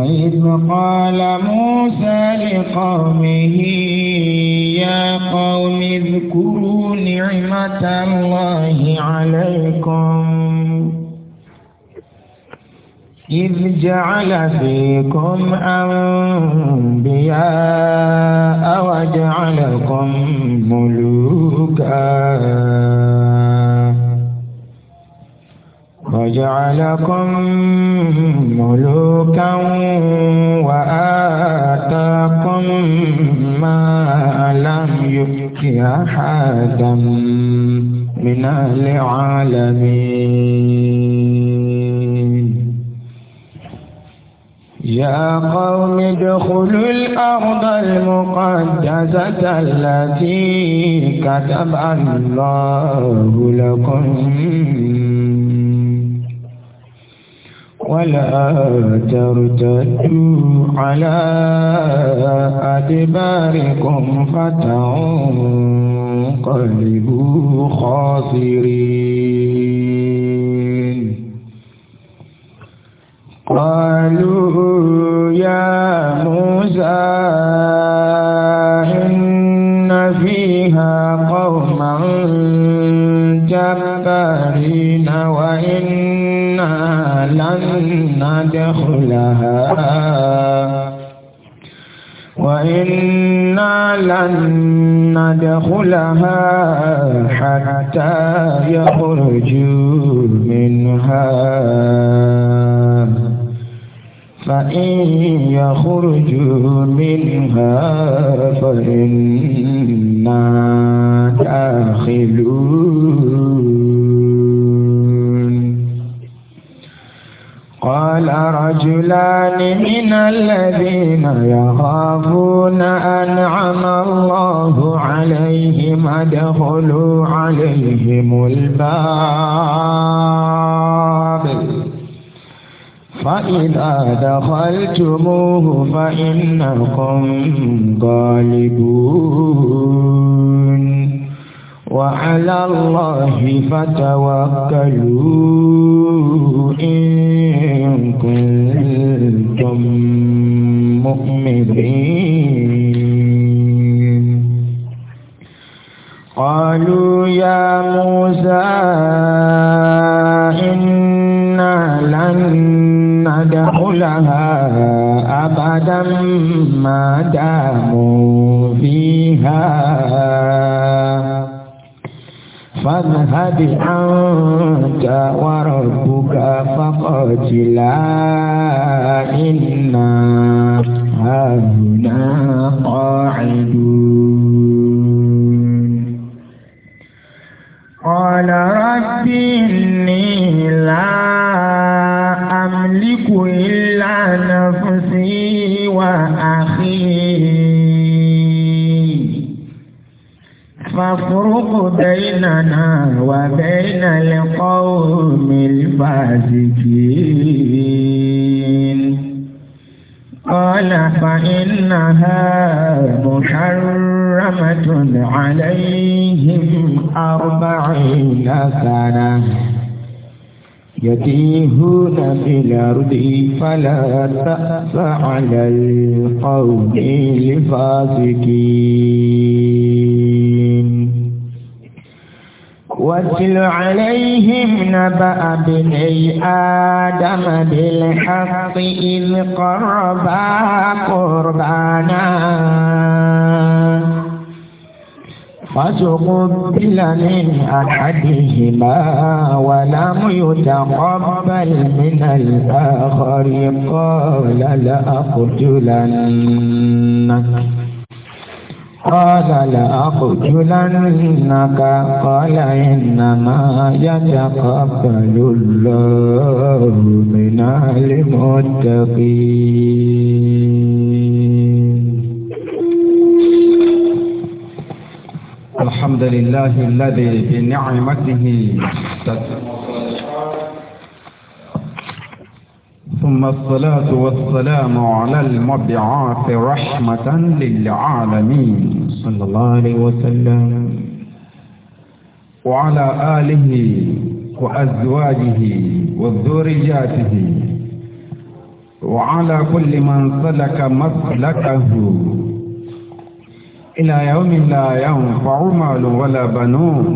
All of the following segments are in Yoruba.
وإذ قال موسى لقومه يا قوم اذكروا نعمة الله عليكم إذ جعل فيكم أنبياء وجعلكم ملوكا وجعلكم ملوكا وآتاكم ما لم يؤت أحدا من العالمين يا قوم ادخلوا الأرض المقدسة التي كتب الله لكم ولا ترتدوا على أدباركم فتنقلبوا خاسرين قالوا يا موسى لن ندخلها وإنا لن ندخلها حتى يخرجوا منها فإن يخرجوا منها فإنا داخلون قال رجلان من الذين يخافون أنعم الله عليهم ادخلوا عليهم الباب فإذا دخلتموه فإنكم غالبون وعلى الله فتوكلوا إن كنتم مؤمنين قالوا يا موسى إنا لن ندخلها أبدا ما داموا فيها فاذهب أنت وربك فقاتلا إنا هاهنا قاعدون قال رب إني لا أملك إلا نفسي وأخي فافرق بيننا وبين القوم الفاسقين قال فإنها محرمة عليهم أربعين سنة يتيهون في الأرض فلا تأس على القوم الفاسقين واتل عليهم نبأ بني آدم بالحق إذ قربا قربانا فتقبل من أحدهما ولم يتقبل من الآخر قال لأقتلنك قال لأقتلنك قال إنما يتقبل الله من المتقين الحمد لله الذي بنعمته تتقبل ثم الصلاة والسلام على المبعاث رحمة للعالمين صلى الله عليه وسلم وعلى آله وأزواجه وذرياته وعلى كل من سلك مسلكه إلى يوم لا ينفع مال ولا بنون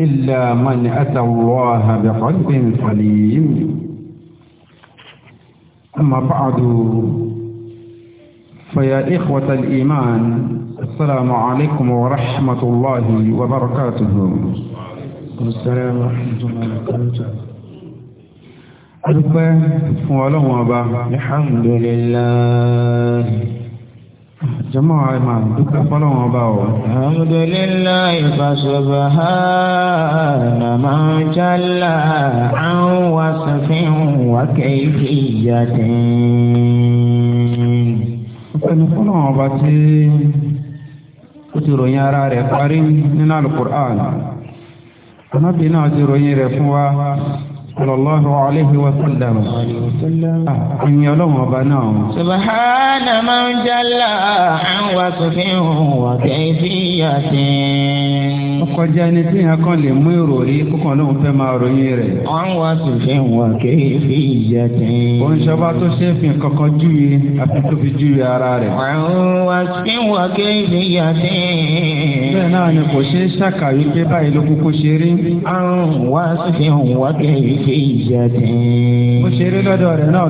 إلا من أتى الله بقلب سليم أما بعد فيا إخوة الإيمان السلام عليكم ورحمة الله وبركاته السلام ورحمة الله وبركاته الحمد لله جماعة إيمان دوك فوالله وبا الحمد لله فسبحان ما جل عن وصف وكيفية yàtìn. ọ̀pẹ̀lú fún àwọn ọba tí ó ti ròyìn ara rẹ̀ parí nínú alukur'an anábì náà ti ròyìn rẹ̀ fún wa sallallahu alayhi wa sallam àyìn ah, ọlọ́run ọba náà. subahana man jalla àwọn asòfin wa kayfiyatin. ó kọjá ẹni tí yẹn kàn lè mú ìròrí kókàn lóun fẹ́ máa ròyìn rẹ̀. wọ́n wá tó fẹ́ wọn kéèfé ìyá tó ṣe fi kankan àfi fi ara rẹ̀. wọ́n wá wọn ìyá bẹ́ẹ̀ náà ni kò ṣàkàwé pé báyìí ló kúkú ṣe rí. wọ́n wá wọn ìyá lọ́dọ̀ rẹ̀ náà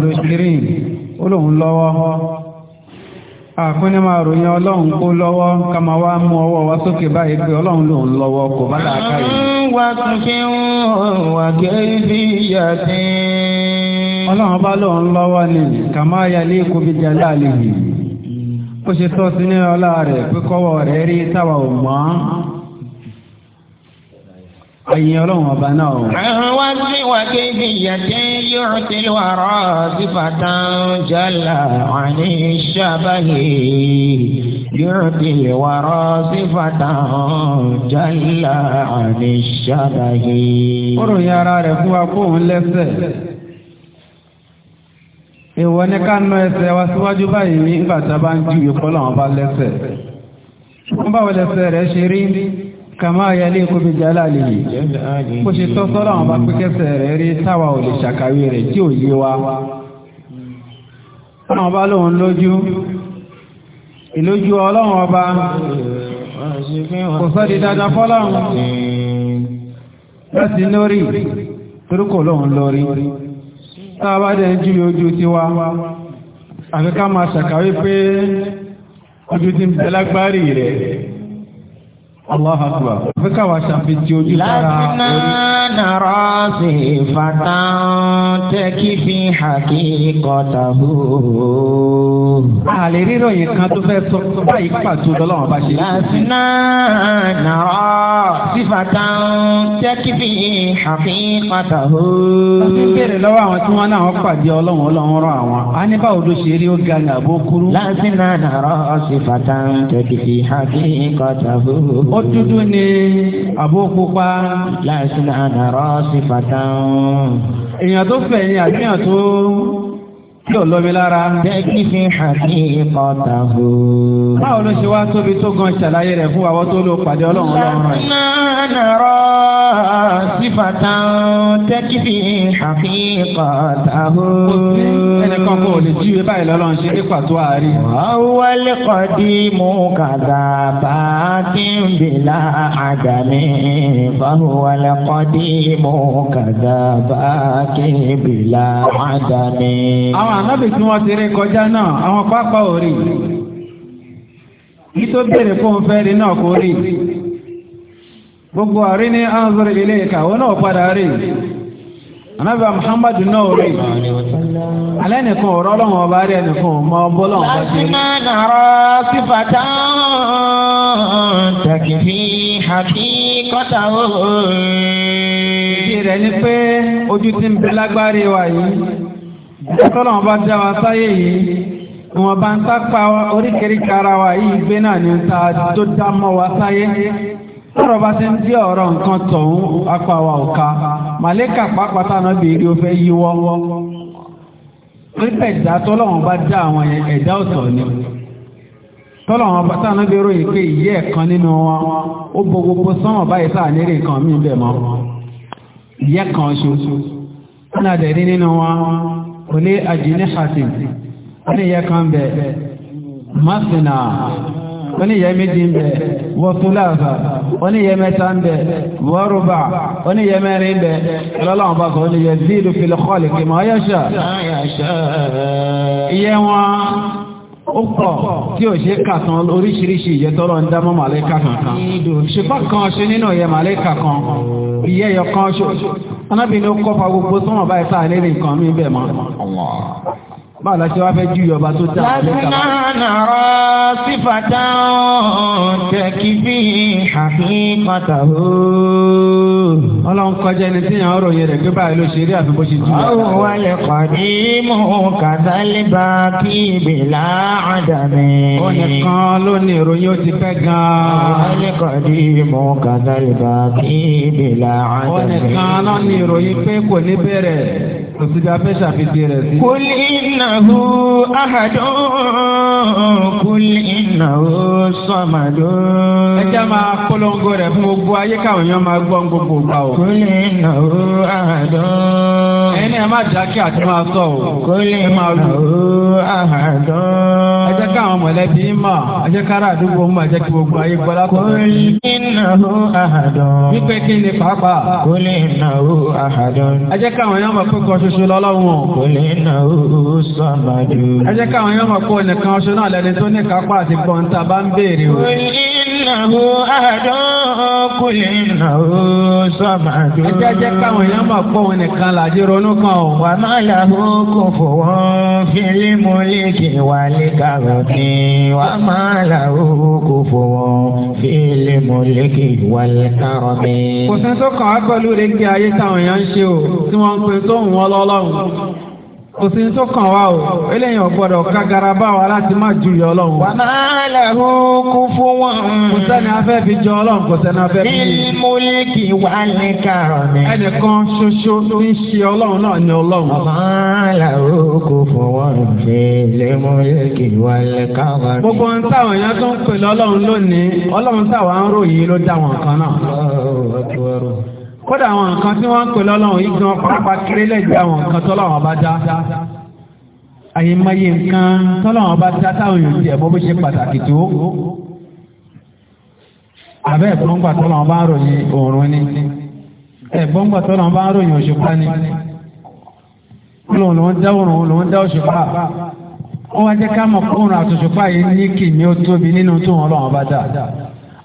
àkúnni máa ròyìn ọlọ́run kó lọ́wọ́ ká máa wá mú ọwọ́ wa sókè báyìí pé ọlọ́run ló ń lọ́wọ́ kò bá làákà yìí. wà á ṣe tọ́ sí ní ọlá rẹ̀ pé kọ́wọ́ rẹ̀ rí táwa ò mọ́. àyìn ọlọ́run ọba náà. àwọn وكيفية يعطي الورى صفة جل عن الشبه يعطي الورى صفة جل عن الشبه ọ̀rọ̀ yàrá rẹ̀ fún wa kó òun lẹ́sẹ̀ ìwọ ní ká ná ẹsẹ̀ wa síwájú báyìí nígbà tí a bá ń ju ìpọ́lọ̀ bá lẹ́sẹ̀ wọ́n bá wọlé ẹsẹ̀ rẹ̀ ṣe rí kàmá yẹlé kó fi jálá lè yìí kó ṣe tọ́ sọ́rọ̀ àwọn bá pẹ́kẹ́sẹ̀ rẹ̀ rí táwa ò lè ṣàkàwé rẹ̀ tí ò wa ọ̀nà ọba lòun lójú ìlójú ọlọ́run ọba kò sọ́ di dandan fọ́lọ́run láti lórí torúkọ̀ lòun lórí táwa dẹ̀ ń jú ojú tiwa àfi ká máa ṣàkàwé pé ojú ti ń bẹ lágbárí Allah akbar. Fẹ́ ká wa ṣàfihàn ojú tara orí. Láti náà rọ́ọ̀sì fàtàn tẹ́kí fi hàkí kọ́tà hù. Àlè rírọ̀ yìí kan tó fẹ́ sọ báyìí pàtó lọ́lọ́wọ́n bá ṣe. Láti náà rọ́ọ̀sì fàtàn tẹ́kí fi hàkí kọ́tà hù. Láti béèrè lọ́wọ́ àwọn tí wọ́n náà wọ́n pàdé ọlọ́run ọlọ́run rán àwọn. A ní báwo ló ṣe rí ó ga ní àbókúrú. Láti náà rọ́ọ̀sì fàtàn tẹ́kí fi hàkí kọ́tà hù ó dúdú ni àbó pupa. láìsí àná rọ́ọ̀sì pàtàkì. èèyàn tó fẹ̀yìn àbíyàn tó tí ò lómi lára. Jẹ́kí fi hàní kọ́ta hù. Báwo ló ṣe wá tóbi tó gan ṣàlàyé rẹ̀ fún àwọn tó ló pàdé ọlọ́run lọ́rùn rẹ̀? Lánàá nàrọ̀ sífàtà jẹ́kí fi hàní kọ́ta hù. Ẹnìkan kò lè jíwe báyìí lọ́lọ́run ṣe ní pàtó àárín. Àwọ̀lẹ̀ kọ́ mú kàdà bá ti àgàmì. Fáwọ̀lẹ̀ kọ́ mú kàdà bá ti àgàmì ànábì tí wọ́n ti rí kọjá náà àwọn pápá ò rí yìí tó bèèrè fún fẹ́ rí náà kò rí gbogbo àrí ní anzor ilé ìkàwọ́ náà padà rí ànábì Muhammadu náà rí alẹ́ nìkan ọ̀rọ̀ ọlọ́run ọba rí ẹnìkan ọmọ ọbọ̀ lọ́wọ́ bá ojú ti ń bẹ lágbárí wa yìí ìjọsọ́nà ọba tí a wá sáyé yìí wọn bá ń sápá oríkèéríkà ara wa yìí gbé náà ní ta tó dá mọ́ wa sáyé sọ̀rọ̀ bá ti ń dí ọ̀rọ̀ nǹkan tọ̀hún apá wa ọ̀ka màlẹ́kà pàápàá náà bèèrè ó fẹ́ yíwọ́ pípẹ́ ìdá tọ́lọ́wọ́n bá dá àwọn ẹ̀dá ọ̀tọ̀ ni tọ́lọ̀wọ́n bàtà náà bẹ̀rọ ìpé ìyẹ́ ẹ̀kan nínú wọn ó bọ gbogbo sánmọ̀ báyìí sáà nílé nǹkan mí bẹ̀ mọ́ ìyẹ́ kan ṣoṣo náà dẹ̀ nínú wọn kò lé àjìní àti wọ́n ní yẹ kan bẹ̀ masina wọ́n ní yẹ méjì ń bẹ̀ wọ́túláàfà wọ́n ní yẹ mẹ́ta ń bẹ̀ wọ́rùbà wọ́n ní yẹ mẹ́rin bẹ̀ lọ́lọ́wọ́n bá kọ́ wọ́n ní yẹ zílù fil khalqi ma yasha iye wọn ó pọ̀ tí ò ṣe kàtàn oríṣiríṣi ìyẹ́tọ́rọ̀ ń dá mọ́ màlẹ́kà kankan kan ṣe nínú kan ìyẹ́ anábìnrin ó kọ́ fa gbogbo sọ́wọ́n báyìí sáà nílé nǹkan mi bẹ̀ mọ́ báwo la ṣe wá fẹ́ jí ọba tó dá àlẹ́ kàwá. lásìkò nàró sífàtà tẹ̀kí bí àkíkọ̀tàwó. ọlọ́run kọjá ẹni tí yàn ń ròyìn rẹ̀ pé báyìí ló ṣe rí àfi bó ṣe jí. ọ̀hún wálé kọ̀dí mú kàtàlíbà kí ìbílà àdàmì. ó nìkan ló ní ìròyìn ó ti pẹ́ gan-an. kọ̀dí mú kàtàlíbà kí ìbílà àdàmì. ó nìkan ló ní ìròyìn pé kò ní bẹ̀rẹ̀ kò sí bí fẹ́ ṣàfihàn rẹ̀ sí. kò ní iná. معه أحد قل إنه صمد ẹjẹ́ máa polongo rẹ̀ fún gbogbo ayé káwọn èèyàn máa gbọ́ gbogbo gbà o. قل إنه أحد. ẹni ẹ má jákè àti máa sọ o. قل إنه أحد. ẹ jẹ́ káwọn mọ̀lẹ́bí mọ̀ ẹ jẹ́ kára àdúgbò mọ̀ ẹ jẹ́ kí gbogbo ayé gbọ́ látọ̀. قل إنه أحد. wípé kí ni pàápàá. قل إنه أحد. ẹ jẹ́ káwọn èèyàn mọ̀ pé kọ́ ṣoṣo lọ́lọ́run. قل إنه صمد sàmàdù. ẹ jẹ́ káwọn yóò mọ̀ pé onìkan ọṣọ náà lẹni tó ní kápá àti gbọ́n tá a bá ń béèrè o. ìnáwó àdókòlè ìnáwó sàmàdù. ẹ jẹ́ jẹ́ káwọn yóò mọ̀ pé onìkan kò sí tó kàn rẹ̀ kí ayé táwọn èèyàn ń ṣe o tí wọ́n ń pè tó ń wọ́n lọ́lọ́run kò sí tó kàn wá o eléyìí ọ̀gbọ́dọ̀ kágara bá wa láti má ju yọ ọlọ́run. wà á kú fún wọn. kò sẹ́ni afẹ́ fi jọ ọlọ́run kò sẹ́ni afẹ́ fi. ní múlíkì wà ní kàrọ̀nì. ẹnìkan ṣoṣo tó ń ṣe ọlọ́run náà ni ọlọ́run. wà á kú fún wọn fi lè múlíkì wà ní kàrọ̀nì. gbogbo ohun táwọn èèyàn tó ń pè lọ́lọ́run lónìí ọlọ́run táwọn ń ròyìn ló dá wọn kan náà kódà àwọn nǹkan tí wọ́n ń pè lọ́lọ́run yìí gan pàápàá kéré lẹ́gbẹ̀ẹ́ àwọn nǹkan tọ́lọ́run bá dá àyè mayé nǹkan tọ́lọ́run bá dá táwọn èèyàn tiẹ̀ mọ́ bó ṣe pàtàkì tó àbẹ́ ẹ̀gbọ́ngbà tọ́lọ́run bá ń ròyìn òòrùn ni ẹ̀gbọ́ngbà tọ́lọ́run bá ń ròyìn òṣùpá ni lòun ló ń dá òṣùpá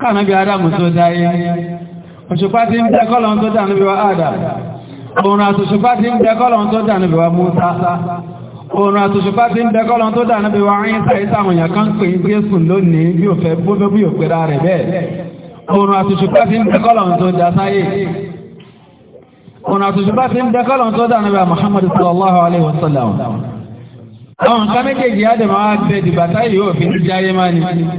káàmì bí Ádámù tó dáyé òṣùpá tí ń bẹ kọ́lọ̀ tó dà níbi wa Ádámù òun àtòṣùpá tí ń bẹ kọ́lọ̀ tó dà níbi wa Mùsá òun àtòṣùpá tí ń bẹ kọ́lọ̀ tó dà níbi wa Ìsá ìsàmùyàn kan pè ń gbé sùn lónìí bí ò fẹ́ bóbé bí ò pèrà rẹ̀ bẹ́ẹ̀ òun àtòṣùpá tí ń bẹ kọ́lọ̀ tó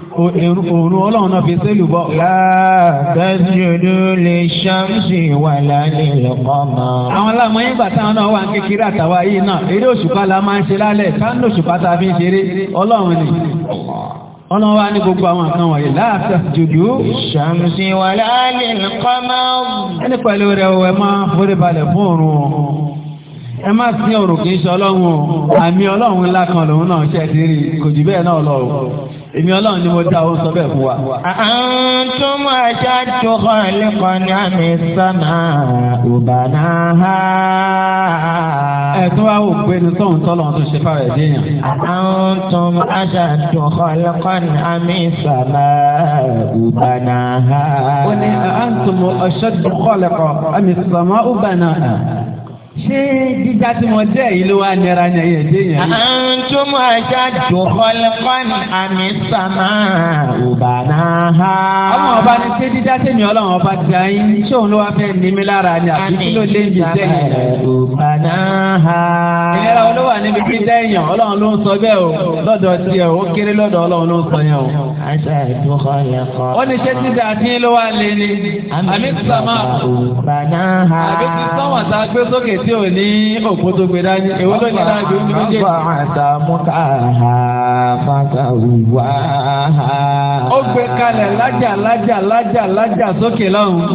orú ọlọ́run náà fi sẹ́lù bọ́. látàjúdú lè ṣàmṣì wà lálẹ́ lọ́kọ́mọ. àwọn aláàmọ yín gbà táwọn náà wà ń kékeré àtàwà yìí náà eré òṣùpá la máa ń ṣe lálẹ́ káńdé òṣùpá tá a fi ń ṣeré ọlọ́run ni ọlọ́run wá ní gbogbo àwọn nǹkan wọ̀nyí látàjúdú. ṣàmṣì wà lálẹ́ ẹ má sí òrùn kì ṣe ọlọ́run àmì ọlọ́run ńlá kan lòun náà ṣẹ̀ èmi ọlọ́run ni mo dá o sọ bẹ́ẹ̀ fún wa. àǹtọ́mọ ajá tó kọ́ ẹlẹ́kọ̀ọ́ ní àmì sánà òbànà ha. ẹ̀tún wa ò gbé ní sọ́hun tọ́lọ̀ tó ṣe fáwọn ẹ̀dẹ́ yẹn. àǹtọ́mọ ajá tó kọ́ ẹlẹ́kọ̀ọ́ ní àmì sánà òbànà ha. ó ní àǹtọ́mọ ọ̀ṣẹ́ tó kọ́ ẹlẹ́kọ̀ọ́ àmì sánà òbànà ha ṣé jíjá tí mo jẹ́ yìí ló wá nira ní ẹ̀yẹ̀ dé yẹn. àwọn tó mú ajá jù kọ́lẹ́kọ́n àmì sàmà òbá náà ha. ọmọ ọba ní ṣé jíjá tí mi ọlọ́run ọba ti ayín ṣé òun ló wá fẹ́ ní mi lára ni àbí kí ló lé ní jẹ́ yẹn. òbá náà ha. ìlera olówó àníbi tí dẹ́yìn ọlọ́run ló ń sọ bẹ́ẹ̀ o lọ́dọ̀ tiẹ̀ ó kéré lọ́dọ̀ ọlọ́run ló ń sọ yẹn o. ajá jù kọ́lẹ́kọ́n. ó ní ṣé jíjá tí ló wá lé ní àmì sàmà òbá náà ha. àbí ti sọ́wọ́n tí ò ní òpó tó gbé dání èwo ló ní láti ojú méjì. àbá àtàmúkà fàtà wà. ó gbé kalẹ̀ lájà lájà lájà lájà sókè lọ́hùn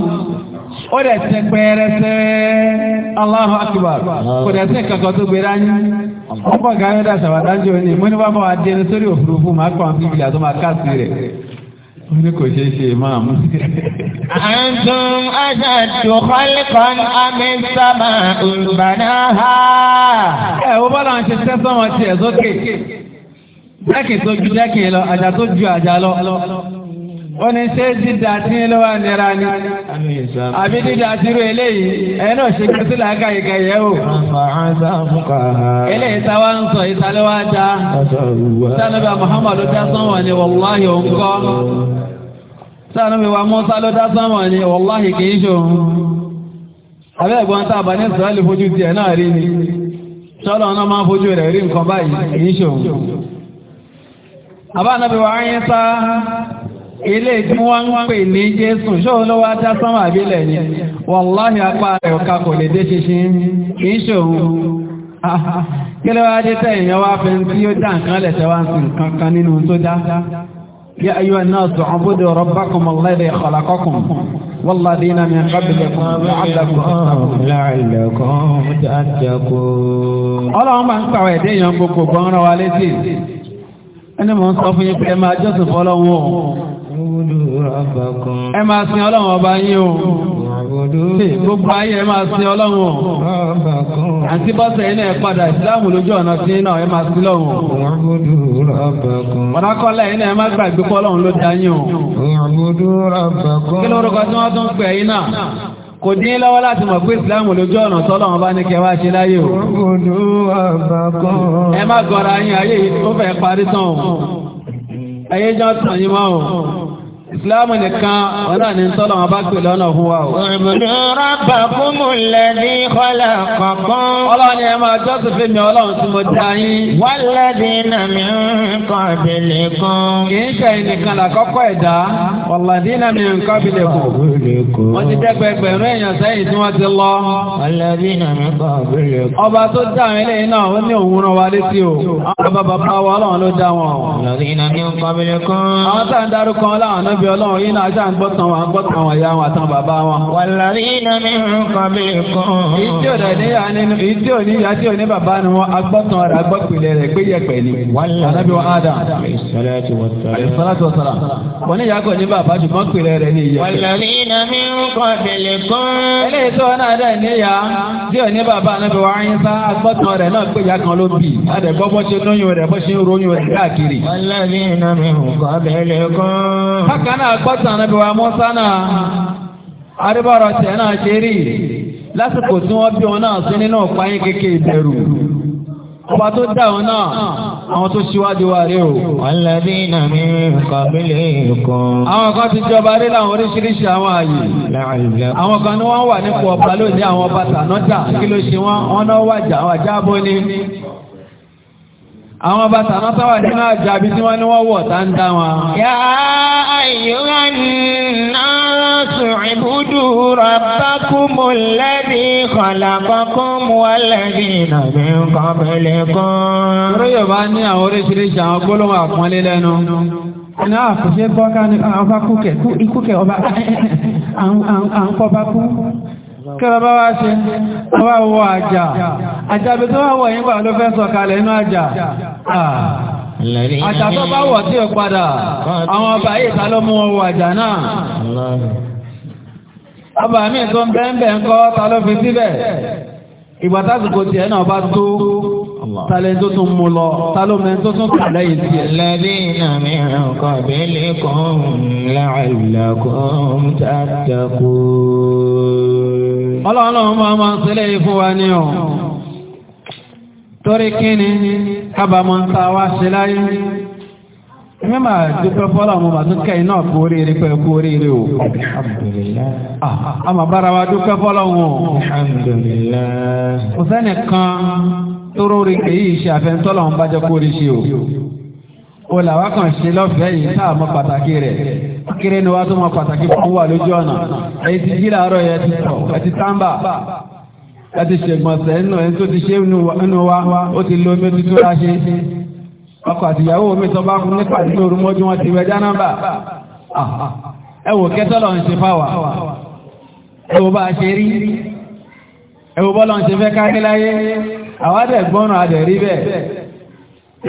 ó dẹ̀ tẹ pẹ́ẹ́rẹ́sẹ́ Allahu Akbar kò dẹ̀ tẹ kankan tó gbé dání. ọ̀pọ̀ gàmẹ́dà sàbàdánjọ́ ni mo ní bá bá wa dẹnu sórí òfurufú màá kọ́ àwọn bíbélì àti ọmọ akásí rẹ̀. Eh, wọ́n kò ṣeé ṣe máàmù. àǹtún àjàdù kọ́lìkan àmì sábà olùbàdàn ha. ẹ wo bọ́lá ń ṣe sẹ́sọ́ wọn tiẹ̀ sókè dẹ́kì tó ju dẹ́kì lọ àjà tó ju àjà lọ. wọ́n ní ṣé dídà tí ń nira ni. àbí dídà tí irú eléyìí ẹ̀ náà ṣe kí sílẹ̀ àga ìkẹ́ yẹ o. eléyìí ń sọ muhammadu òun kọ́. sáànù mi wa Mùsá ló dá sánmà ni wàláhì kìí ṣòun abẹ́ ẹ̀gbọ́n tá a bá ní Ísírẹ́lì fojú tiẹ̀ náà rí ni ṣọ́lọ́ náà máa fojú rẹ̀ rí nǹkan báyìí kìí ṣòun àbá ànábì wa ayé sá ilé ni kí ló wá dé tẹ̀yìn wá fi tí ó dá nǹkan lẹ̀ sí nǹkan kan nínú tó يا أيها الناس اعبدوا ربكم الذي خلقكم والذين من قبلكم لعلكم تتقون اللهم انت ويدين ينبكوا بغنا والدي أنا من صفي في ما جزف الله ẹ máa sin ọlọ́run ọba yín o gbogbo ayé ẹ máa sin ọlọ́run o àǹtí bọ́sẹ̀ iná ẹ padà ìsìláàmù lójú ọ̀nà sí iná ẹ máa lọ́run rabbakum. Wọ́n akọ́lẹ̀ yìí náà ẹ má gbàgbé pọ́lọ́hún ló dá yín o. Ìyàbùdó rabbakum. Kí lórúkọ tí wọ́n tún pè yín náà? Kò dín lọ́wọ́ láti mọ̀ pé Ìsìláàmù lójú ọ̀nà tọ́lọ̀ wọn bá ní kẹwàá ṣe láyé o. Ìyàbùdó rabbakum. Ẹ má gọra yín ayé yìí parí tán o. Ẹyẹ tàn yín mọ́ o. Ìsìláàmù nìkan ọ̀nà ní tọ́lọ̀ wọn bá pè lọ́nà fún wa o. Òrùbùdó rábà fún mú lẹ́bí kọ́lá kọ̀ọ̀kan. Ọlọ́run ẹ máa jọ́sìn fún mi ọlọ́run tí mo dá yín. Wọ́n lẹ́bí nà mí nǹkan ìbílẹ̀ kan. Kì í ṣe ìnìkan làkọ́kọ́ ẹ̀dá. Ọ̀làdí nà mí nǹkan ìbílẹ̀ kan. Wọ́n ti dẹ́gbẹ́ ẹgbẹ̀rún èèyàn sẹ́yìn tí wọ́n ti lọ. Ọba tó dá àwọn eléyìí náà ó ní òun rán wa létí o. Àwọn bàbá wa ọlọ́run ló dá wọn. Ọ̀làdí nà mí nǹkan ìbílẹ̀ kan. Àwọn tá à ń darúkọ ọlọ́run náà pé ọlọ́run yìí náà ṣáà ń gbọ́tàn wọn gbọ́tàn wọn ìyá wọn àtàwọn bàbá wọn. wàlàrí iná mi ń kàn mí kan. ìdí òdà níyà nínú ìdí òní ìyá tí òní bàbá ni wọn agbọ́tàn rẹ̀ agbọ́pìlẹ̀ rẹ̀ pé yẹpẹ̀ ni. ànábì wọn Adam. àlùfáàtì wọ̀sára. wọn ní ìyá kò ní bàbá ṣùgbọ́n pìlẹ̀ rẹ̀ ní ìyẹpẹ̀. wàlàrí iná mi ń kàn mí kan. eléyìí tó náà dẹ̀ níyà tí òní bàbá ànábì wọn ayé sá agbọ́tàn rẹ̀ náà pé ìyá kan ló bì í. àdẹ̀gbọ́ bọ́ ṣe lóyún rẹ̀ bọ́ ṣe ń ronyún rẹ̀ káàkiri. wàlàrí iná mi ń kàn mí kan náà gbọ́tàn níbi wa Mùsá náà aríbọ̀rọ̀ tẹ̀ náà ṣe rí lásìkò tí wọ́n bí wọn náà sí nínú ọ̀páyín kéèké ìbẹ̀rù ọba tó dá wọn náà àwọn tó ṣíwájú wa rí o. ọ̀làdí iná mi kọ́ bílẹ̀ kan. àwọn kan ti jọba rí láwọn oríṣiríṣi àwọn ààyè. àwọn kan ni wọ́n wà nípò ọba lónìí àwọn bàtà náà kí ló ṣe wọ́n wọ́n náà wàjà wàjà bó ni àwọn bá tàná sáwà nínú àjò àbí tí wọ́n ní wọ́n wọ̀ tá dá wọn. yà á yíwá náà ṣùgbùdù rabbakum alladhi khalaqakum walladhina min qablikum. orí yorùbá ní àwọn oríṣiríṣi àwọn gbólóhùn àpọ́nlé lẹ́nu. iná àkùnṣe gbọ́ ní ọba kúkẹ̀ ọba à ń kọ́ kíra bá wá ṣe wá wọ àjà àjàbí tó wá wọ̀ yíngbà ló fẹ́ sọ̀kalẹ̀ inú àjà àjà tó bá wọ̀ tí ó padà àwọn ọba yìí ta ló mú wọn wọ àjà náà ọba mi tó ń bẹ́ẹ̀ bẹ́ẹ̀ ń kọ́ ta ló fi síbẹ̀ ìgbà tásìkò tiẹ̀ náà bá tó Tàlẹ̀ tó tún mú lọ, tàlómi tó tún kà lẹ́yìn tiẹ̀. Alladhina min qablikum la'allakum tattaqun. Ọlọ́run máa máa ń sílẹ̀ yìí fún wa ní ọ̀. Torí kí kábàámọ̀ ń ta wá ṣe láyé? Ẹgbẹ́ máa dúpẹ́ fọ́lá ọmọ bàtú kẹ́yìn náà kú oríire pẹ́ kú oríire o. Alhamdulillah. wa dúpẹ́ fọ́lá wọn. Alhamdulillah. Kò sẹ́nìkan tóró rí kì í ṣe àfẹnutọ́lọ̀ ń bájọ́ kó rí ṣe o. o là wá kàn ṣe lọ́fẹ̀ẹ́ yìí tá a mọ pàtàkì rẹ̀ kéré ni wá tó mọ pàtàkì fún wa lójú ọ̀nà èyí ti jí làárọ̀ yẹn ti tọ̀ ẹ ti tàǹbà ẹ ti ṣègbọ̀nsẹ̀ nínú ẹni tó ti ṣe nínú wa ó ti lo omi tuntun ra ṣe ọkọ àtìyàwó mi tọ́ bá kú nípa nínú orúmọ́jú wọn ti wẹjá nọ́mbà ẹ wò kẹtọ́lọ̀ ń ṣe fáwà ẹ wò bá a ṣe rí ẹ wò bọ́lọ̀ ń ṣe fẹ́ kárí láyé àwọn adẹ̀ gbọ́nà adẹ̀ rí bẹ́ẹ̀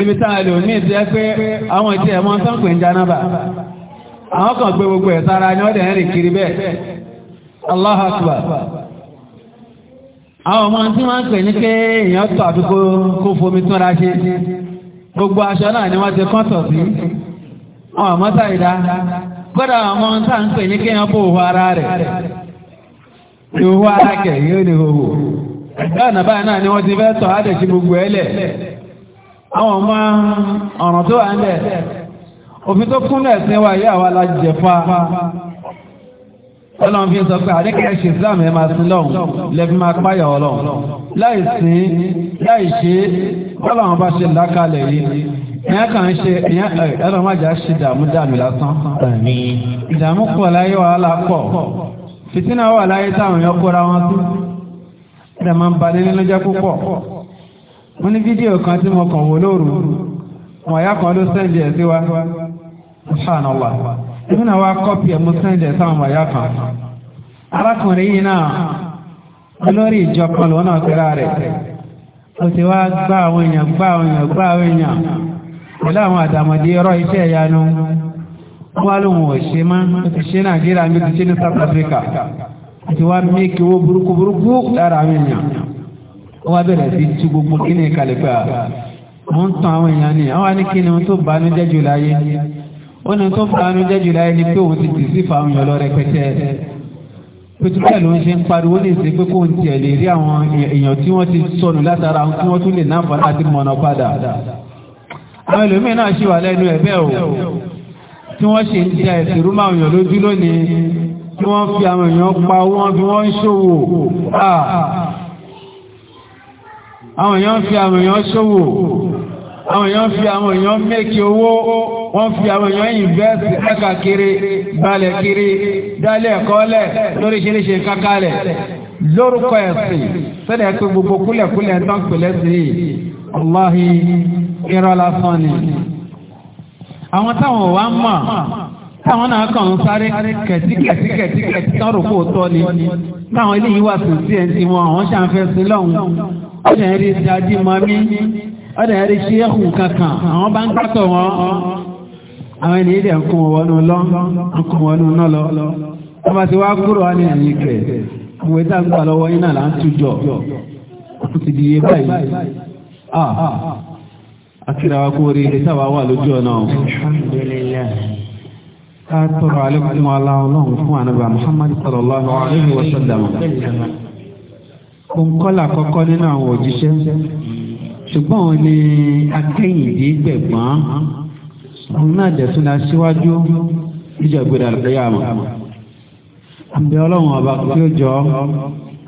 ibi táwọn ẹlòmí ti jẹ́ pé àwọn ìtí ẹ̀mọ́ sánkù àwọn kan gbé gbogbo ẹ̀ sára ní ọdẹ̀ rìn kiri bẹ́ẹ̀ Allahu Akbar àwọn ọmọ tí wọ́n ń pè ní pé èèyàn tọ́ àbí kó fomi gbogbo aṣọ náà ni wọ́n ti kọ́tọ̀ sí àwọn ọmọ sáìdá kódà àwọn ọmọ tá ń pè ní kéèyàn bó òwò ara rẹ̀ ìhòòhò Ghana báyìí náà ni wọ́n ti fẹ́ tọ̀ ádẹ̀ sí gbogbo ẹ̀ lẹ̀. Àwọn ọmọ ọ̀ràn tó wà ń lẹ̀. Òfin tó kún náà sin wa yé àwa la jẹ̀ fa. Ọlọ́run fi sọ pé àdékẹ́ ṣe Islam ẹ̀ máa sin lọ́hùn lẹ́bí máa páyà ọlọ́run. Láì sin láì ṣe ọlọ́run bá ṣe làákàlẹ̀ yìí. Ìyẹn kàn ṣe ìyẹn ẹ̀rọ májà ṣe dààmú dààmú lásán. Ìdààmú pọ̀ láyé wàhálà pọ̀. Fìtínà wà láyé táwọn èèyàn kóra wọn sí. ṣe máa ń balẹ̀ nínú jẹ́ púpọ̀ mo ní fídíò kan tí mo kàn wò ya kan ló sẹ́ndì ẹ̀ sí wa subhanallah èmi náà wá kọ́pì ẹ̀ mo ẹ̀ sáwọn kan arákùnrin yìí náà olórí ìjọ kan lòun náà rẹ̀ ti wá gbá àwọn èèyàn gbá àwọn èèyàn gbá àwọn èèyàn pẹ̀lú àwọn àdàmọ̀dé ọ̀rọ̀ iṣẹ́ ò ṣe Africa. àti wá méèkì owó burúkú burúkú lára àwọn èèyàn ó bẹ̀rẹ̀ sí tú gbogbo kí ni ìkàlẹ̀ pé à mo ń tan àwọn èèyàn ni àwọn ní kí ni ohun tó bá ní jẹ́jù láyé ó ní tó bá ní jẹ́jù láyé ni pé òun ti dì sí fáwọn èèyàn lọ rẹpẹtẹ pẹtùkẹ́ ló ń ṣe ń pariwo ní ìsìn pé kó ń tiẹ̀ lè rí àwọn èèyàn tí wọ́n ti sọnù látara tí wọ́n tún lè náǹfààní àti mọ̀nà padà àwọn ẹlòmíín náà ṣì wà lẹ́nu ẹ̀ o tí wọ́n ṣe ń ja ẹ̀sìn rúmọ̀ àwọn èèyàn lójú lónìí tí wọ́n fi àwọn èèyàn pa wọ́n fi wọ́n ń ṣòwò àwọn èèyàn fi àwọn èèyàn ṣòwò àwọn èèyàn fi àwọn èèyàn mẹ́kì owó wọ́n fi àwọn èèyàn ìnvẹ́sì kákàkiri balẹ̀ kiri dálẹ̀ kọ́lẹ̀ lóríṣiríṣi kákàlẹ̀ lórúkọ ẹ̀sìn sẹ́dẹ̀ pé gbogbo kúlẹ̀kúlẹ̀ tán pèlẹ́ sí i ọláhi ni àwọn táwọn wá mọ̀ táwọn náà kàn ń sáré kẹ̀tíkẹ̀tíkẹ̀tíkẹ̀tí tọ́rọ̀ kó tọ́ ni táwọn eléyìí wà sí sí ẹni wọn àwọn ṣàǹfẹ́ sí lọ́hùn ó dẹ̀ rí dájú mọ́mí ó dẹ̀ rí ṣéhù kankan àwọn bá ń gbàtọ̀ wọn àwọn ènìyàn dẹ̀ ń kún wọnú lọ ń kún wọnú náà lọ wọ́n bá ti wá kúrò wá ní ẹ̀yìn kẹ̀ ìwé tá ń gbà lọ́wọ́ yín náà là ń tújọ ó ah, wa kú oríire táwa wà lójú ọ̀nà ọ̀hún ká tọrọ alẹ́kùn ala ọlọ́run fún ànábà muhammad sallallahu alayhi wa sallam òǹkọ́lá kọ́kọ́ nínú àwọn òjíṣẹ́ ṣùgbọ́n òun ni akẹ́yìndé gbẹ̀gbọ́n òun náà dẹ̀tún la síwájú níjàgbé dàlùkẹ́yàmù àbí ọlọ́run ọba tí ó jọ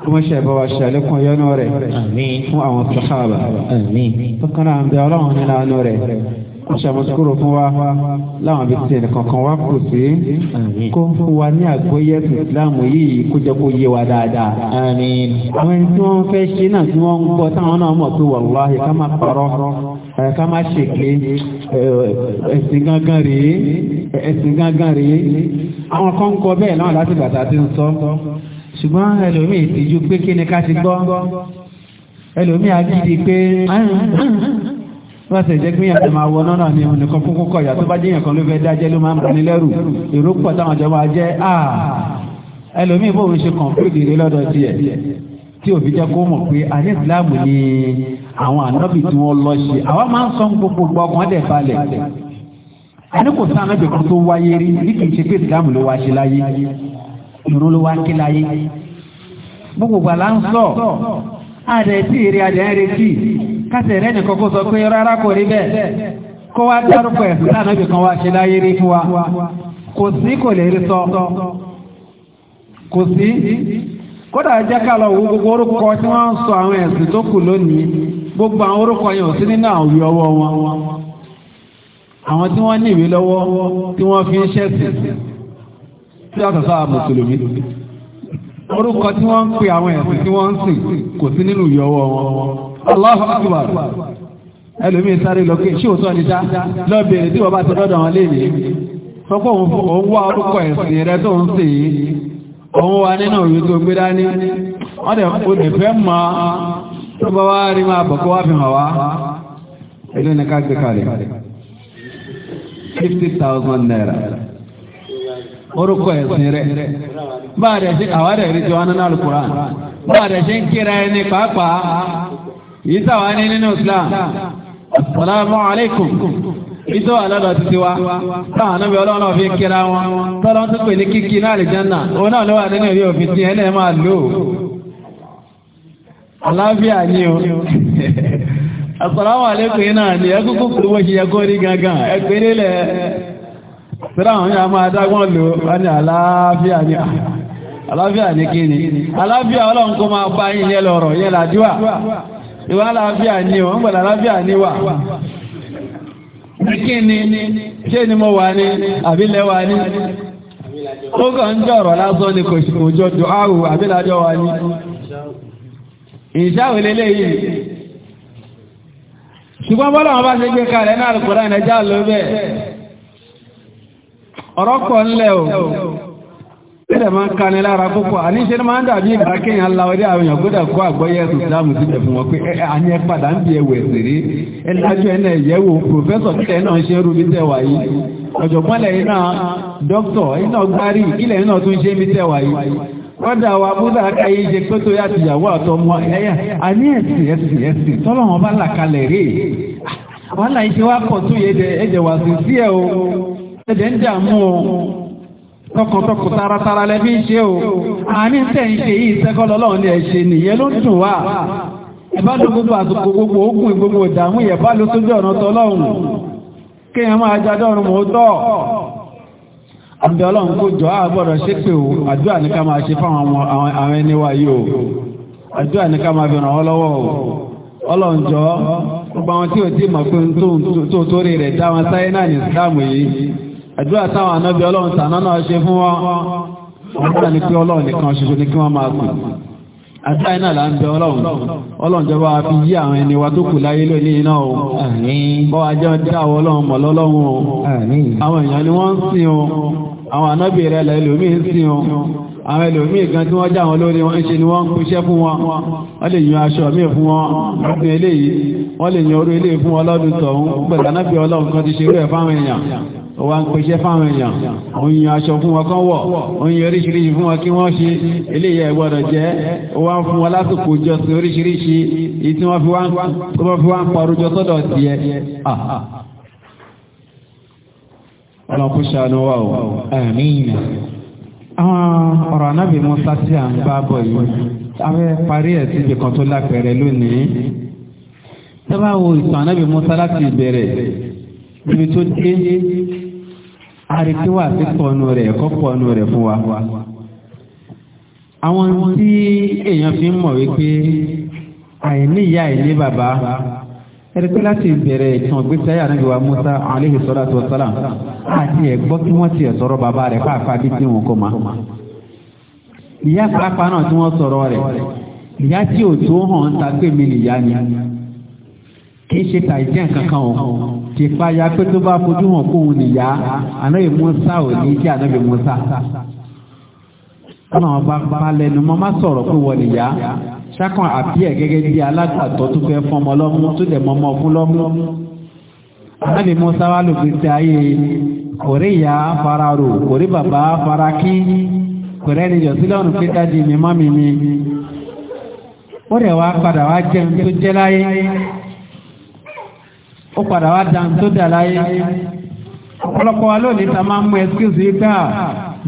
kó mọ́ṣẹ́ bá wa ṣe àlékún ọyọ́nú rẹ̀ fún àwọn sàhábà tọkànnà àbí ọlọ́run nínú àánú rẹ̀ kó ṣàmójúkúrò fún wa láwọn àbí tiẹ̀ nìkankan wá kò sí kó fún wa ní àgbọ́yé ìsìláàmù yìí kó jẹ́ kó yé wa dáadáa. àwọn ẹni tí wọ́n fẹ́ ṣe náà tí wọ́n ń gbọ́ táwọn náà mọ̀ pé wàláhì ká má parọ́ ká má ṣèké ẹ̀sìn gángan rèé ẹ̀sìn gángan rèé àwọn kan ń kọ bẹ́ẹ̀ náà láti bàtà ti ń sọ ṣùgbọ́n ẹlòmíì ti ju pé kí ni ká ti gbọ́ ẹlòmíì á wọ́n sì jẹ́ pé yẹn ti máa wọ náà ní nìkan fún kókọ̀ ìyá tó bá jẹ́ yẹn kan ló fẹ́ dájẹ́ ló máa ń bani lẹ́rù èrò pọ̀ táwọn jọ máa jẹ́ àà ẹlòmíì bóun ṣe kọ̀ǹpútì rẹ lọ́dọ̀ tiẹ̀ tí òbí jẹ́ kó mọ̀ pé alẹ́ ìsìláàmù ni àwọn ànábì tí wọ́n lọ ṣe àwa máa ń sọ gbogbo ọkàn dẹ̀ balẹ̀ ẹni kò sáà mẹ́jọ kan tó wáyé rí ní kì í ṣe pé ìsìláàmù ló wá ṣe láyé ìrún ló wá kí láyé gbogbo gbàlá ń sọ àdẹ̀ tí èrè àdẹ̀ ń retí kásẹ̀ rẹ̀ nìkan kó sọ pé rárá kò rí bẹ́ẹ̀ kó wá dárúkọ ẹ̀sùn táwọn ibì kan wá ṣe láyé rí fún wa kò sí kò lè rí sọ kò sí kódà jẹ́ ká lọ wo gbogbo orúkọ tí wọ́n ń sọ àwọn ẹ̀sùn tó kù lónìí gbogbo àwọn orúkọ yẹn ò sí nínú àwọn ọwọ́ wọn àwọn tí wọ́n ní ìwé lọ́wọ́ tí wọ́n fi ń ṣẹ̀sìn tí wọ́n sọ̀tọ̀ mùsùlùmí orúkọ tí wọ́n ń pè àwọn ẹ̀sìn tí wọ́n ń sìn kò sí nínú wọn. Allahu akbar ẹlòmíì sáré lọ kí ṣíòtọ́ ní sá lọ́bẹ̀rẹ̀ tí wọ́n bá ti lọ́dọ̀ wọn lè fọ́kọ́ òun wá orúkọ ẹ̀sìn rẹ tó ń sè é òun wá nínú òwe tó gbé dání wọ́n dẹ̀ kó lè fẹ́ mọ́ tó bá wá rí naira orúkọ ẹ̀sìn rẹ ṣe rí jọ yìí tàwa ní nínú Islam asalaamu alaykum yìí tó alọ́dọ̀ títí wa táwọn anábì ọlọ́run náà kíra wọn tọ́lọ́ tó pè ní kíkí náà àlìjánnà òun náà ló wà nínú ìwé òfin tí ẹ máa lò ó àlàáfíà o asalaamu ní kí ni ọlọ́run kó ìwà aláàfíà ni ọ̀ ń gbọ́dọ̀ aláàfíà ni wà kí ni ṣé ni mo wà ní àbílẹ̀ wà ní ó ń jọ̀rọ̀ lásán ni kò sí kò jọ dùn áwù àbílájọ́ wà ní ìṣàwìlélẹ́ yìí ṣùgbọ́n bọ́lá wọn bá ṣe gbé kalẹ̀ náà Al-Qur'an ẹ̀já lọ ọ̀rọ̀ pọ̀ ńlẹ̀ o Ẹ̀rẹ̀ máa ń kani lára púpọ̀, àníṣe ni máa ń dàbí ìgbà kéèyàn láwọ́dé àwọn èèyàn gbọ́dọ̀ kó àgbọ́yé ẹ̀sùn a síbẹ̀ fún wọn pé àní ẹ padà ń bí ẹwẹ̀ ìsìrí. Ẹ ẹ̀nà ẹ̀yẹ́wò pòfẹ́sọ̀ tẹ́ náà ṣe rú bí tẹ́wà yìí. Ọ̀jọ̀gbọ́nlẹ̀ iná dókítọ̀ iná gbárí iná tún ṣe yìí. Kọ́dà wa Búdà káyé ṣe pé tó yàtì tọkàntọkàn taratara lẹ́bí ṣe o àní tẹ̀ ń ṣe yìí sẹ́kọ́lọ́lọ́run ni ẹ̀ ṣe nìyẹn ló ń dùn wá ẹ̀bá ló gbogbo àsìkò gbogbo ogun gbogbo ìdààmú ìyẹ̀bá ló tún jẹ́ ọ̀nà tọ́lọ́run kí ẹ máa jáde ọ̀run mọ́ tọ́ àbẹ̀ ọlọ́run kó jọ àbọ̀dọ̀ ṣe pé o àdúrà ní ká máa ṣe fáwọn àwọn ẹni wa yìí o àdúrà ní ká máa fi ràn wọ́n lọ́wọ́ o ọlọ́run jọ gbogbo àwọn tí ò tí mọ̀ pé tó torí rẹ̀ dá wọn sáyé náà àdúrà táwọn anábì ọlọ́run tàná náà ṣe fún wọn wọ́n gbà ní pé ọlọ́run nìkan ṣoṣo ní kí wọ́n máa pè àdúrà iná là ń bẹ ọlọ́run ọlọ́run jọba fi yí àwọn ẹni wa tó kù láyé lónìí iná o bọ́ ajé ń dá àwọn ọlọ́run mọ̀ lọ́lọ́run o àwọn èèyàn ni wọ́n ń sìn o àwọn anábì rẹ̀ lẹ́ lómìn ń sìn o àwọn ẹlòmíì gan tí wọ́n já wọn lórí wọn ṣe ni wọ́n ń pèsè fún wọn wọ́n lè yan aṣọ míì fún wọn lọ́dún eléyìí wọ́n lè yan orí eléyìí fún wọn lọ́dún tọ̀hún pẹ̀lú anábì ọlọ́run kan ti ṣerú ẹ̀ fáwọn èèyàn ó wá ń pèṣẹ́ fáwọn èèyàn òun yan aṣọ fún wọn kán wọ̀ òun yan oríṣiríṣi fún wọn kí wọ́n ṣe eléyà ìgbọ́dọ̀ jẹ́ ó wá ń fún wọn lásìkò ìjọsìn oríṣiríṣi èyí tí wọ́n fi wá ń parojọ sọ́dọ̀ tiẹ̀ ọlọ́kú ṣàánú wà ó àmìnà àwọn ọ̀rọ̀ anábì Musa tí a ń bá bọ̀ yìí abẹ́ parí ẹ̀ síbi kan tó lápẹ̀rẹ̀ lónìí tẹ́bá wo ìtàn anábì tó dé àríkí wà sí pọnù rẹ̀ ẹ̀kọ́ pọnù rẹ̀ fún wa. àwọn tí èèyàn fi ń mọ̀ wípé àìní ìyá àìní bàbá ẹ̀ríkí láti bẹ̀rẹ̀ ìtàn gbèsè ayé ànábì wa Musa alayhi salatu wa salam àti ẹ̀gbọ́ kí wọ́n ti ẹ̀sọ́rọ̀ bàbá rẹ̀ pàápàá bí tí wọn kò má. ìyá pàápàá náà tí wọ́n sọ̀rọ̀ rẹ̀ ìyá tí ò hàn ń ta pé nìyá ni kì í ṣe tàìjẹ́ kankan o ìpayà pé tó bá fojú hàn kóhun nìyá ànábì Mùsá ò ní kí ànábì Mùsá kọ́nà ọba balẹ̀nu mọ́ má sọ̀rọ̀ pé wọ́n nìyá ṣákan àbí ẹ̀ gẹ́gẹ́ bí alágbàtọ́ tó fẹ́ fọmọ lọ́mú tó dẹ̀ mọ́ ọmọ fún lọ́mú ànábì Mùsá wà lògbèsè ayé kòrí ìyá fara rò kòrí bàbá fara kí kòrí ẹni jọ sílẹ̀ ọ̀nà pété di mímọ́ mímí ó rẹ̀ wá padà wá jẹun tó jẹ́ láyé ó padà wá dá tó dà láyé ọ̀pọ̀lọpọ̀ wa lónìí ta máa ń mú ẹ́síkìsì gbà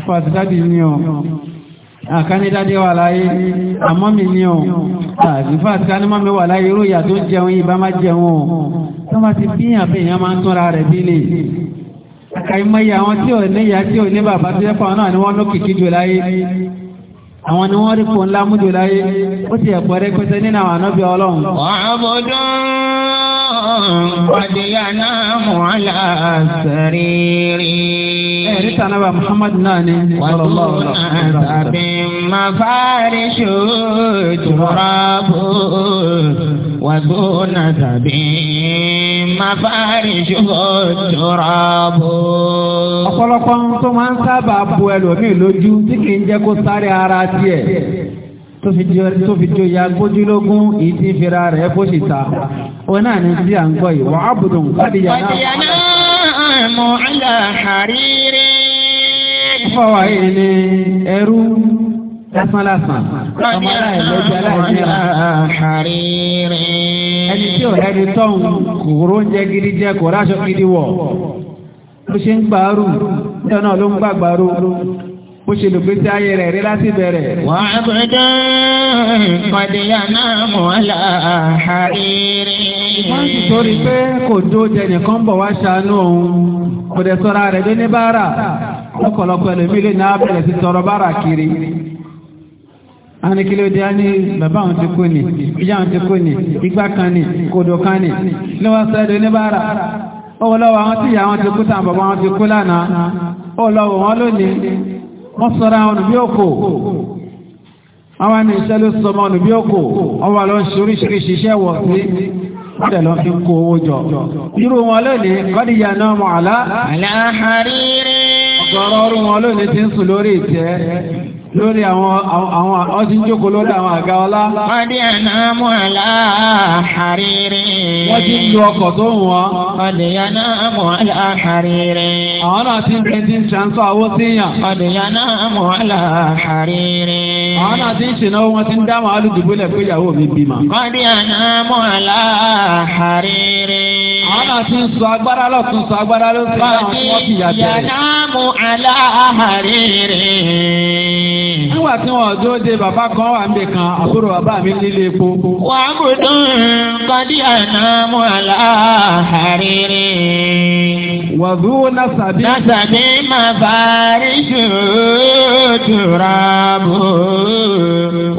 fún àtìjáde ní o àkánidádé wà láyé àmọ́ mi ní o àdìfà àtikánímọ́ mi wà láyé irú ìyà tó jẹun yìí bá má jẹun o tó bá ti bí ìyàn bẹ́ẹ̀ máa ń túnra rẹ̀ bí lè àkàìmọye àwọn tí ò níyà tí ò ní bàbá tó yẹ fún náà ni wọ́n lókìkí jù láyé àwọn ni wọ́n rí قد ينام على سريري ẹ̀ríkànnà bá muhammad náà ni wàlúùnà tàbí mafárisù tùrọ́bù wàlúùnà tàbí mafárisù tùrọ́bù. ọ̀pọ̀lọpọ̀ tó máa ń sábà bu ẹlòmíì lójú tí kì í jẹ́ kó sáré ara tiẹ̀ tó fi jó ya gbójúlógún èyí tí fira rẹ̀ bó ṣe ta ó náà ní sí à ń gbọ́ yìí wọ́n ábùdùn kádìyà náà mọ̀ àlàhàrírí. fọwọ́ yìí ni ẹrú lásán lásán ọmọ aláìlẹ́jọ́ aláìlẹ́ra ẹni tí ò ẹni tọ́hún kòrò ń jẹ gidi jẹ kò ráṣọ gidi wọ̀ bó ṣe ń gbàárù ní ọ̀nà ló ń gbàgbàárù bó ṣe lògbé sí ayé rẹ̀ rí láti bẹ̀rẹ̀. wọ́n á bọ̀dọ̀ kọ̀díyà náà mọ̀ ọ́lá àárírí. wọ́n sì torí pé kò dó jẹ nìkan bọ̀ wá ṣàánú òun kò dẹ̀ sọ́ra rẹ̀ dé ní báárà lọ́kọ̀lọ́kọ̀ ẹlòmíì lè náà bẹ̀rẹ̀ sí tọrọ báárà kiri. Anikile odi ani baba àwọn ti kú ni, ìyá àwọn ti kú ni, igbá kan ni, kodò kan ni, lọ́wọ́ sẹ́dọ̀ oníbàárà. Ọwọ́ lọ́wọ́ àwọn tí ìyá àwọn ti kú tàn bàbá àwọn ti kú lánàá. Ọlọ́wọ́ wọn lónìí wọ́n sọ́ra ọ̀nà bí òkò àwọn ẹni iṣẹ́ ló sọmọ ọ̀nà bí òkò ọwọ́ lọ ń ṣe oríṣiríṣi iṣẹ́ wọ̀ sí wọ́n lọ fi kó owó jọ irú wọn lónìí kọ́díyà náà mọ̀ àlá àlá àhárí rí ọ̀gọ̀rọ̀ ọrùn wọn lónìí ti ń sùn lórí ìtẹ́ lórí àwọn àwọn ọtí jókòó lórí àwọn àga ọlá. ọdí ànámú àlá àrírí. wọ́n ti ń lu ọkọ̀ tó ń wọ́n. ọdí ànámú àlá àrírí. àwọn náà ti ń pè tí ń ṣàǹsọ́ àwọ́ síyàn. ọdí ànámú àlá àrírí. àwọn náà ti ń ṣìnà wọn ti ń dá màálù dùbúlẹ̀ pé ìyàwó mi bímọ. ọdí ànámú àlá àrírí. àwọn náà ti ń sọ agbára lọ́tún sọ agbára lọ́sẹ̀ láwọn tí wọ́n ti yàtọ̀ rẹ̀. ọdí ànámú àlá àrírí nígbà tí wọn tó dé bàbá kan wà níbi kan àbúrò bàbá mi nílé epo. wà á kò dùn kọ́dí àná mú àlá àrírí. wàbí wo nasabi. nasabi máa bari jòjò rabu.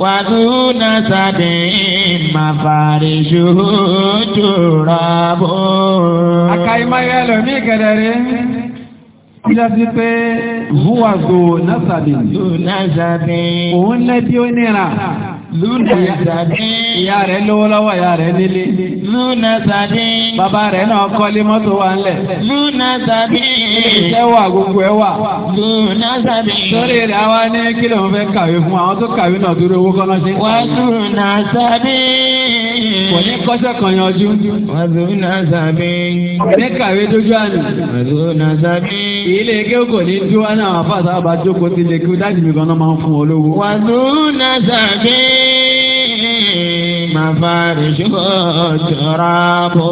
wàbí wo nasabi máa bari jòjò rabu. àkàyè máa yẹ lọ ní gẹ̀dẹ̀ rẹ̀. Bílá sí pé Húwà zò násàbì. Lùnásàbì. Òun lẹ́bí ó níra. Lùnásàbì. Ìyá rẹ̀ lówó lọ́wọ́ ìyá rẹ̀ nílé. Lùnásàbì. Bàbá rẹ̀ náà kọ́lé mọ́tò wa ńlẹ̀. Lùnásàbì. Iṣẹ́ wà gbogbo ẹ wà. Lùnásàbì. Sórí rẹ̀ àwa ní kí lòun fẹ́ kàwé fún àwọn tó kàwé náà dúró owó kọ́ná ṣe. Wà lùnásàbì. Kò ní kọ́ṣẹ́ kan yanjú. Wà lùnásàbì. Kò ní kàwé dójú àná. Wà lùnásàbì. ilé kẹ́kọ̀ọ́ ní tí wọ́n náà fàtà àbájókòó ti lè kí dájú mi gan náà máa ń fún olówó. wàdúnà sàbí màfàrí ṣùgbọ́n jọra bọ̀.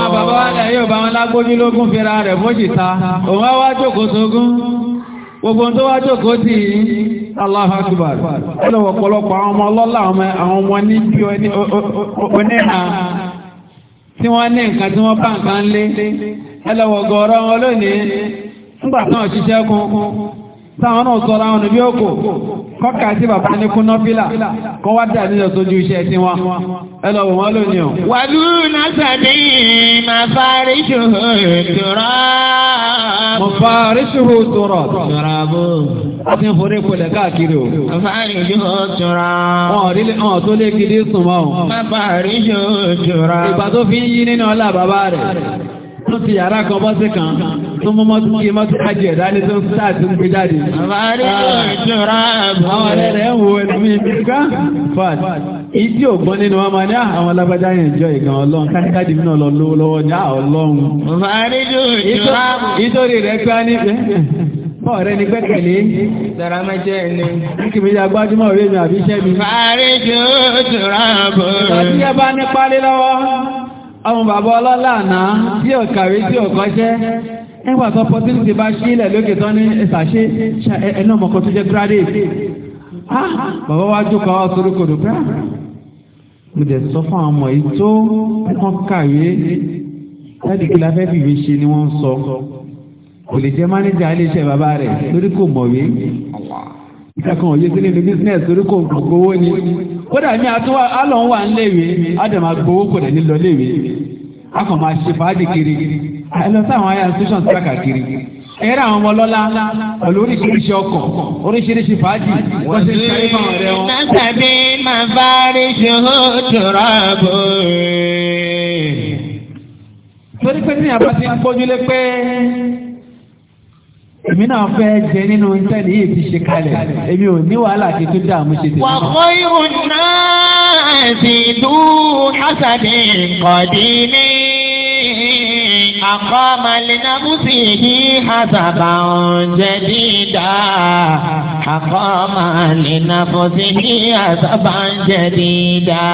a bàbá wa lẹ yóò wọn lágbójú lógún fira rẹ̀ fójìta òun wá jókòó sógún gbogbo tó wá jókòó tì í Allahu ọlọ́wọ́ ọ̀pọ̀lọpọ̀ àwọn ọmọ ọlọ́lá àwọn ọmọ oníhà tí wọ́n ní nǹkan tí nígbà náà ṣiṣẹ́ kún táwọn náà sọ̀rọ̀ àwọn òbí òkò kọ́kà sí bàbá ní kúnná fílà kọ́ wá dà nílẹ̀ sójú iṣẹ́ tí wọ́n ẹlọ́wọ̀ wọ́n lónìí ọ̀. wàlú násàdé màfàríṣòhò tòrọ̀. màfàríṣòhò tòrọ̀. tòrọ̀ bò. a ti ń forí kulẹ̀ káàkiri o. màfàríṣòhò tòrọ̀. wọn tó lé gidi sùnmọ́ o. màfàríṣòhò tòrọ̀. ìgbà tó fi ń yí nínú ọlá bàbá rẹ̀ tó ti yàrá kan bọ́ sí kan tó mọ́ mọ́ kí mọ́ tó kájẹ̀ dálé tó ń sáà gbé jáde. Ah. àwọn ọ̀rẹ́ rẹ̀ ń wo ah, àwọn alágbájá ah, rẹ̀ pé a ní ọ̀rẹ́ ni gbẹ́kẹ̀lé daramẹ́jẹ́ ni kí mi agbájúmọ̀ orí mi àbíṣẹ́ mi. fàárí jù ú jù rà bò. ìtọ́jú yẹ bá ní pálí lọ́wọ́ ọmọ bàbá ọlọ́lá àná tí ò kàwé tí ò kọ́ṣẹ́ nígbà tó opportunity bá sílẹ̀ lókè tán ní ìsàṣe ẹ̀nà ọmọkan tó jẹ́ graduate ah bàbá wa jókòó àwọn sórí kòdò pé mo dẹ̀ sọ fún àwọn ọmọ yìí tó wọ́n kàwé láti kí la fẹ́ fi ìwé ṣe ni wọ́n ń sọ kò lè jẹ́ mánéjà iléeṣẹ́ bàbá rẹ̀ lórí kò mọ̀wé ìkàkùn òye sílẹ̀ ní business lórí kò gbogbo owó ni kódà ní àtúwà alọ̀ ń wà ń léèwé á dẹ̀ kò dẹ̀ ní lọ léèwé a kàn máa ṣe fàájì kiri ẹ lọ sáwọn ayé association ti káàkiri kiri ẹ̀rọ àwọn ọmọ lọ́la pẹ̀lú oríṣiríṣi ọkọ̀ oríṣiríṣi fàájì wọ́n ti ṣe é máa rẹ̀ wọn. nàṣàbí máa bá rí ṣòro tòrọ bò. torí pé tí àbá ti ń gbójúlé pé èmi náà fẹ́ jẹ nínú ìtẹ́lẹ̀ yìí fi ṣe kalẹ̀ èmi ò ní wàhálà kí tó dáa mú ṣe tèmi. wà á náà sí dùn hásàdín kọ̀dí ní. أقام ma حسبا جديدا أقام لنفسه حسبا جديدا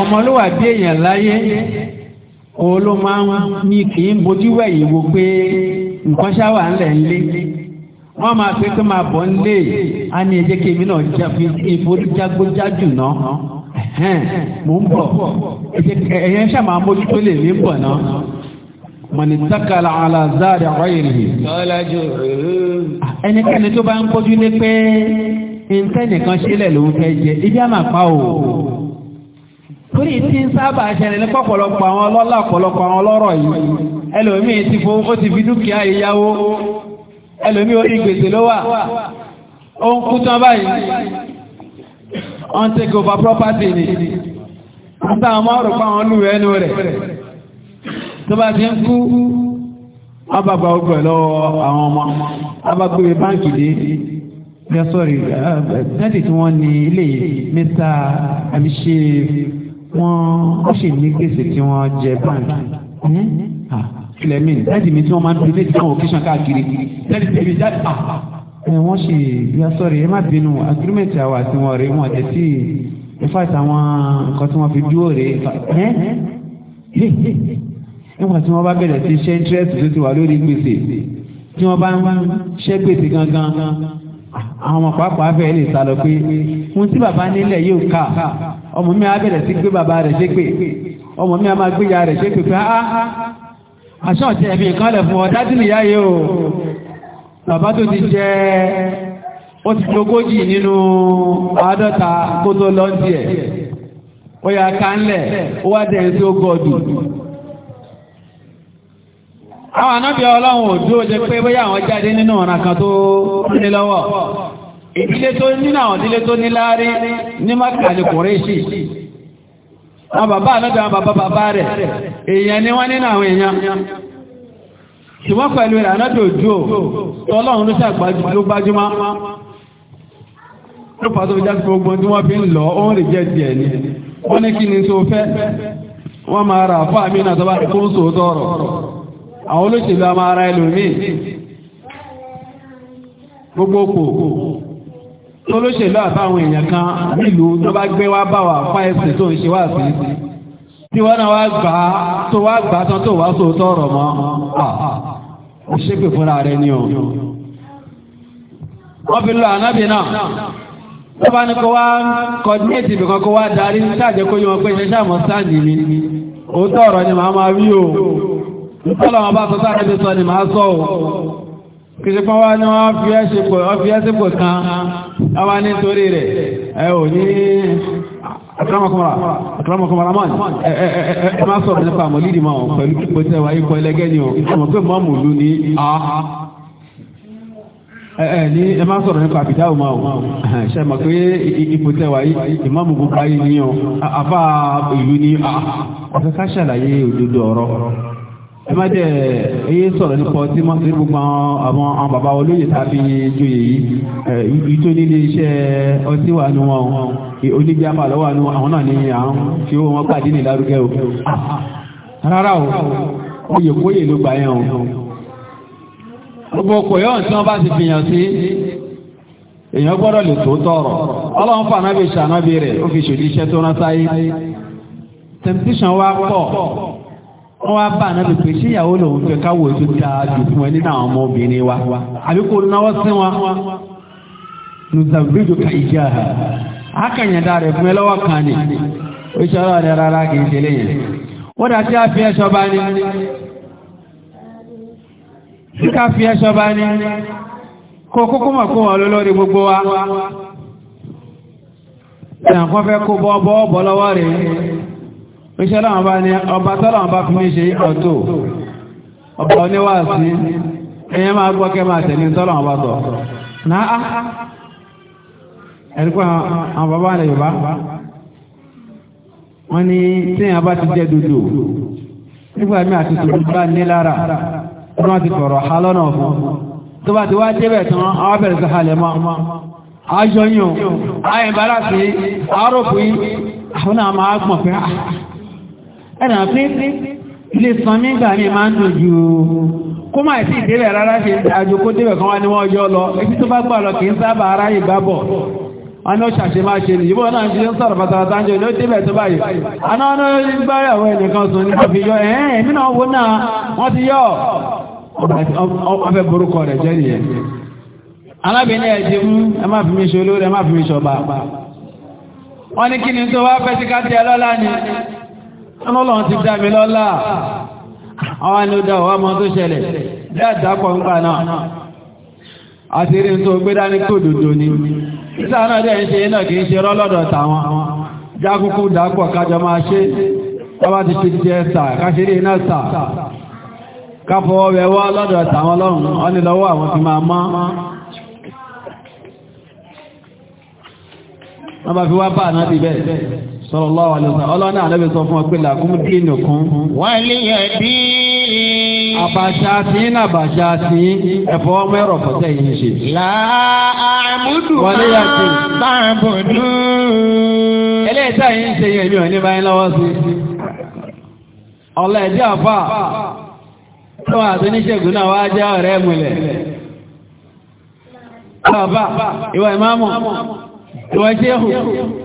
ọmọlúwàbí èèyàn láyé olóma ní kì í bójú wẹ̀yìn pé nǹkan ṣáwà ńlẹ̀ ńlé wọ́n máa fi tó máa bọ̀ a ní ẹjẹ́ kí èmi náà ìforíjágbójájù náà mò ń bọ̀ ẹ̀yẹn ṣàmà mójútó lè mí bọ̀ náà. mọ̀nìtàkàlà aláàzáàrí àwáyèrè ẹnikẹ́ni tó bá ń kójú lé pé ìntẹ́nìkan sílẹ̀ ló ń fẹ́ jẹ ibi àmà pa ò torí tí ń sábà ṣẹlẹ̀ ní pọ̀pọ̀lọpọ̀ àwọn ọlọ́lá pọ̀lọpọ̀ àwọn ọlọ́rọ̀ yìí ẹlòmíì ti fún ó ti fi dúkìá ìyáwó ẹlòmíì orí gbèsè ló wà ó ń kú tán báyìí on take over property ni nígbà àwọn ọmọ ọ̀rọ̀ pa àwọn olùwẹ̀ẹ́nu rẹ̀ tó bá ti ń kú wọ́n bá ba ogun ẹ̀ lọ́wọ́ àwọn ọmọ wọ́n báńkì dé ẹ sọ̀rí dáàdì tí wọ́n ní ilé mẹ́ta àbí ṣe ó sì ní gbèsè tí wọ́n jẹ báńkì ilẹ̀ mi mi tí wọ́n máa ń donate náà occasion káàkiri dáàdì tẹ̀lé dáàdì pa. wọ́n ṣe ẹ sọ̀rí ẹ má bínú agreement àwọn àti wọn rèé wọn tẹ̀sí ìfàtàwọn nǹkan tí wọ́n fi dúró rèé nígbà tí wọ́n bá bẹ̀rẹ̀ sí ṣe interest tó ti wà lórí gbèsè tí wọ́n bá ń ṣe gbèsè gangan àwọn ọmọ pàápàá bẹ̀rẹ̀ lè sálọ pé ohun tí bàbá nílẹ̀ yóò kà ọmọ mi á bẹ̀rẹ̀ sí gbé bàbá rẹ̀ ṣépè ọmọ mi á máa gbé ya rẹ̀ ṣépè pé áá ah, aṣọ ah, ah. àti ẹ̀fìn kan lẹ̀ fún ọ dájú nìyá yìí o bàbá tó ti jẹ́ ó ti lógójì nínú àádọ́ta kó lọ́ńdì ẹ̀ ó yà á kánlẹ̀ ó wá dẹ̀ ń tó gọ́ọ̀dù àwọn anábì ọlọ́run ò o jẹ pé bóyá àwọn jáde nínú ọ̀nà kan tó ní lọ́wọ́ ìdílé tó nínú àwọn ìdílé tó ní láárí ní mákàlì kùrẹ́ṣì àwọn bàbá anábì àwọn bàbá bàbá ni wọ́n nínú àwọn èèyàn wọ́n ní kí ni tó fẹ́ wọ́n máa ra àwọn olóṣèlú a máa ra ẹlòmíì gbogbo kò tólóṣèlú àtàwọn èèyàn kan nílùú tó bá gbé wá bá wà fá ẹsẹ̀ tó ń ṣe wá sí tí wọ́n náà wá gbà á tó wá gbà tán tó wá mọ́ ó fúnra ni o wọ́n fi lọ ànábì náà tó bá ní kó wá nìkan kó wá darí kó yẹ wọn pé ni òótọ́ ọ̀rọ̀ ni màá máa wí Ìtọ́lọ̀wọ̀n bá sọ sáàrẹ́ bí sọ ni máa sọ ò. Kìí pọ́ wá ní wọ́n fi ẹ́ sí pò kan, a wá ní torí rẹ̀, ẹ ní àkàràmọ̀kọ̀mọ̀ra mọ́ ni ò ìtọ́mọ̀ pé mọ́ mùlú ní ẹ ní ẹ máa sọ̀rọ̀ nípa àbìdáwò máa ò ṣe mọ̀ pé ipò tẹ́ wáyé ìmáàmù gbogbo ẹ má jẹ́ èyí sọ̀rọ̀ nípa ọtí mọ́ sí gbogbo àwọn àwọn bàbá olóyè tàbí joyè yìí ìtò nílé iṣẹ́ ọtí wà nù wọn oníjàmbá lọ́wọ́ nù àwọn náà ní à ń fi owó wọn pàdé ní lárugẹ o rárá o oyè kóyè ló gbà yẹn o gbogbo kò yọ̀ tí wọ́n bá ti fìyàn sí èèyàn gbọ́dọ̀ lè tó tọrọ ọlọ́run fànábì ṣànábì rẹ̀ ó fi ṣòdí iṣẹ́ tó rán sáyé temptation wa pọ̀. wọ́n wá bá ànábì pé ṣé ìyàwó lòun fẹ́ káwò tó dáa fún ẹ nínú àwọn ọmọbìnrin wa àbí kò náwó sí wọn nùsàbíjò ka ìjà rẹ̀ akànyẹ̀dá rẹ̀ fún ẹ lọ́wọ́ kan ni ó ọ̀rọ̀ rẹ̀ rárá wọ́n dà sí àfi ẹ̀ṣọ́ bá ní fi ẹ̀ṣọ́ bá ní kókó mọ̀ kó wọn lólórí wa kó bọ́ bọ́ bọ́ lọ́wọ́ rẹ̀ Oṣẹ́ láwọn bá ní ọba tọ́lọ̀wọ́n bá fi ní ṣe ọba oníwàásí, ẹyẹ máa gbọ́kẹ́ máa tẹ̀lé tọ́lọ̀wọ́n bá sọ. Náà, ẹ̀rí pé àwọn bàbá rẹ̀ Yorùbá, wọ́n bá ti jẹ́ dúdú, nígbà mí àti sí ẹ̀rọ pé ilé sanmi gbà ní máa ń dùn jù kó máa ti ìdílẹ̀ rárá ṣe àjò kó débẹ̀ kan wá ní wọ́n ọjọ́ lọ etí tó bá gbà lọ kì í sábà ara yìí gbá bọ̀ ṣàṣe máa ṣe nìyí bọ́ọ̀ náà ti ń sọ̀rọ̀ pátápátá jẹ́ ló débẹ̀ tó báyìí aná gbáyàwó ẹnìkan sùn ní wọ́n yọ ẹ̀ẹ́n èmi náà wó náà wọ́n ti yọ ọ̀fẹ́ borúkọ rẹ̀ jẹ́ nìyẹn alábìnrin ẹ̀ ti mú ẹ má fi mi ṣe ẹ má fi mi ṣọba kí ni tó wá fẹ́ sí ká ọlọ́run ti dá mi lọ́lá àwọn ni ó dá ọwọ́ ọmọ tó ṣẹlẹ̀ dáadápọ̀ ń gbà náà àti rí tó gbé dání tó dòdò ní ìsá náà dẹ̀ ń ṣe kìí ṣe rọ́lọ́dọ̀ tàwọn jákúkú dápọ̀ kájọ máa ṣe ọba ti sà káṣírí iná sà ọ ní fi wọ́n bá sallallahu alaihi wasallam ọlọ́nà àlẹ́bí sọ fún ọ pé làkún dínú kún. wàlíyà dín. àbàṣà tí ń àbàṣà tí ẹ̀fọ́ ọmọ ẹ̀rọ fọ́tẹ̀ yìí ń ṣe. làámúdù máa bá a bò dùn. eléyìí tá yìí ń ṣe yẹn mi ò ní báyìí lọ́wọ́ sí. ọ̀la ẹ̀dí àfà tó àti oníṣègùn náà wá jẹ́ ọ̀rẹ́ múlẹ̀. bàbá ìwà ìmáàmù ìwà ìṣẹ́hùn.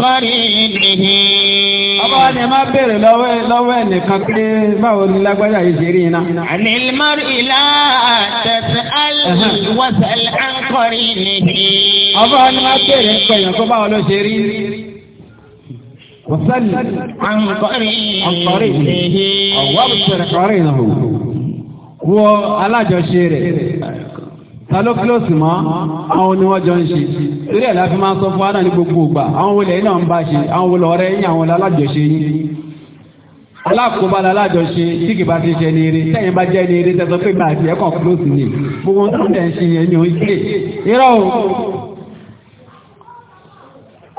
kọ́rí nìyí. ọba ni máa bèrè lọ́wọ́ ẹnìkan pé báwo ni lágbájá yìí ṣe rí iná. àlèmọ́rì ilá tẹ̀sán àlùwọ̀sán àǹkọ́rí nìyí. ọba ni máa bèrè pẹ̀yàn kó báwo ló ṣe rí وسل عن قرينه أو وابصر قرينه هو على جوشيره talo kílòsì mọ́ àwọn oníwọ́jọ́ ń ṣe torí ẹ̀ láti máa sọ fún wa náà ní gbogbo ìgbà àwọn olè iná ń bá ṣe àwọn olè ọ̀rẹ́ yín àwọn olè alájọṣe yín alákòóbá la alájọṣe tí kìí bá ti ṣe ní eré tẹ́yìn bá jẹ́ ní eré tẹ́sọ pé máa ti ẹ̀kọ́ kílòsì ni gbogbo ń tún tẹ̀sí yẹn ní oúnjẹ irọ́ o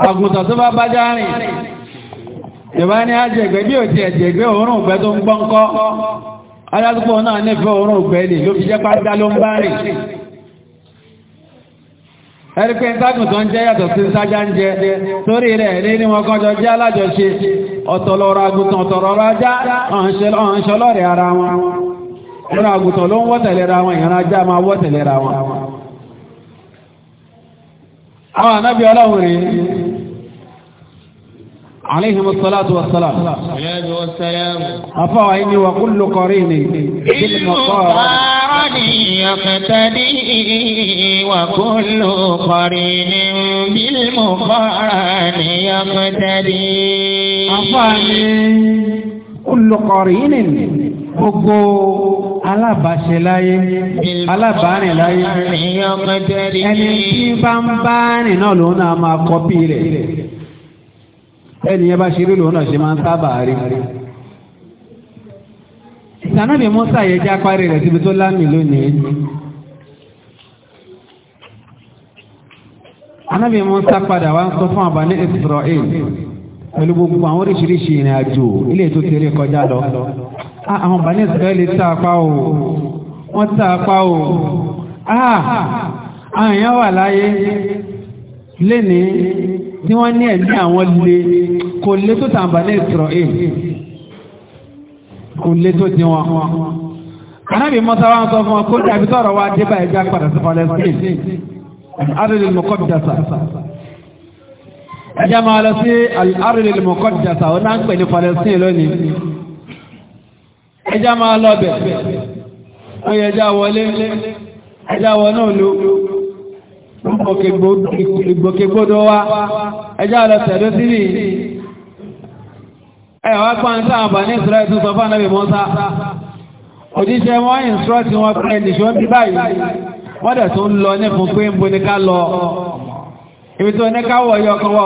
àgùntàn tó bá bá já rìn ìbá ní àjẹgbẹ́ bí òtí ẹ̀jẹ̀gbẹ́ ẹ̀rí pé ìtàgùn jẹ́ yàtọ̀ sí sájá ń jẹ torí rẹ̀ ní ní wọn jẹ́ alájọṣe ọ̀tọ̀lọ̀rọ̀ àgùntàn ọ̀tọ̀lọ̀rọ̀ ajá ara wọn ọ̀rọ̀ ló ń wọn máa عليهم الصلاة والسلام الصلاة والسلام أفواني وكل قرين بالمقارن يقتدي وكل قرين بالمقارن يقتدي أفواني كل قرين gbogbo alábàáṣe láyé alábàárìn láyé ẹni tí bá ń bá rìn náà lòun náà máa kọ́pì rẹ̀ bẹ́ẹ̀ni yẹn bá ṣe rí lòun náà ṣe máa ń sábà rí ìsànàbí Mùsá yẹ jẹ́ apárí rẹ̀ síbi tó lámì lónìí anábì Mùsá padà wá ń sọ fún àbáni Israel pẹ̀lú gbogbo àwọn oríṣiríṣi ìrìn àjò ilé tó kéré kọjá lọ ah, àwọn àbáni Israel tá a pa o wọ́n tá a pa o ah, àwọn èèyàn wà láyé lénìí tí wọ́n ní ẹ̀mí àwọn lè kò lé tó tàǹbà ní Israel kò lé tó ti wọn. anábì Mùsá wa ń sọ fún wọn kó dàbí sọ̀rọ̀ wa dé báyìí já padà sí Palestine arìnrìn mọ̀kọ́ bí dasa. máa lọ sí arìnrìn mọ̀kọ́ bí ó náà ń pè ní Palestine lónìí. ẹjẹ́ máa lọ bẹ̀ ó yẹ ẹjẹ́ wọlé ẹjẹ́ wọnú òlu ìgbòkègbodò wa ẹjọ́ lọ tẹ̀lú sílì ẹ̀yà wá pàá ní ìsúra ìtún sọ fánàbì mọ́sá òjíṣẹ́ wọ́n ìsúra tí wọ́n pẹ̀lú ìṣọ́ bí báyìí wọ́n dẹ̀ tún lọ ní fún pé ń bo ní ká lọ ibi tó ní káwọ̀ yọ ọkọ̀ wa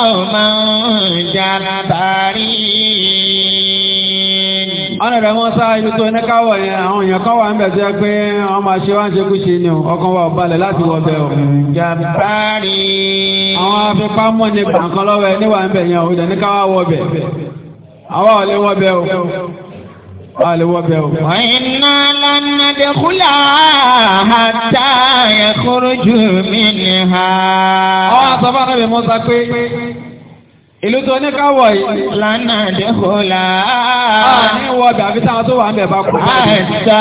Ọ جبارين ọ̀nàdà wọn sáà ibi tó ní káwọ̀ yẹn àwọn èèyàn kan wà ń bẹ̀ tó yẹ pé wọ́n máa ṣe wá ń ṣekú ṣe ni ọkàn wa balẹ̀ láti wọ bẹ̀ ọ̀. àwọn afipámọ́ ni Àlewọ́ bẹ̀ o. Iná lánà dé kúlà àtà ẹ̀kúrú jù mí ni ha. Àwọn àsọ̀bá náà bẹ̀ Mùsá pé ìlú tó ní káwọ̀ yìí. Lánà dé kúlà. Àní wọ bẹ̀ àbí táwọn tó wà ń bẹ̀ bá kú. Àtà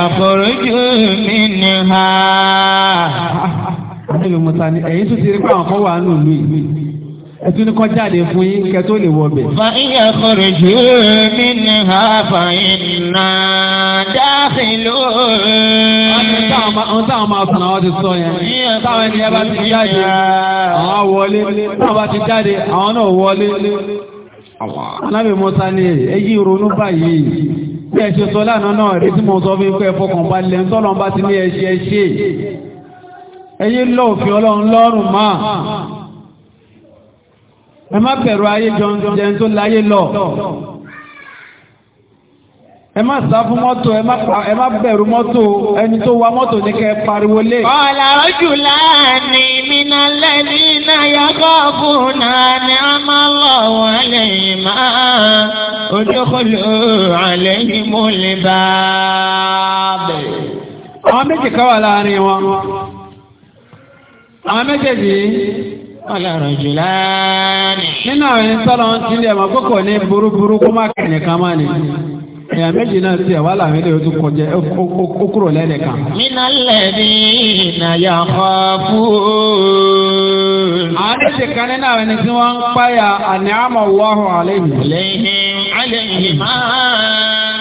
ẹ̀kúrú jù mí ni ha. Àlebẹ̀ Mùsá ni ẹ̀yin tún ti rí pé àwọn kan wà nínú ìlú yìí ẹtún ní kọ́ jáde fún yín kẹ́ tó lè wọ bẹ̀. fa iya khuruju minha fa inna dakhilun. àwọn táwọn máa sùn àwọn ti sọ yẹn táwọn ẹni bá ti jáde àwọn wọlé táwọn bá ti jáde àwọn náà wọlé. alábẹ̀ mọ́ta ni èyí ronú báyìí bí ẹ ṣe sọ lánàá náà rí tí mo sọ fún ikú ẹ fọkàn balẹ̀ ń tọ́lọ́ bá ti ní ẹ ṣe ẹ ṣe ẹ̀yin lọ́ọ̀fin ọlọ́run lọ́rùn máa ẹ má bẹ̀rù ayé jẹun tó láyé lọ ẹ má sá fún mọ́tò ẹ má bẹ̀rù mọ́tò ẹni tó wa mọ́tò ní kẹ́ pariwo lé. ọ̀la ojú láàánì mina lẹ́ni náà yàgò fún náà ni a máa lọ wọ́n lè má ojúkọlù àlẹ́ yìí mú lè bá a bẹ̀. àwọn méjì ká wà láàrin wọn àwọn méjèèjì yìí nínú àwọn ẹni sọ́lọ́ ń ni èèyàn méjì náà tiẹ̀ wà láwọn ilé ojú kọjá ó kúrò lẹ́nu kan. nínú lẹ́ni ìnáyà kọ́ fún. àwọn méjì kan nínú àwọn ẹni tí wọ́n ń páyà àní àmọ̀ wọ́hùn àlẹ́yìn. lẹ́yìn àlẹ́yìn máa.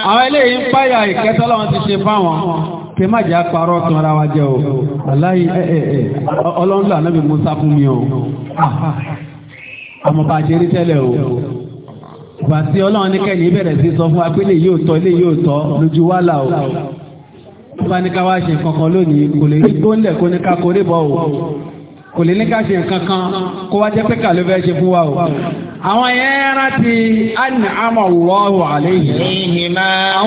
àwọn eléyìí ń kí má jẹ́ àparọ́ tún ara wa jẹ́ o aláì ẹ̀ẹ̀ẹ̀ ọlọ́ńlá anábì musa fún mi o àmọ̀bà ṣe rí tẹ́lẹ̀ o gbàtí ọlọ́run ní kẹ́yìn bẹ̀rẹ̀ sí sọ fún wa yóò tọ́ lè yóò tọ́ lójú wa là o tó bá ní ká wá ṣe kankan lónìí kò lè rí tó ń lẹ̀ kó ní ká korí bọ̀ o kò lè ní ká ṣe kankan kó wá jẹ́ pé kà ló fẹ́ ṣe fún wa o. àwọn yẹn rántí an'ama Allahu alayhi.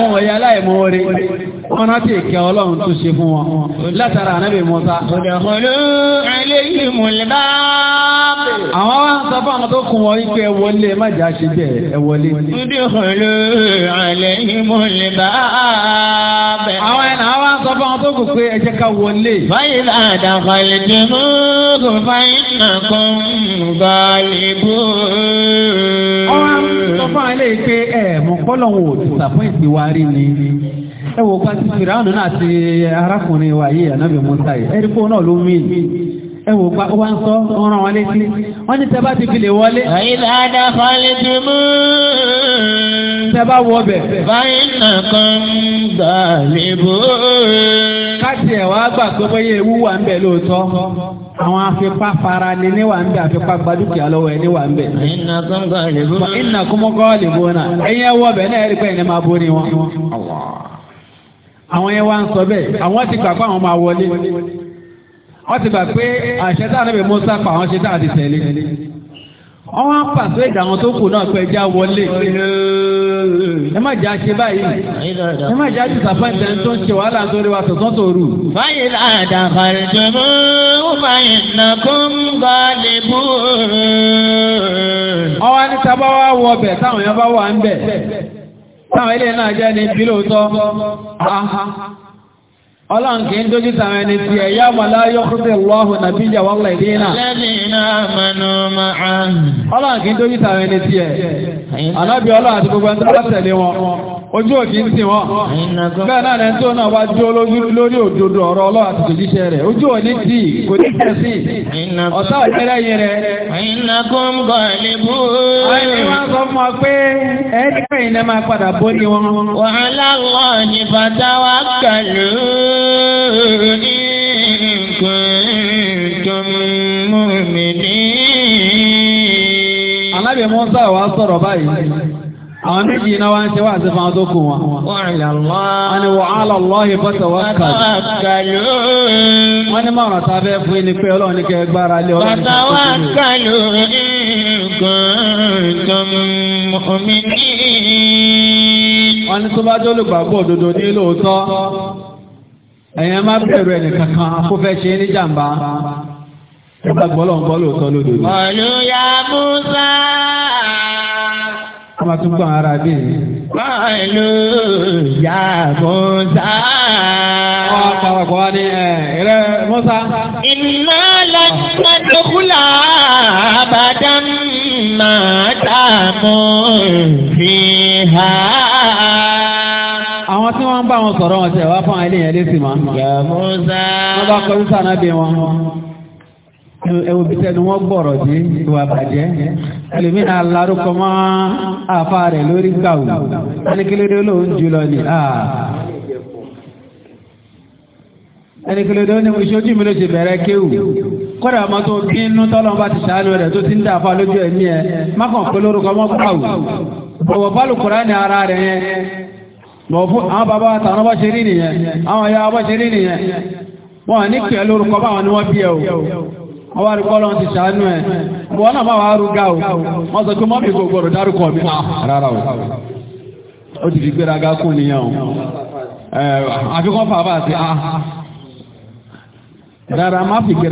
àwọn òye aláìmoore wọ́n rántí ìkẹ́ ọlọ́run tó ṣe fún wọn látara ànábì Mùsá. ọ̀dọ̀kọ̀lọ́ ẹlẹ́yìn mùlẹ́bá. àwọn wá ń sọ fún àwọn tó kún wọn wípé ẹ wọlé má jà ṣe bẹ́ẹ̀ ẹ wọlé. jẹ́ ká wọlé. báyìí láàdá falẹ̀ tó ẹ wò pa fìràánù náà ti arákùnrin wa yìí ànábì Musa yìí ẹ rí kó náà ló mí ẹ wò pa ó ń sọ ọ̀ràn wọn létí wọ́n ní tẹ́bá ti fi lè wọlé. àyíká dá falẹ̀ tó mú. tẹ́bá wọ bẹ̀. báyìí náà kan gbà lébò. káàtì ẹ̀ wá gbà pé bóyá ewu wà ń bẹ̀ lóòótọ́ àwọn afipa fara ni ní wà ń bẹ afipa gbadúkìá lọ́wọ́ ẹ ní wà ń bẹ. iná kúmọkọ lè bó náà. ẹ̀yin ẹwọ bẹ náà ẹ pé ẹni máa borí wọn. àwọn yẹn wá ń sọ bẹ́ẹ̀ àwọn ti gbà pé àwọn máa wọlé ti gbà pé àṣẹ tá a Musa pa àwọn ṣe tá a ti tẹ̀lé wọ́n wá pàṣẹ ìdá àwọn tó kù náà pé ẹja wọlé ẹ má jà ṣe báyìí ẹ má jà ṣe sàpẹ́ǹtẹ̀ tó ń ṣe wàhálà nítorí wa ọwọ́ wọ táwọn yẹn bá wà Táwọn ilé náà jẹ́ ní bí ọla ọlọ́run kìí ń dójú tàwọn ẹni tí ẹ̀ yá màlá yọ́kútẹ̀ lọ́hùn nàbí ìjà wọ́n náà. Ọlọ́run kìí ń dójú tàwọn ẹni tí ẹ̀, ọlọ́run àti gbogbo ẹni tó wọn. ojú òkè ń sìn wọn bẹ́ẹ̀ náà lẹ́ni tó náà bá jó lórí òdodo ọ̀rọ̀ ọlọ́wà ti, jíṣẹ́ rẹ̀ ojú òní dì kò ní kẹ́ sí ọ̀tá òjẹ́rẹ́ yẹn rẹ̀. ìnàkùn bọ̀ ní bú. àìní wa pé ẹni pé ni bàtà wa wa sọ̀rọ̀ báyìí àwọn méjì iná wá ń ṣe wá sí fún àwọn tó kù wọn. wọ́n ni wọ́n á lọ lọ́ọ̀hìn bọ́tọ̀ wọ́n kà lù. wọ́n ní mọ̀ràn tá a fẹ́ fún ni pé ọlọ́run ní gbára lé ọlọ́run ní gbára lé. bàtà wá kà lù gan-an mọ̀mí ní. wọ́n ní tó bá jẹ́ olùgbàgbọ́ òdodo ní lóòótọ́ ẹ̀yẹn má ọ̀lú ya Musa ọmọ tó gbọ́n ara bí i. Bọ́ọ̀lù ya Musa. Wọ́n á pàwọ̀ pọ̀ wá ní ẹ̀rẹ́ Musa. Iná lọ́nà tó kúlà àbádá máa dààmú fi hà. Àwọn tí wọ́n ń bá wọn sọ̀rọ̀ wọn tẹ̀ wá fún àwọn yẹn lé sí ma. Ya Musa. Wọ́n bá kọ́ sísànà bí wọn ẹwù bí tẹnu wọn gbọ́rọ̀ dé ìwà bàjẹ́ ẹlòmí alárúkọ mọ́ àfa rẹ̀ lórí gbàù ẹnikẹ́lẹ́dẹ́ olóhùn jùlọ ni ẹnikẹ́lẹ́dẹ́ ó ní ìṣojú mi ló ṣe bẹ̀rẹ̀ kéwù kọ́dà ọmọ tó bí inú tọ́lọ́mù bá ti ṣàánú rẹ̀ tó ti ń dàfa lójú ẹ̀mí ẹ̀ má pé lórúkọ mọ́ gbàù bọ̀wọ̀ bálùkùrá ní ara rẹ̀ yẹn bọ̀wọ̀ fún àwọn bàbá àtàwọn bá ṣe rí nìyẹn àwọn ìyá bá ṣe rí nìyẹn wọn ní pẹ̀lú orúkọ báwọn ni wọ́n bí ẹ o wọ́n wá rí ti ṣàánú ẹ̀ wọ́n na máa wá rúgá o wọ́n sọ pé mọ́mí kò gbọ́dọ̀ dárúkọ mi ah, rárá o ó ti fi aga kú nìyẹn o àfikún fàbà sí a ah. rárá má fi sí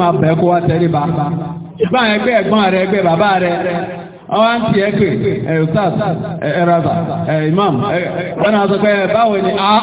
máa bẹ̀ kó wá ẹ̀gbọ́n ẹgbẹ́ bàbá ọwọ́ imam náà sọ pé báwo ni ah,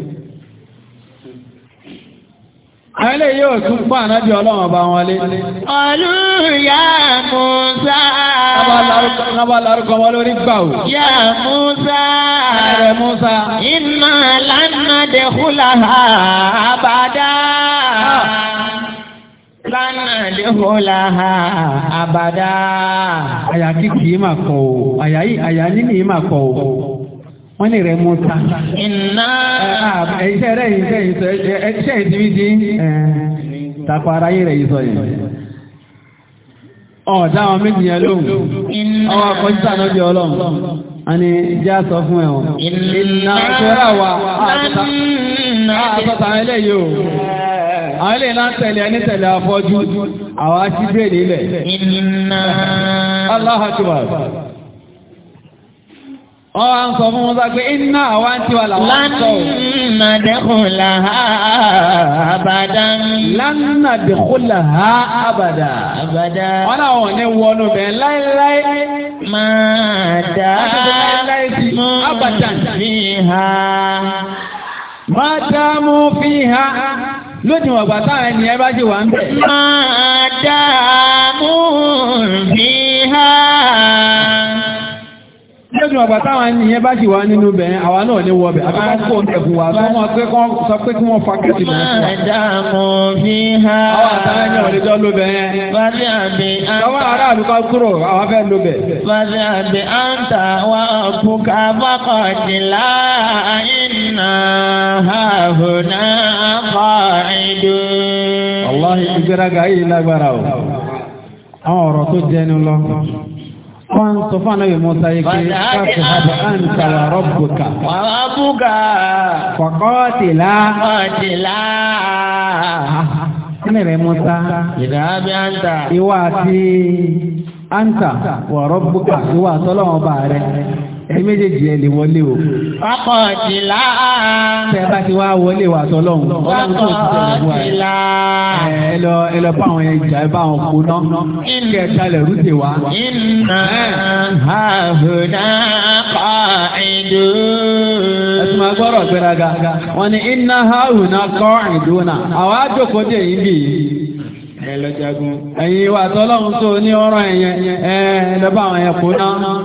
Àwọn yóò tún fún ànábì ọlọ́run ọba wọn lé. Olúyà Musa. Nábà lárúkọ wọn lórí gbà o. Yà Musa. Ẹrẹ Musa. Iná lánà dẹ̀kúlà ha àbádá. Lánà dẹ̀kúlà ha àbádá. Àyà kìkì yìí mà kọ̀ o. Àyà yìí àyà nínú yìí mà kọ̀ o wọ́n lè rẹ̀ mú ta. iná. Ah, ah, iṣẹ́ rẹ̀ yìí iṣẹ́ yìí sọ iṣẹ́ yìí ti fi di takọ ara yìí rẹ̀ yìí sọ yìí. ọ̀dà àwọn méjì yẹn lóhùn ọwọ́ akọ́jísà náà jẹ́ ọlọ́run a ní já sọ fún ẹ̀ wọ́n. iná ṣọ́ra wa àtọ́ta eléyìí o àwọn ilé iná tẹ̀lé ẹni tẹ̀lé afọ́jú àwọn aṣíbèrè ilẹ̀. iná. Allahu Akbar. Wọ́n wá ń sọ fún wọn sá pé iná àwa ń tiwa làwọn ń sọ. Lánàdékùnlá àbàdá. Lánàdékùnlá àbàdá. Àbàdá. Wọ́n náà wọ̀n ní wọnú bẹ̀ wà ń bẹ̀. Máa dá mú fi ha. ti mọ̀ pàtà àwọn ìyẹn bá ṣì wá nínú bẹ̀rẹ̀ àwa náà ní wọ́bẹ̀ àtàkùn ẹ̀kùn wa tó mọ̀ pé kán sọ pé kí fa wa. fi hà. àwọn àtàwọn jọ fàdí àbí àǹtà. kan kúrò àwọn fàdí àbí àǹtà iná àhùnà ìdú. ọlọ́hìn wọ́n sọ fún anábì Musa yìí pé káàkiri àbọ̀ àǹkà wà rọ́bùkà. wà rọ́bùkà. fọ̀kọ́tìlá. fọ̀kọ́tìlá. kí rẹ̀ Musa. ìdábí àǹtà. ìwà àti àǹtà wà rọ́bùkà ìwà àtọ́lọ́wọ́n bá rẹ̀ ẹ̀yin méjèèjì ẹ lè wọlé o. wákọ̀tìlá. tẹ́ ẹ bá ti wá wọlé wà tọ́lọ́hún. wákọ̀tìlá. ẹ lọ ẹ lọ bá àwọn ẹja ẹ bá àwọn kóná. kí ẹ kalẹ̀ rúte wá. iná àbùdá kọ́ ìdó. ẹ tún máa gbọ́rọ̀ gbéraga. wọ́n ní iná àbùdá kọ́ ìdó náà. àwọn àjòkòó dé yìí bì í ẹ̀yin wà tọ́lọ́run tó ní ọ̀rọ̀ ẹ̀yẹn ẹ̀ lọ́bàá àwọn ẹ̀kọ́ náà.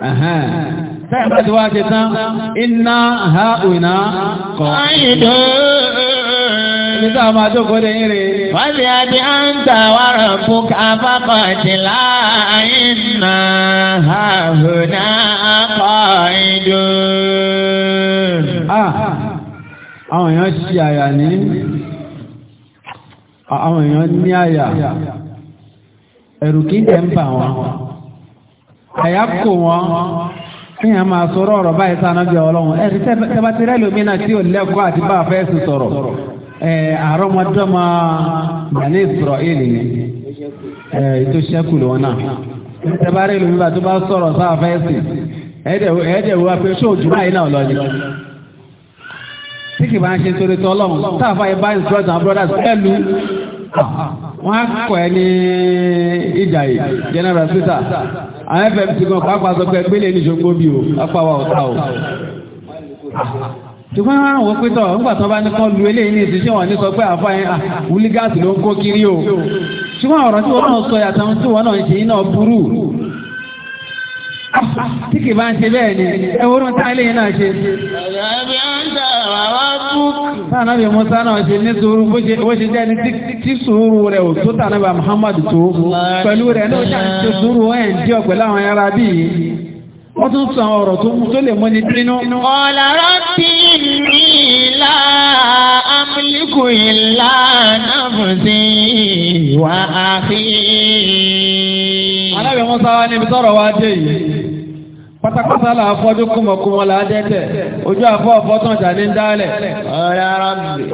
Tẹ́ẹ̀mà ti wá ṣe tán, iná ha òyìnà kọ̀. Ayìdó! Ibi tá a máa tó kó déyìn rè. Fọ́sí àti àǹtà wàrà fún káfákọ̀ ti ha òyìnà kọ̀ ìdó. Àwọn èèyàn ṣe àyà ní, àwọn èèyàn ní àyà, ẹ̀rù kí ń àyà kò wọ́n kínyàn máa sọ̀rọ̀ ọ̀rọ̀ báyìí sáà náà jẹ́ ọlọ́run ẹ̀rí tẹ́bátẹ́rẹ́ lómìnà tí ò lẹ́kọ̀ọ́ àti bá a fẹ́ sùn sọ̀rọ̀ àrọ́mọdọ́mọ bani Israel ni ètò sẹkù lọ náà lómìnà tó bá wo náà tí bá ń ṣe torí táà wọ́n á kọ̀ ẹ́ ní ìjà yìí general sita àwọn fmc gan pàápàá sọ pé gbélé ní ṣogbó bí o apáwa ọ̀tá o ṣùgbọ́n wọ́n wọ́n pé bá ní lu eléyìí ní wọn ní sọ pé ah, wúlígáàsì ló ń kiri o ṣùgbọ́n ọ̀rọ̀ tí wọ́n náà sọ yàtọ̀ tí wọ́n náà ń ṣe burú ah, tí kì bá ń ṣe bẹ́ẹ̀ ni tànàbí musa náà ṣe ní sùúrù bó ṣe jẹ́ ní tí sùúrù rẹ̀ ò tó tànàbí muhammadu tó pẹ̀lú rẹ̀ ní ọjà ṣe sùúrù ẹ̀ ń díọ̀ pẹ̀lú àwọn ẹ̀rọ bí i wọ́n tún sọ ọ̀rọ̀ tó mú tó lè mọ́ ní bínú. ọ̀làrọ̀ tí mi là pátápátá là fọ́jú kúmọ̀kúmọ̀ là dẹ́tẹ̀ ojú àfọ́ ọ̀fọ́tàn jà ní dálẹ̀.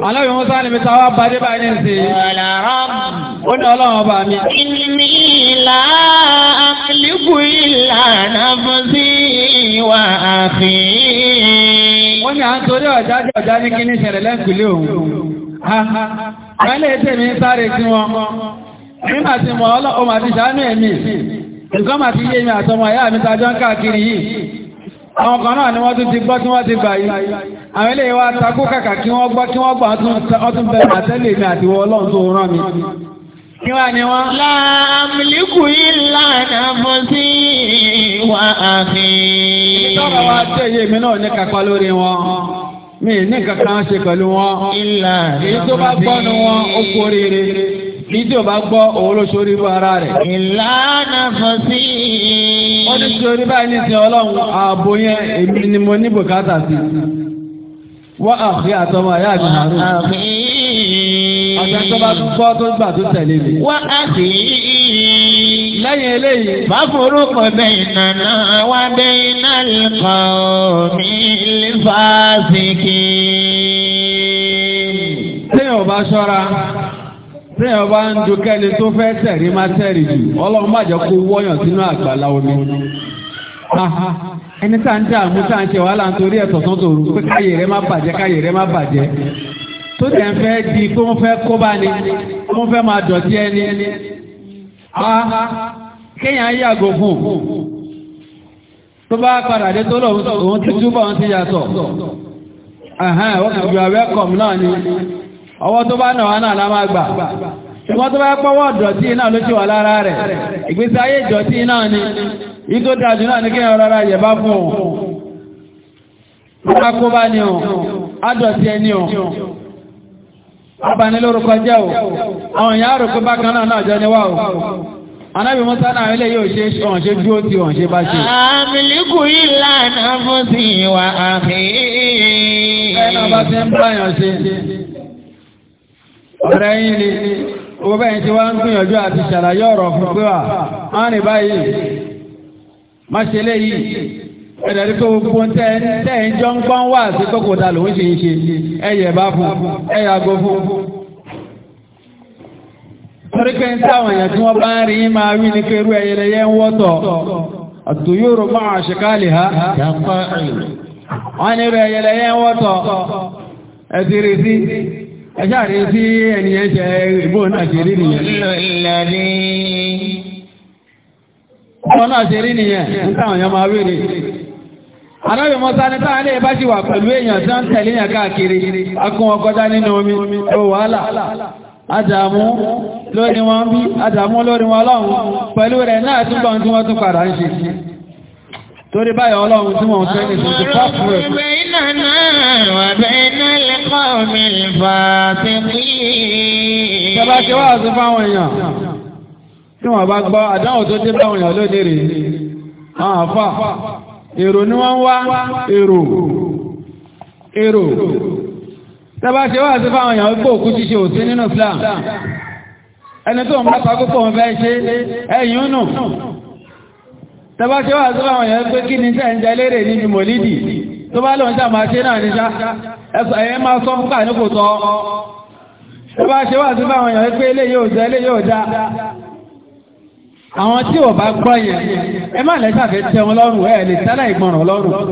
alábi musa ni mi ta wá bá dé báyìí nìsí. ó ní ọlọ́run ọba mi. ìní ìlà àkìlíkù ìlànà fọ́sí ìwà àfi. wọ́n ní à ń torí ọ̀já jẹ́ ọ̀já ní kíní ìṣẹ̀lẹ̀ lẹ́kùlé òun. kálẹ̀ tèmi sáré sí wọn. nígbà tí mo ọlọ́run ọmọ àti ṣàánú ẹ̀mí nǹkan máa fi yé mi àtọmọ ìyá mi tajọ́ ń káàkiri yìí àwọn kan náà ni wọ́n tún ti gbọ́ tí wọ́n ti gbà yìí àwọn ilé wa takú kàkà kí wọ́n gbọ́ kí wọ́n gbà ọtún bẹ̀rẹ̀ àtẹ́lẹ̀ mi àti wọ́n ọlọ́run tó rán mi kí wá ni wọ́n ní tí o bá gbọ́ òun ló sórí bó ara rẹ̀. ìlànà fọ́sí. ó ní sórí báyìí ní sin ọlọ́run ààbò yẹn èmi ni mo ní bùkátà sí. wọ́n àfi àtọmọ ayé àti màrún. ọ̀sẹ̀ tó bá gbọ́ tó gbà tó tẹ̀lé mi. wọ́n á sì í lẹ́yìn eléyìí. Fáforú kò bẹ ìnànà wá bẹ iná lẹ́kọ̀ mi lífàásìkì. Téèyàn bá ṣọ́ra. tí ẹ bá ń tó fẹ́ tẹ̀rí máa tẹ̀rí jù ọlọ́run má jẹ́ kó wọ́yàn sínú àgbàlá omi. ẹni tá à ń dààmú tá ń ṣe wàhálà nítorí ẹ̀tọ́ tó tòru pé káyè rẹ má bàjẹ́ káyè rẹ má bàjẹ́ tó tẹ̀ ń fẹ́ di pé wọ́n fẹ́ kó bá ní wọ́n fẹ́ ni. ọwọ́ tó bá nà wá náà lá máa gbà ṣùgbọ́n tó bá pọ́wọ́ ìdọ̀tí náà ló ṣe wà lára rẹ̀ ìgbésí ayé ìdọ̀tí náà ni ìtò dájú náà ní kí ẹ̀rọ rárá yẹ̀bá fún ẹni abanilórúkọ jẹ́ musa náà ilé yóò ṣe ṣe ṣe bá ṣe. àmìlíkù ìlànà wa àmì. ẹ̀ bá ti ń ọ̀rẹ́ yìí ni owó bẹ́yìn tí wá ń gbìyànjú àti ṣàlàyé ọ̀rọ̀ fún pé wà rìn báyìí má ṣe léyìí ẹ̀rẹ̀ rí pé tẹ́yìn jọ ń wà sí kókò lòún ṣe ń ṣe ẹ̀yẹ̀ bá fún ẹ̀yàgò fún. torí pé ń táwọn èèyàn tí wọ́n bá ń rí máa wí ní pé irú ẹyẹlẹyẹ ń ẹ̀ṣáàrí tí ẹnìyàn ṣe ìbò náà ṣe rí nìyẹn. Ìbò náà ṣe rí nìyẹn, ń táwọn èèyàn máa wéèrè. Àdábì Mọ́sá ní táwọn ilé bá ṣì wà pẹ̀lú èèyàn tí wọ́n tẹ̀lé yàn káàkiri, akún kọjá nínú omi, ó wàhálà. Àdàmú lórí wọn bí, àdàmú lórí wọn lọ́hùn, pẹ̀lú rẹ̀ náà túbọ̀ tí wọ́n tún padà Torí báyọ̀ ọlọ́run tí wọ́n بيننا وبين القوم الفاسقين tẹ́lá ṣe wá sí fáwọn èèyàn tí wọ́n bá gbọ́ àdáhùn tó dé báwọn èèyàn lóde rèé àwọn àfà èrò ni wọ́n wá èrò èrò tẹ́lá ṣe wá sí fáwọn èèyàn wípé òkú ṣíṣe òsí nínú Islam ẹni tó ń bá pàkópọ̀ ń fẹ́ ṣe ẹ̀yìn nù tẹ́lá tó bá lọ ń ṣá máa ṣe náà ní ṣá ẹ̀sọ̀ ẹ̀yẹ máa sọ fún kàní kò tọ́ tó bá ṣe wà sí báwọn èèyàn pé eléyìí ò jẹ́ eléyìí ò já àwọn tí ò bá gbọ́ yẹn ẹ má lẹ́sàfẹ́ tẹ wọn lọ́rùn ẹ lè tẹ́lẹ̀ ìgbọ̀nràn lọ́rùn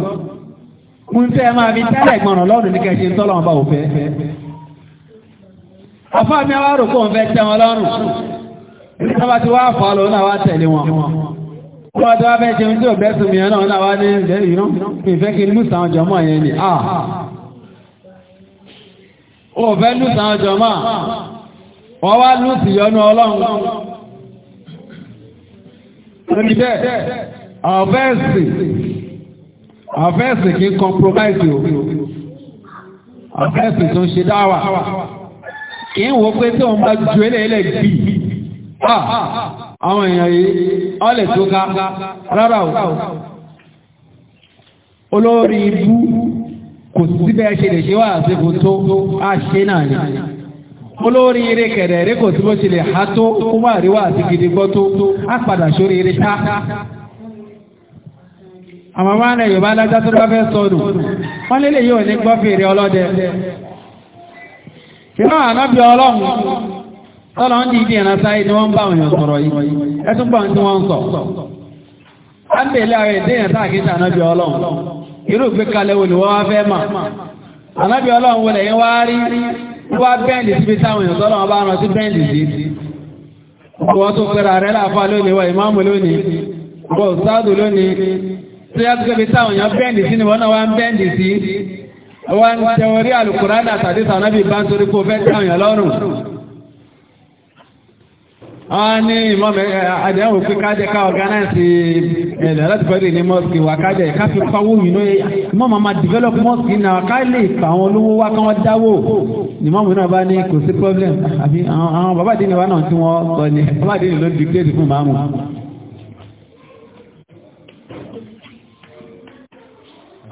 mú tẹ́ ẹ máa fi tẹ́lẹ̀ ìgbọ̀nràn lọ́rùn ní kẹ́ṣe ń tọ́lọ́wọ́n bá òfẹ́ afọ́ mi àwọn àròkọ́ òun fẹ́ tẹ wọn lọ́rùn ìdí tí wọ́n bá ti Wọ́n wá tó wá bẹ́ẹ̀ jẹun tí ò bẹ́ẹ̀ sùn mìíràn náà wá ní ìfẹ́ kí ní lùsàn ọjọ́ mọ̀ yẹn ni. Ó ah. fẹ́ lùsàn ọjọ́ mọ̀, wọ́n wá lùsì yọnu ọlọ́run. Orí bẹ́ẹ̀, ọ̀fẹ́sì, ọ̀fẹ́sì kì í compromise o. Ọ̀fẹ́sì tó ń ṣe dáwà. Kì í wo pé tí òun bá ju eléyìí lẹ̀ bì. Ah. àwọn èèyàn yìí ọlẹ̀ tó ká rárá o olórí ibú kò sí bẹ́ẹ̀ ṣe lè ṣe wà àsìkò tó àṣẹ náà ni olórí eré kẹ̀rẹ̀ eré kò sí bó ṣe lè há tó kó wà rí wà àti gidi gbọ́ tó á padà sórí eré tá àmọ́ máa ń yorùbá alájá tó bá fẹ́ wọ́n lélẹ̀ yóò tọ́lọ̀ ń ẹ̀nà sáyé ni wọ́n bá sọ̀rọ̀ yìí ẹtún tí wọ́n sọ ń bèèlé ààrẹ ìdíyàn táàkì tànábì ọlọ́run irú ìgbé kalẹ̀ wò ni wọ́n wá fẹ́ mà ọlọ́run wá rí wá bẹ́ẹ̀lì síbi táwọn sọ́lọ́run bá bẹ́ẹ̀lì sí wọ́n tó láàfà lónìí wọ ìmáàmù lónìí wọ sáàdù lónìí wọ́n ní ìmọ̀mẹ́ àdéhùn pé kájẹ ká ọ̀gánáìsì ẹ̀lẹ̀ láti fẹ́ lè ní mọ́ọ̀sì wà kájẹ ká fi pawó yìí náà mọ́ọ̀mọ́ máa develop mọ́ọ̀sì náà ká lè pa àwọn olówó wá kán wọ́n dáwó ní mọ́ọ̀mù náà bá ní kò sí problem àbí àwọn bàbá àdínìwá náà tí wọ́n sọ ni bàbá àdínì ló dictate fún màmú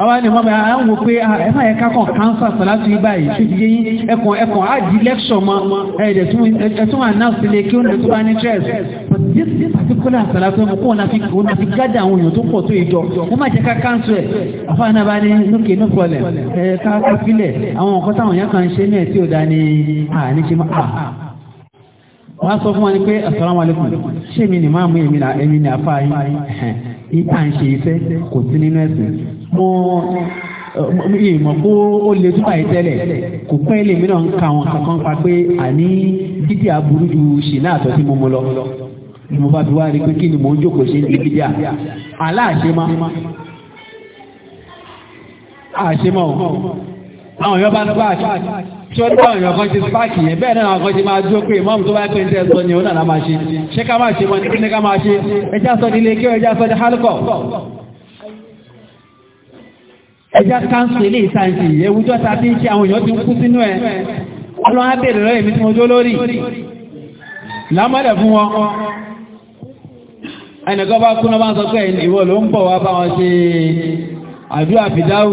àwọn ẹni mọ́ bẹ́ẹ̀ àwọn pé ẹ̀fà ẹ̀ka kan kánsà sọ̀láṣù ibà yìí tó ti yé yín ẹ̀kàn ẹ̀kàn àdì lẹ́kṣọ̀ mọ́ ẹ̀ẹ́dẹ̀tún ànáàsì lè kí ó lè tó bá ní stress but this this particular sọ̀láṣù ẹ̀mú kó o náà fi gádà àwọn èèyàn tó pọ̀ tó ìjọ wọ́n má jẹ́ ká kánsù ẹ̀ àfa náà bá ní lókè no problem ẹ̀ ká ká filẹ̀ àwọn nǹkan táwọn yẹn kan ṣe náà tí ò dá ah, ní àníṣe má ah. wọ́n á sọ fún wa ni pé asalaamu alaykum ṣé mi ni máa mú èmi mo ìmọ̀ kó ó lè tún báyìí tẹ́lẹ̀ kò pẹ́ lèmi náà ń ka àwọn kankan pa pé àní dídí aburú ju ṣìnà àtọ̀ tí mo mú lọ ni mo bá fi wá rí pé kí ni mò ń jókòó ṣe ní dídí à aláàṣẹ má o àwọn èèyàn bá ń bá àṣẹ tí wọ́n dáhùn èèyàn kan ti spáàkì yẹn bẹ́ẹ̀ náà kan ti máa dúró pé ìmọ̀mù tó bá pè ń tẹ́ sọ ni òun náà máa ṣe ṣé ká máa ṣe mọ́ ní kí ní ká máa ṣe ẹjá sọ ní kí ẹjá sọ ní hálùkọ̀ ẹjá káńsù ilé ìsáǹsì ẹwùjọ́ ta fi ń ṣe àwọn èèyàn ti ń kú sínú ẹ̀ ọlọ́wọ́n á bèèrè rẹ̀ èmi tí mo jó lórí lámọ́lẹ̀ fún wọn ẹnìkan bá kúnná bá ń sọ pé ìwọ ló ń bọ̀ wá bá wọn ṣe àdúrà fìdáhù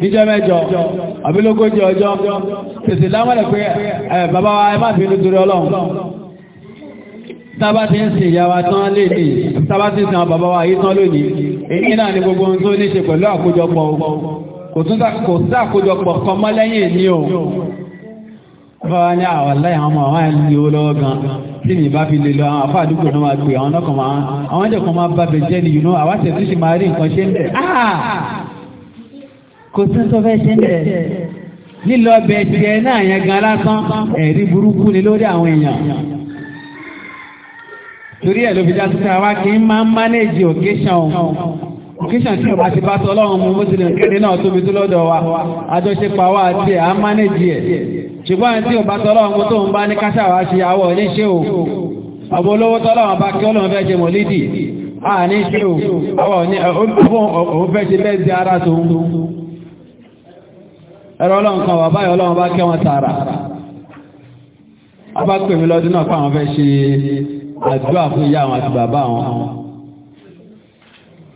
níjọ́ mẹ́jọ àbílógójì ọjọ́ tábà ti ń sin ìyá wa tán léde tábà ti sin àwọn bàbá wa yìí tán lónìí èyí náà ni gbogbo ohun tó ní ṣe pẹ̀lú àkójọpọ̀ kò sí àkójọpọ̀ kan mọ́ lẹ́yìn ní o báwa ní àwọn aláì àwọn ọmọ àwọn ẹni owó lọ́wọ́ gan tí mi bá fi lè lọ àwọn àfáà àdúgbò náà pè àwọn ọkọ̀ máa àwọn ẹ̀jẹ̀ kan máa bá bẹ̀ jẹ́ ni yùnú àwọn àṣẹ tó máa rí nǹkan ṣe ń bẹ̀. Ah! kò sí tó fẹ́ ṣe ń bẹ̀ lílọ bẹ̀ tiẹ̀ náà yẹn gan lásán ẹ̀rí burúkú ni lórí àwọn èèyàn torí ẹ̀ ló fi dájú pé àwa kì í máa ń mánéèjì occasion occasion tí ọba ti bá sọ ọlọ́run mú mùsùlùmí kéde náà tóbi tó lọ́dọ̀ wa àjọṣepọ̀ àwa àti ẹ̀ á mánéèjì ẹ̀ ṣùgbọ́n tí ọba sọ ọlọ́run mú tóun bá ní káṣá wa ṣe àwọ̀ ní ṣé o ọ̀bọ̀ olówó tọ́lọ́run bá kí ọlọ́run fẹ́ ṣe mọ̀lídì à ní ṣé o àwọ̀ ní òun fẹ́ ṣe bẹ́ẹ̀ di ara tòun ẹ̀rọ ọlọ́run kan wà báyìí ọlọ́run bá kẹ́ wọn tààrà ọba pèmí lọ́dún náà pàwọn fẹ́ ṣe àdúrà fún ìyá àwọn àti bàbá wọn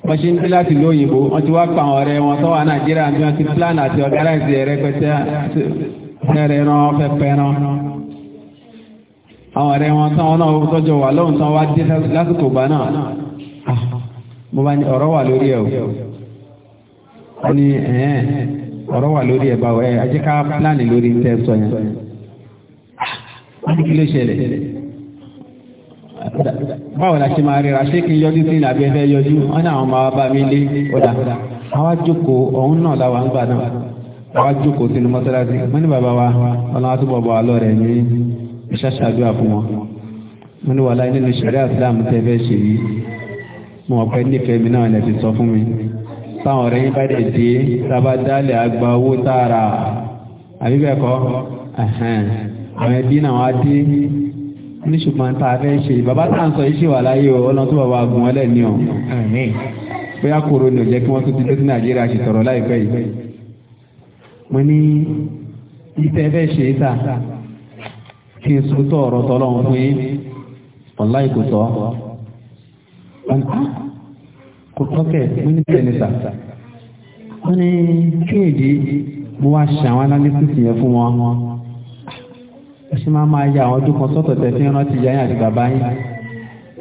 wọ́n ṣe ń tí láti lóyìnbó wọ́n ti wá pa àwọn ọ̀rẹ́ wọn tó wà nàìjíríà bí wọ́n ti plan àti organize ẹ̀rẹ́ pẹ̀tẹ́ ẹ̀rẹ́ ẹran pẹpẹ ẹran àwọn ọ̀rẹ́ wọn tán náà tọ́jọ wà lóhùn tán wá dé lásìkò gbà náà ah, mo bá ní ọ̀rọ̀ wà lórí ẹ̀ o ó ní ẹ̀ẹ́n ọ̀rọ̀ wà lórí ẹ̀ báwo ẹ̀ ajẹ́ká plan lórí tẹ́ sọ yẹn ah, wọ́n ní kí ló ṣẹlẹ̀ báwo la ṣe máa ríra ṣé kí n yọjú sí ní abẹ́fẹ́ yọjú wọ́n ní àwọn máa bá mi lé ọ̀dà àwa jókòó ọ̀hún náà làwọn ń gbà náà àwa jókòó sínú mọ́sálásí wọ́n ní bàbá wa ọlọ́run á túbọ̀ bọ̀ àlọ́ rẹ̀ ní ìṣàṣàdúrà fún wọn wọ́n ní wà láyé nínú ìṣẹ̀rẹ́ àsìlámù tẹ́ fẹ́ ṣe yìí mo ọ̀pẹ́ nífẹ̀ẹ́ mi náà lè fi sọ fún mi táwọn ọ̀rẹ́ yín bá dẹ̀ dé tábà dálẹ̀ àgbà owó tààrà àbíbẹ̀kọ́ àwọn ẹbí náà wá dé ní ṣùgbọ́n tá a fẹ́ ṣe bàbá tá à ń sọ yìí ṣì wà láyé o ọlọ́run tó bàbá gùn ọlẹ́ ní o bóyá kóró ni ò jẹ́ kí wọ́n tún ti dé sí nàìjíríà ṣe sọ̀rọ̀ láìpẹ́ yìí mo ní ìfẹ́ fẹ́ ṣe é ta kí n so tọ̀ ọ̀rọ̀ tọ́lọ́run fún yín ọ̀la ìkò tọ́ ah, kò tọ́kẹ̀ mo ní bẹ́ẹ̀ ni ta mo ní kéèdì mo wá ṣe àwọn analysis yẹn fún wọn ẹ ṣe máa máa ya àwọn ojú kan sọ́tọ̀ tẹ̀ fi rántí ìyá yín àti bàbá yín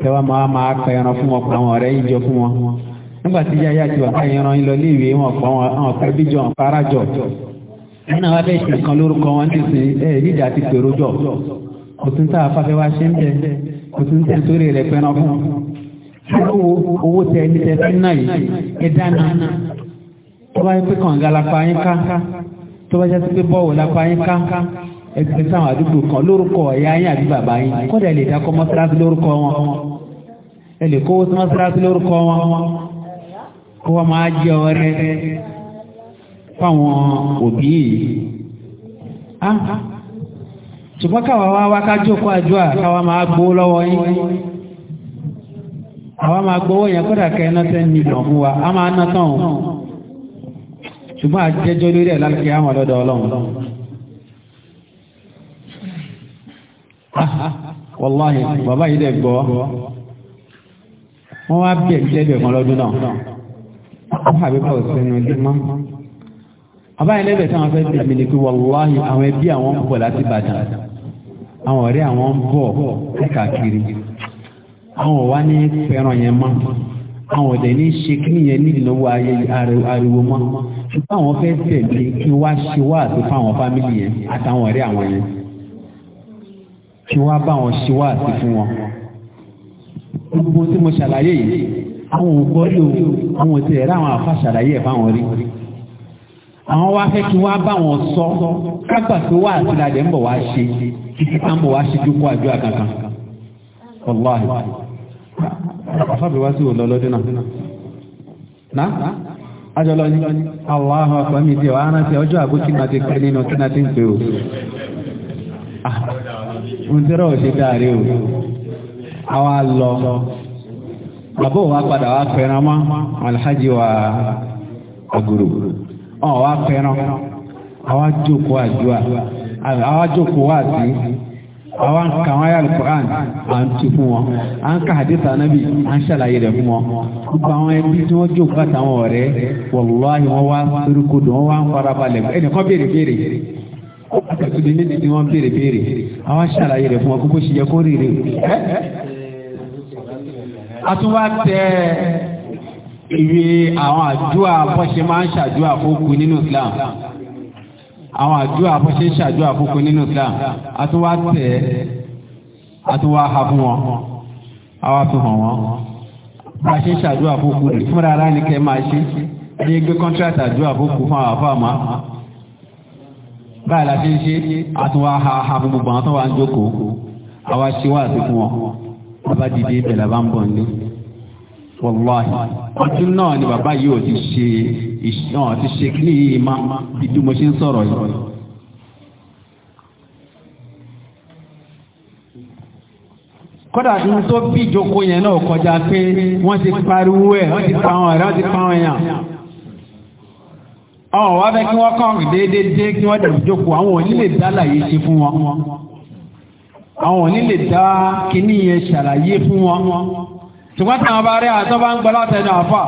tẹ wá máa máa pa ẹran fún wọn pa àwọn ọ̀rẹ́ yín jọ fún wọn nígbà tí ìyá yín àti bàbá yín ran yín lọ léèwé wọn pa àwọn ọ̀pẹ bíjọ ọ̀pẹ arájọ nínú àwọn abẹ́ ìṣẹ̀lẹ̀ kan lórúkọ wọn ti sìn ẹ̀ nídìí àti pèrò jọ kò tún tá a wá ṣe ń bẹ kò tún tẹ̀ sórí rẹ̀ pẹ́ran fún owó owó tẹ ẹni tẹ fi náà yìí ẹ dáná tó bá yẹ pé kànga lápá yín ká tó bá yẹ pé bọ́ọ̀wù lápá yín ká ẹgbẹ́ sáwọn àdúgbò kan lórúkọ ọ̀yá yín àbí bàbá yín kọ́dà ẹ lè dákọ́ mọ́sálásí lórúkọ wọn ẹ lè kówó sí mọ́sálásí lórúkọ wọn kó wọ́n máa jẹ ọrẹ fáwọn òbí yìí ah, ah. ṣùgbọ́n káwa wá wá ká jókòó àdúrà káwa máa gbó lọ́wọ́ yín àwa máa gbówó yẹn kódà kẹ́ iná tẹ́ mílíọ̀n fún wa a máa ná ṣùgbọ́n àjẹjọ́ lórí ẹ̀ lálùkì àwọn ọlọ́dọ̀ ọlọ́run wàláhì bàbá yìí dẹ̀ gbọ́ wọ́n wá bí ẹ̀mí lẹ́bẹ̀ẹ́ kan lọ́dún náà wọ́n hàbí bá òsì ẹnu ọdún mọ́ bàbá yìí lẹ́bẹ̀ẹ́ táwọn fẹ́ bí ẹ̀mí ni pé wàláhì àwọn ẹbí àwọn ń bọ̀ láti Ìbàdàn àwọn ọ̀rẹ́ àwọn ń bọ̀ káàkiri àwọn wá ní pẹ̀ràn yẹn mọ́ àwọn ọ̀dẹ̀ ní ṣe kí nìyẹn ní ìnáwó ariwo mọ́ ṣùgbọ́n àwọn fẹ́ tẹ̀lé kí wá ṣe wá àti fáwọn fámìlì yẹn àtàwọn ọ̀rẹ́ àwọn yẹn kí wọ́n bá wọn ṣe wá àti fún wọn. gbogbo tí mo ṣàlàyé yìí àwọn òkú ọdún àwọn òtí ẹ̀rọ àwọn àfa ṣàlàyé ẹ̀ wọn rí. àwọn wá fẹ́ kí wọ́n bá wọn sọ kápá tó wà àti ìlàjẹ̀ ń bọ̀ wá ṣe títí tá ń bọ̀ wá ṣe dúpọ̀ àjọ àkàkàn. àfàbí wá sí òlò náà. lọ ní aláhùn àfàmì ọ̀ òṣèré òṣè dáre o àwa lọ bàbá òwa padà wá fẹ́ràn mọ́ alhaji wa agoro ọ̀n wá fẹ́ràn àwa jókòó àdúrà àwa jókòó wá awa à ń tu fún wọn à ń ka hadith anabi à ń ṣàlàyé rẹ̀ fún wọn gbogbo àwọn ẹbí tí àtàwọn wá wá ń àtẹ̀síbi nídìí ni wọ́n béèrè béèrè àwọn aṣàlàyé rẹ̀ fún wọn kókó ṣìyẹ kó rèé rè é. a tún wá tẹ ìwé àwọn àdúrà bọ́ṣe máa ń ṣàdúrà fókù nínú Islam àwọn àdúrà bọ́ṣe ń ṣàdúrà fókù nínú Islam a tún tẹ a tún wá ha fún wọn a wá fi hàn wọn bá ṣe ń ṣàdúrà fókù rè fúnra ara ni kẹ́ máa ṣe ẹni gbé kọ́ńtrátà àdúrà fókù fún àwọn àfáàmà báyìí la fi ń ṣe àtúnwá ha ha fún gbogbo àwọn tó wà ń jókòó àwa ṣe wá sí fún wọn bàbá dìde ibẹ̀ làbá ń bọ̀ ní wàláhì ọdún náà ni bàbá yìí ò ti ṣe ìṣàn ti ṣe kí ní ìmá bí mo ṣe ń sọ̀rọ̀ yìí. kódà ní tó bí ìjókòó yẹn náà kọjá pé wọ́n ti pariwo ẹ̀ wọ́n ti pa àwọn ọ̀rẹ́ wọ́n ti pa àwọn èèyàn àwọn wá fẹ́ kí wọ́n kàn déédéé kí wọ́n dẹ̀rù jókòó àwọn òní lè dá àlàyé ṣe fún wọn àwọn òní lè dá kíní yẹn ṣàlàyé fún wọn ṣùgbọ́n tí wọ́n bá rí àtọ́ bá ń gbọ́ látẹnu àfà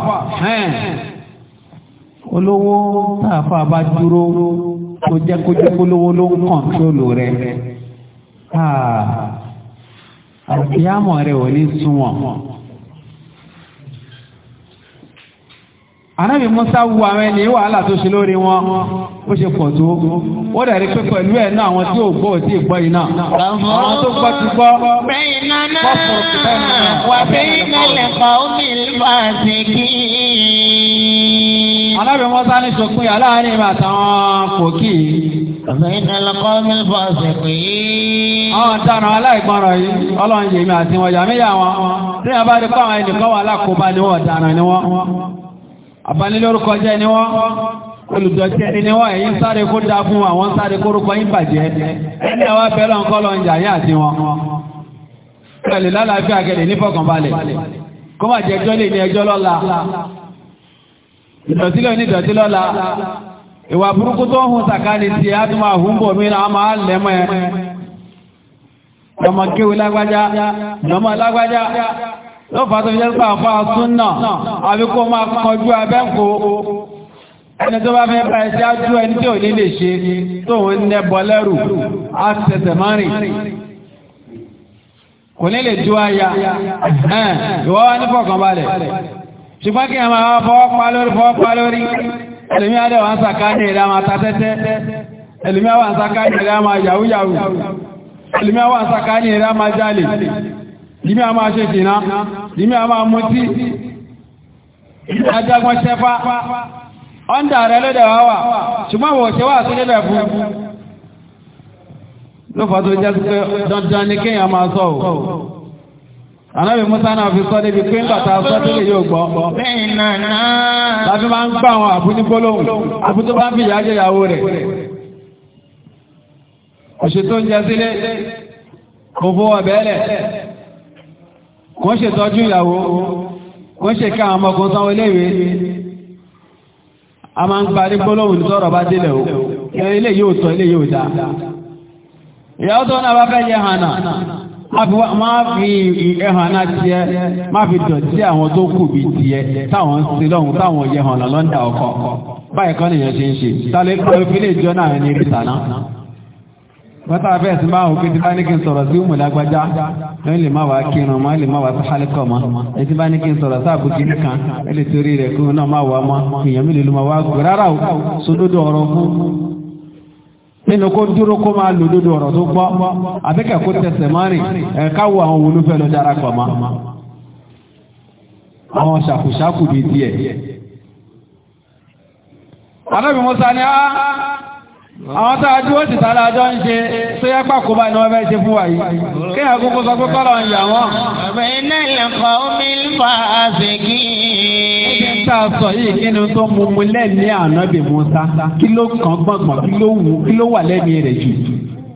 olówó tààfà bá dúró tó jẹ́ kójú kólówó ló ń kàn tó lò rẹ̀ àbíyámọ̀ rẹ̀ ò ní sunwọ̀n. ànábì musa wu àwọn ẹni wàhálà tó ṣe lórí wọn ó ṣe pọ̀ tó ó dẹ̀rí pé pẹ̀lú ẹ̀ náà àwọn tí ò gbọ́ ò tí ì gbọ́ yìí náà àwọn tó gbọ́ ti gbọ́ bẹ́yìn náà wà bẹ́yìn náà lẹ́kọ̀ọ́ omi ìlú àṣekí. ànábì musa ní sọkún yà láàrin ìmọ̀ àtàwọn kòkì. bẹ́yìn náà lẹ́kọ̀ọ́ omi ìlú àṣekí. àwọn dáná aláìgbọràn yìí ọlọ́run yèmí àti wọn yàmíyà wọn tí abanilórúkọ jẹ́ ni wọ́n olùdọ̀tí ni wọ́n ẹ̀yin sáré kó dáa fún wa wọ́n sáré kórúkọ yín bàjẹ́ ẹni àwọn abẹ́rẹ́ ọ̀kọ́ lọ ń jà yá àti wọn pẹ̀lú lálàáfíà gẹ̀lẹ̀ ní fọkànbalẹ̀ kó má jẹ́ ẹjọ́ lè ní ẹjọ́ lọ́la ìdọ̀tí lọ ní ìdọ̀tí mi náà máa lẹ́mọ̀ ẹ̀ ọmọ kéwu lágbájá ló fà tó fi jẹ́ pé àfáà súnà àbí kó máa kọjú abẹ́kò ẹni tó bá fẹ́ bá ẹṣẹ́ ájú ẹni tí ò ní lè ṣe tóun ń nẹ́bọ lẹ́rù á tẹ̀sẹ̀ márìn kò ní lè ju aya ìwọ́ wá ní fọkànbalẹ̀ ṣùgbọ́n kí ẹ máa fọwọ́ pa lórí fọwọ́ pa lórí ẹlòmí adé wà ń sàká ní ìrẹ́ àmà tatẹ́tẹ́ ẹlòmí wà ń ní ìrẹ́ àmà yàwúyàwú ẹlòmí wà ń ní ìrẹ́ àmà jálè limi a máa ṣe limi a máa mutí ajagun ṣẹfá re rẹ lọ́dẹ̀ wa wà ṣùgbọ́n wọ́n wa, wà sílẹ̀ bẹ̀ fún ló fà tó jẹ́ pé dandan ní kéèyàn máa sọ o. ànábì Musa na fi sọ níbi pé ńgbàtà sọ bá fi kò ń ṣètọ́jú ìyàwó kò ń ṣe ká àwọn ọmọkùnrin sanwó iléèwé a máa ń parí gbólóhùn sọ̀rọ̀ bá délẹ̀ o ilé yóò tọ́ ilé yóò dá ìyàwó tó náà bá fẹ́ yẹ hànà máa fi ẹ̀hànà tiẹ̀ máa fi dọ̀tí àwọn tó kù bí tiẹ̀ táwọn sí lọ́hùn táwọn yẹ hànà lọ́ndà ọkọ̀ báyìí kọ́ nìyẹn ṣe ń ṣe tálẹ́ pẹ̀lú ìjọ náà ní ìrìtàná pátá abe esi hùn pé bá ní kí n sọ̀rọ̀ sí òmùlẹ̀ agbájá lóyún lè má wàá kírun mọ́ lè má wàá sálẹ́kọ̀ mọ́ etí bá ní kí n sọ̀rọ̀ sáàbù nìkan ẹ torí rẹ̀ kí náà má wàá mọ́ èèyàn mi lè lu máa wá gbé rárá o sódódó ọ̀rọ̀ fún nínú kó dúró kó máa lò àwọn tá a dúró ti tààrà àjọ ń ṣe tó yẹ pàkó báyìí ni wọ́n fẹ́ ṣe fún wa yìí kí ni àkókò sọ pé kọ́lọ̀ ń yà wọ́n. ọ̀bẹ̀nà lẹ́kọ̀ọ́ omi ń fa àṣekí. ó ti ń tà sọ yìí kí ni tó mú mu lẹ́ẹ̀ni ànábì Musa kí ló kàn gbọ̀ngbọ̀n kí ló wù kí ló wà lẹ́ẹ̀ni rẹ̀ jù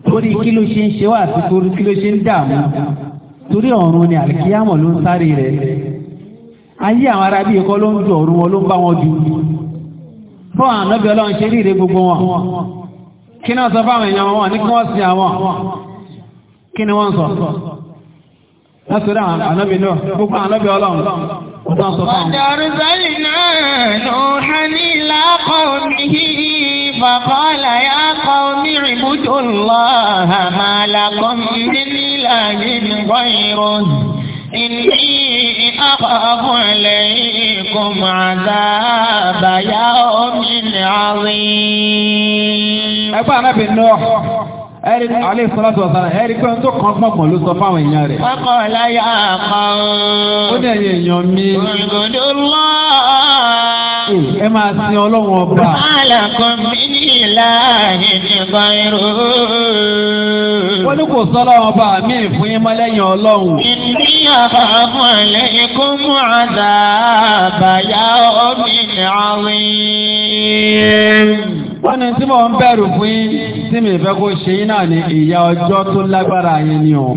torí kí ló ṣe ń ṣe wá àti torí kí ló ṣe ń dààmú torí ọ̀run ni àlìkíyàmọ̀ ló ń sáré rẹ̀ ayé àwọn arábíyẹ kọ́ ló ń ju ọ̀run wọn ló ń bá wọn ju fún ànábì Ọlọ́run ṣe rí ire gbogbo wọn kí náà sọ fáwọn èèyàn wọn ní kí wọ́n sin àwọn kí ni wọ́n sọ wọ́n sọ ànábì náà gbogbo ànábì ọlọ́run ó tán sọ fáwọn. ọ̀dọ̀rù sẹ́yìn náà إني أخاف عليكم عذاب يوم عظيم ẹgbẹ́ anábì náà ẹ̀rí alẹ́ ìsọ́lọ́tọ̀ ọ̀sára ẹ̀rí pé tó kàn pọ̀pọ̀ ló sọ fáwọn èèyàn rẹ̀ ọkọ̀ láyà kan ó ní ẹ̀yẹ̀ èèyàn mi ògùdó lọ́ọ̀ ẹ máa sin ọlọ́run ọba. Àlàkùn mi ní ìlànà ìgbà irú. Wọ́n ní kò sọ́lọ́ ọba mi fún yín mọ́ lẹ́yìn ọlọ́run. Ìdí àbámu ẹlẹ́yìn kó mú àdá àbáyá omi ìrìn. Wọ́n ní tí mò ń bẹ̀rù fún yín tí mi fẹ́ kó ṣe yín náà ní ìyà ọjọ́ tó lágbára yẹn ni o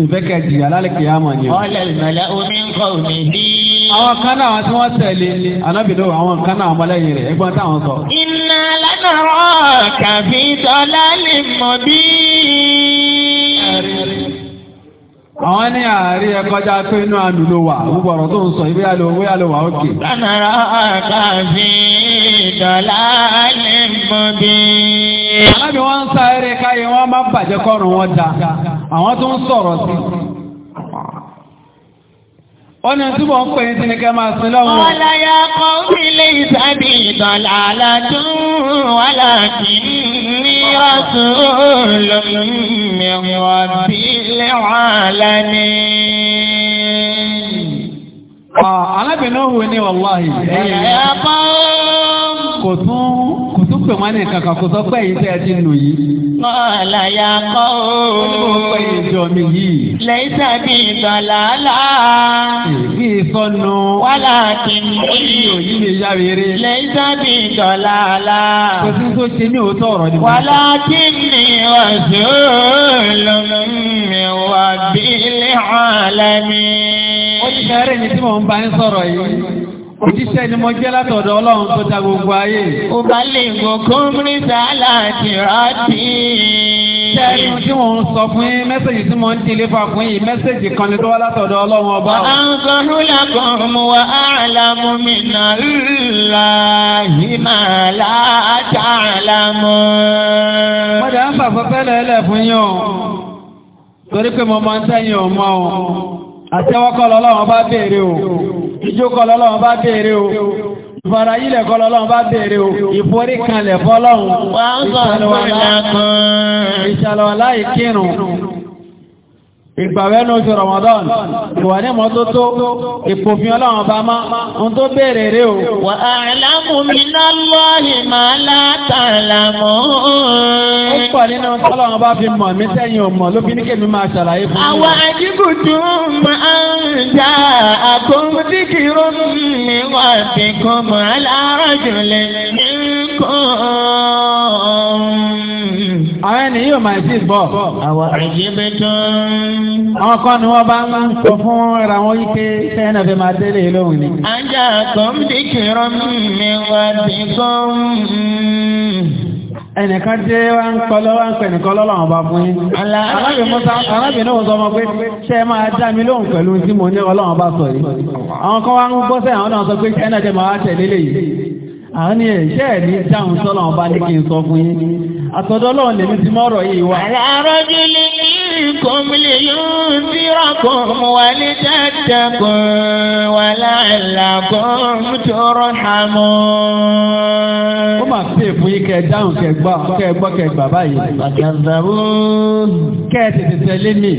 ìfẹ́kẹ̀ jìyà lálẹ́kẹ̀ yá mọ̀ ní o. ọlẹ́lẹ́lẹ́ omi ń kọ́ omi ní. àwọn kan náà tí wọ́n tẹ̀lé anábìlú àwọn kan náà ọmọlẹ́yìn rẹ̀ ẹgbọ́n táwọn sọ. iná lánàá kàfi tọ́lá lè mọ̀ bí. àwọn ní àárí ẹ kọjá pé inú àlù ló wà gbogbo tó ń sọ ìwé àlò owó àlò wà òkè. lánàá kàfi tọ́lá lè mọ̀ bí. alábi wọn ń eré káyé wọn máa bàjẹ́ kọ́rùn wọn já àwọn tó ń sọ̀rọ̀ sí wọ́n ní túbọ̀ ń pè ní tí kẹ́ máa sin lọ́wọ́. ọ̀la ya kọ́ sílé ìsáàbì ìtọ́lá aládùn wà láti ní ọ̀sùn olómìnira bílẹ̀ wàhálà ni. ya pè wọ́n ní kankan kò sọ pé èyí tẹ́ ẹ ti nù yìí. Mọ̀ọ́lá ya kọ́ o. Ó ní mo pè ìjọ mi yìí. Lẹ́sà bí ìdọ̀làlà. Èmi ìsọnù. Wálá kì í mú yìí. Ó ní òyìn mi yá rere. Lẹ́sà bí ìdọ̀làlà. Kò sí tó ṣe ní òótọ́ ọ̀rọ̀ ni. Wálá kì í ní ọ̀ṣọ́ lọ́mọ wà bí ilé ọ̀lẹ́mí. Ó ti fẹ́rẹ̀ ní tí mò ń bá ń sọ̀rọ̀ yìí. Òjíṣẹ́ ni mo jẹ́ látọ̀dọ̀ Ọlọ́run tó ta gbogbo ayé. Ò bá lè gògùn mírísà láti rántí. ndị tí mò ń sọ fún yín, mẹ́sẹ̀jì tí mò ń tilé fà fún yín, mẹ́sẹ̀jì kan ni tó wá látọ̀dọ̀ Ọlọ́run ọba. À ń kọ́nú lákọ̀ọ́mù wa àlàmú mi nà ńlá yìí máa lẹ́lẹ̀ fún yín o, ìjókòó lọ́lọ́run bá béèrè o ìfara yílẹ̀ kọ́ lọ́lọ́run bá béèrè o ìforíkanlẹ̀ fọ́lọ́run ìṣàlùwàlá ìkírun ìgbàwẹ́ ní oṣù Ramadan ìwà ní mọ́tótó ìpòfin ọlọ́run bá má ń tó bèèrè rẹ̀ o. wà á lámú mi náà lọ́ọ̀lì máa látàlámọ́. ó pọ̀ nínú tọ́lọ́run bá fi mọ̀ mí sẹ́yìn ọmọ ló fi ní kèmí máa ṣàlàyé fún mi. àwa máa ń ja àkóńdíkìrò mi wà fi kọ́ mọ́ alárajùlẹ̀ nìkan àwọn ẹni yóò máa sí bọ̀. àwọn àjẹbẹ tán. àwọn ni wọ́n bá ń sọ fún ra wọn ike sẹ́yìn náà fi máa délé lóhùn ni. ajá kan bí kìrọ mi wá sí kan. ẹnìkan dé wá ń kọ́ lọ́wọ́ ń pè nìkan lọ́lọ́wọ́n bá fún yín. alábì musa alábì náà sọ ọmọ pé ṣé ẹ máa dá mi lóhùn pẹ̀lú tí mo ní ọlọ́wọ́n bá sọ yìí. àwọn kan wá ń gbọ́ sẹ́yìn àwọn náà sọ pé ẹ àwọn ni ẹ̀ṣẹ́ ẹ̀ dáhùn sọ́lọ́wọ́n ọba ní kí n sọ fún yín àtọ̀dọ́ lèmi ti mọ́rọ̀ yìí wá. منكم لينذركم ولتتقوا ولعلكم ترحمون. ó máa fi èèfù yìí kẹ dáhùn kẹ gbọ́ kẹ gbọ́ kẹ gbà báyìí. àgàzàbù. kẹ tètè tẹ̀lé mi.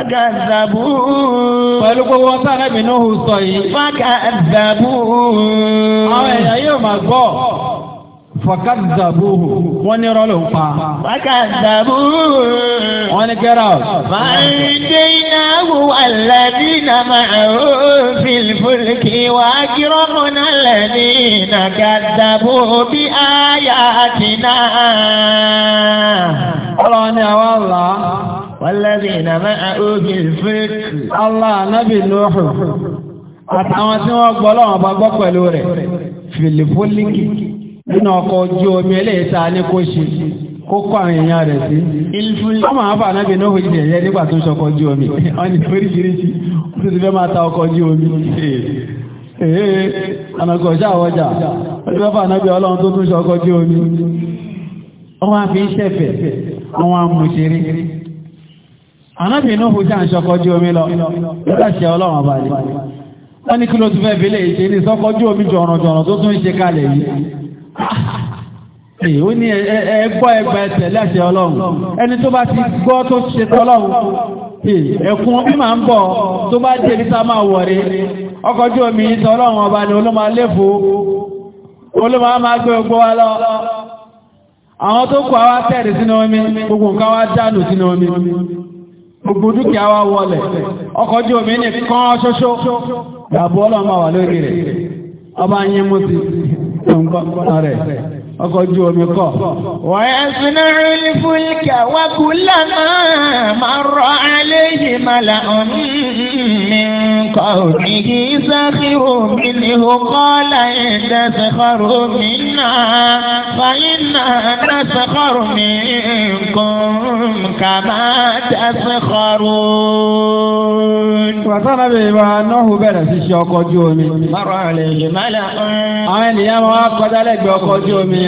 àgàzàbù. pẹ̀lú gbogbo sáré mi ní òun sọ yìí. fàgàzàbù. àwọn ẹ̀yà yóò máa gbọ́. Fakadabuhu wọ́n ní rọ́lù ń pa. Fakadabuhu wọ́n ní get out. Fàǹdé ináwó àlàdí na máa ó fìlfìlkì wá kírọ́ mọ́nà lẹ́ni na kàdàbò bí ayà àti náà. Ọlọ́run ni àwọn àlá. Wọ́lẹ́bí na máa ó fìlfìlkì. Allah nábì Nuhu àtàwọn tí wọ́n gbọ́ lọ́wọ́ bá gbọ́ pẹ̀lú rẹ̀ fìlfìlkì nínú ọkọ̀ ojú omi ẹlẹ́ta ní kó ṣe kó kọ́ àwọn èèyàn rẹ̀ sí. ọmọ àwọn àbànà bí náà òjì ẹ̀yẹ nígbà tó ń ṣọkọ̀ ojú omi wọ́n ni oríṣiríṣi ó ti fẹ́ máa ta ọkọ̀ ojú omi. ee ànàkọ̀ ṣá ọjà ó ti fẹ́ fà náà bí ọlọ́run tó tún ṣọkọ̀ ojú omi. wọ́n á fi ń ṣẹ̀fẹ̀ wọ́n á mú ṣeré. ànábì náà òjì à ń ṣọkọ̀ ojú omi lọ láṣẹ ọlọ́run àbàlẹ̀. wọ́n ní ó ni ẹgbọ́ ẹgbà ọlọ́run ẹni tó bá ti gbọ́ tó ṣe tọ́lọ́run ẹkùn bí máa ń bọ̀ tó bá dé bíta máa ọkọ̀jú omi tọ́lọ́run ọba ni olóma léfò olóma máa gbé ogbó wa lọ àwọn tó kù àwa tẹ̀rì sínú omi gbogbo nǹkan wá dánù sínú omi gbogbo dúkìá wa wọlẹ̀ ọkọ̀jú omi nìkan ṣoṣo ọlọ́run máa wà lórí tó ń gbọ́ rẹ̀ ọkọ̀ ojú omi kọ̀. wọ́n yẹ sinú rí fúlkà wá kú lánà máa rọ aléyìí màlà ọ̀nìmí kọ́ òmìnirí sáfìrò mi ni ó kọ́ láyé dẹ́sẹ̀kọ́rò mi náà fàyín náà dẹ́sẹ̀kọ́rò mi kún kàmá dẹ́sẹ̀kọ́rò. Wàtánà bèbè wa náà bẹ̀rẹ̀ sí ṣe ọkọ̀ ojú omi. Máa rọ aléyìí màlà ọ̀nìmí. Àwọn ènìyàn máa kọjá lẹ́gbẹ̀ẹ́ ọkọ̀ ojú omi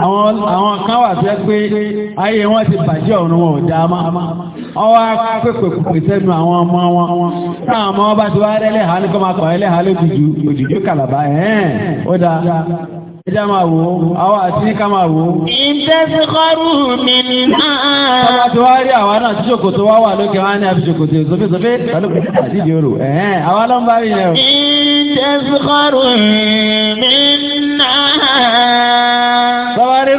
àwọn kan wà fẹ́ pé ayé wọn ti bàjẹ́ ọ̀run wọn ò dáa má wọ́n wá pèpè sẹ́nu àwọn ọmọ wọn táwọn ọmọ wọn bá ti wá rẹ́lẹ̀ ha ní kọ́ máa kọ̀ ẹ́lẹ́ ha lójijì òjìjú kàlàbà ẹ̀ẹ́n ó dáa ẹjá máa wò àwọn àti ní máa wò ìtẹ́síkọ́rù mi ni náà.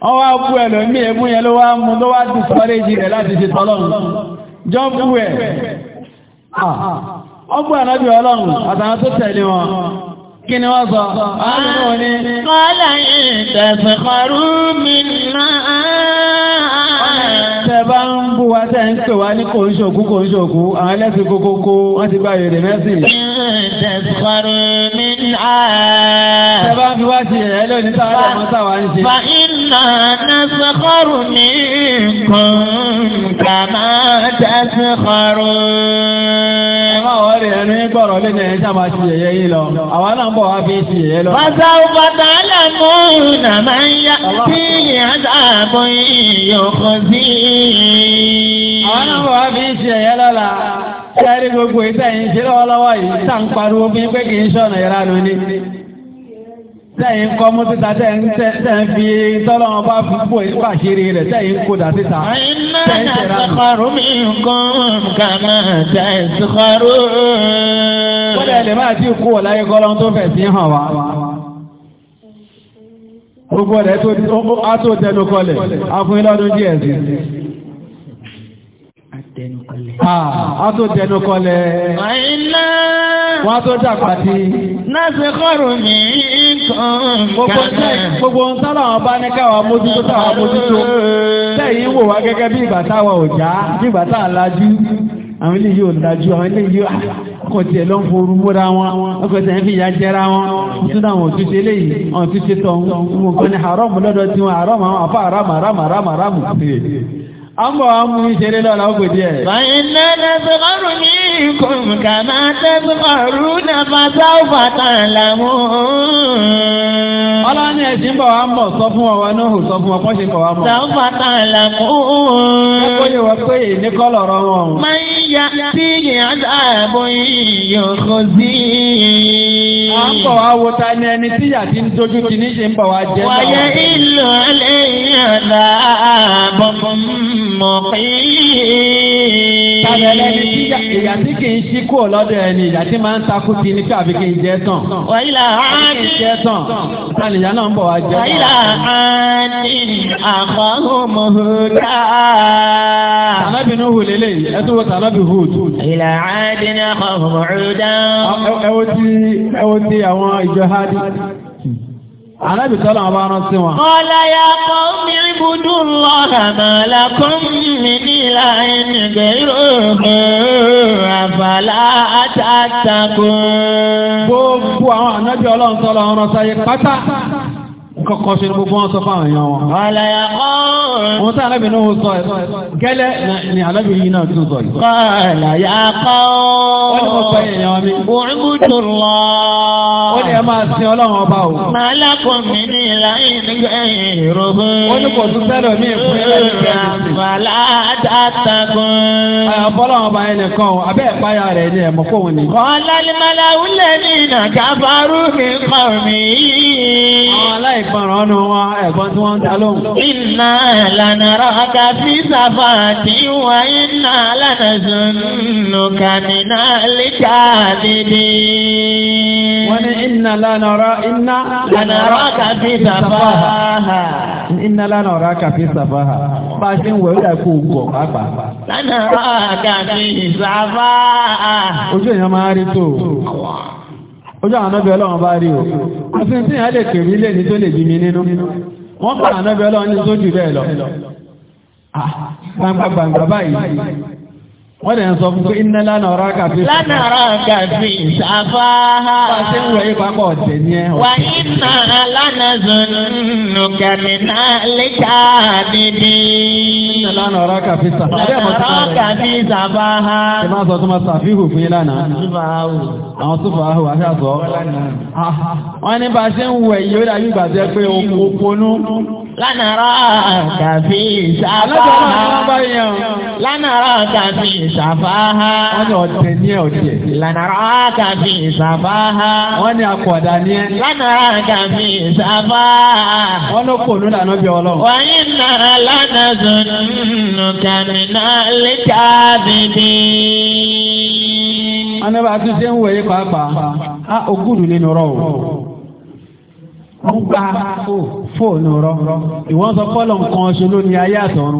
wọ́n wá bú ẹ̀lọ lómi ẹ̀mú yẹn ló wá mú ló wá dì sọ́rẹ́jì rẹ̀ láti ṣe tọ́lọ́run jọ bú ẹ̀ ọgbù ànábì ọlọ́run àtàwọn tó tẹ̀lé wọn kí tẹ́ bá ń bú wa tẹ́ ń pè wá ní kò ń ṣòkú kò ń ṣòkú àwọn ẹlẹ́sìn kókókó wọ́n ti bá yèrè mẹ́sìn. tẹ̀síkọ́rù mi á. fi wá sí ẹ̀rẹ́ lónìí táwọn ọmọ táwa ń ṣe. fa iná tẹ̀síkọ́rù mi kàn kà máa tẹ̀síkọ́rù máa wọ́n rẹ̀ ní gbọ̀rọ̀ lé ní ẹ̀ṣà máa ti yẹ̀yẹ́ yìí lọ. Àwọn náà ń bọ̀ wá fi ti yẹ̀yẹ́ lọ. Bàtà òpàtà lẹ́mú nà máa ń yá sí ìyàtàbọ̀ ìyọ̀kọ̀ sí. Àwọn náà ń bọ̀ wá fi ti yẹ̀yẹ́ lọ́la. Ṣé ẹ gbogbo ìtẹ̀yìn sí lọ́wọ́lọ́wọ́ yìí? Sá ń pé kì í ṣọ̀nà ìranù ni tẹ́yìn kọ́ mú títa tẹ́yìn fi tọ́lọ́wọ́n bá fúnpọ̀ ìpàṣírí rẹ̀ tẹ́yìn kó dà síta. iná gbogbo rẹ̀ tó tẹnu kọlẹ̀ á fún ilé ọdún díẹ̀ sí dẹnu kọlẹ̀. a ah, tó dẹnu kọlẹ̀. àìlá. wọ́n á tó dàgbàdì. láti kọ́rù mi kan. gbogbo ń gbogbo ń sára àwọn bá ní káwọn mójútó táwọn mójútó. sẹ́yìn wò wá gẹ́gẹ́ bí ìgbà táwọn ò já bí ìgbà táwọn lajú àwọn ilé yóò dájú àwọn ilé yóò ah, ọkọ̀ tí ẹ lọ ń forú múra wọn ọkọ̀ tí ẹ fi ìyá jẹra wọn tún àwọn òtútù eléyìí àwọn òtútù tọ̀ ń mú haram lọ́dọ̀ tí haram àwọn àfa haram haram haram haram. Àmọ́ àmú ìṣeré lọ́la ó gbèdí ẹ̀. Fàyínà lẹ́sọ̀rọ̀ ní ìkùn kà máa tẹ́sọ̀rọ̀ ọlọ́ni ẹ̀sìn bọ̀ wá ń bọ̀ sọ fún ọwọ́ nóhùn sọ fún ọpọ́ ṣe bọ̀ wá mọ̀. sàǹfà tààlà kúùn. ó yẹ wọ́n pé ní kọ́lọ̀ rọ wọn. máa ń ya tí àdàbò yòókù sí. à ń bọ̀ wá wo ta ni ẹni tí yàtí ń dojú ti ní ṣe ń bọ̀ wá jẹ́ náà. wàyẹ ìlú alẹ́ yàrá bọ̀bọ̀n mọ̀ pé. tàbí ẹni tí ìyà tí kì í ṣí kúrò lọ́dọ̀ ẹni ìyà tí máa ń takú ti ní nìyá náà ń bọ̀ wá jẹ́. àyílà àti àkọ́hùn mọ̀húdà. tànàbí ní hù lélẹ̀ yìí ẹ tó wọ tànàbí hù tù. àyílà àti àkọ́hùn mọ̀húdà. ẹ wo ti àwọn ìjọ hádì. Ànábì sọ́lá àwọn arán sí wọn. Ọlá ya kọ́ mi ibùdó lọ àmàlà kún mi nílà ẹnìgbẹ́ yóò àbàlá àtàtàkùn. Gbogbo àwọn ànábì ọlọ́run sọ́lá ọ̀rọ̀ sáyé pátá kọ́kọ́ ṣe ní gbogbo wọn sọ fáwọn èèyàn wọn. ọ̀lẹ́ ọ̀hún. wọ́n sá alábì náà sọ ẹ̀ gẹ́lẹ́ ni alábì yìí náà tún sọ yìí. ọ̀lẹ́ yà kọ́. wọ́n ní mo sọ èèyàn mi. òrùbùtò lọ. ó ní ẹ máa sin ọlọ́run ọba o. màálà kò mí ní ìlànà ìgbẹ́ ìrògbò. ó ní kò tún sẹ́dọ̀ mí ìfún ẹ̀ lẹ́yìn ìgbẹ́ ẹ̀gbọ̀nrán nù wọn ẹ̀gbọ́n tí wọ́n ń ta lóhùn. Inna lanaraka fi safati wa inna lanazunnuka minal kadhibin. Wọ́n ní inna lanaraka fi safaha. Inna lanaraka fi safaha. Bá a ṣe ń wẹ̀ ó dàkú ògùn ọ̀pá pàápàá. Lanaraka fi safaha. Ojú èèyàn máa rí tó ojú àwọn anábẹ́ ọlọ́run bá rí o kò sí tí ìyá lè kèrí lè ní tó lè bí mi nínú wọ́n pa anábẹ́ ọlọ́run ní tó jù bẹ́ẹ̀ lọ wọ́n dẹ̀ ń sọ fún pé iná lánàá ọ̀rá kàfí lánàá ọ̀rá kàfí ṣàfáhà àwọn tó fàáhù aṣáàtọ̀ wọ́n ní bá ṣe ń wẹ̀ yóò dàbí ìgbàjẹ́ pé òponú lánàá ọ̀rá kàfí ṣàfáhà lánàá kàfí Ọ wọ́n ní ọ̀tẹ̀ ní ọ̀tẹ̀. lànàrà fi ìṣàfáhá. wọ́n ní akọ̀dà ní ẹ. lànàrà fi ìṣàfáhá. wọ́n ló kò nínú àná bí ọlọ́run. náà lánà ń gba fóònù rọ ìwọ́n sọ pọ́lọ̀ nǹkan ọṣù lónìí ayé àtọ̀run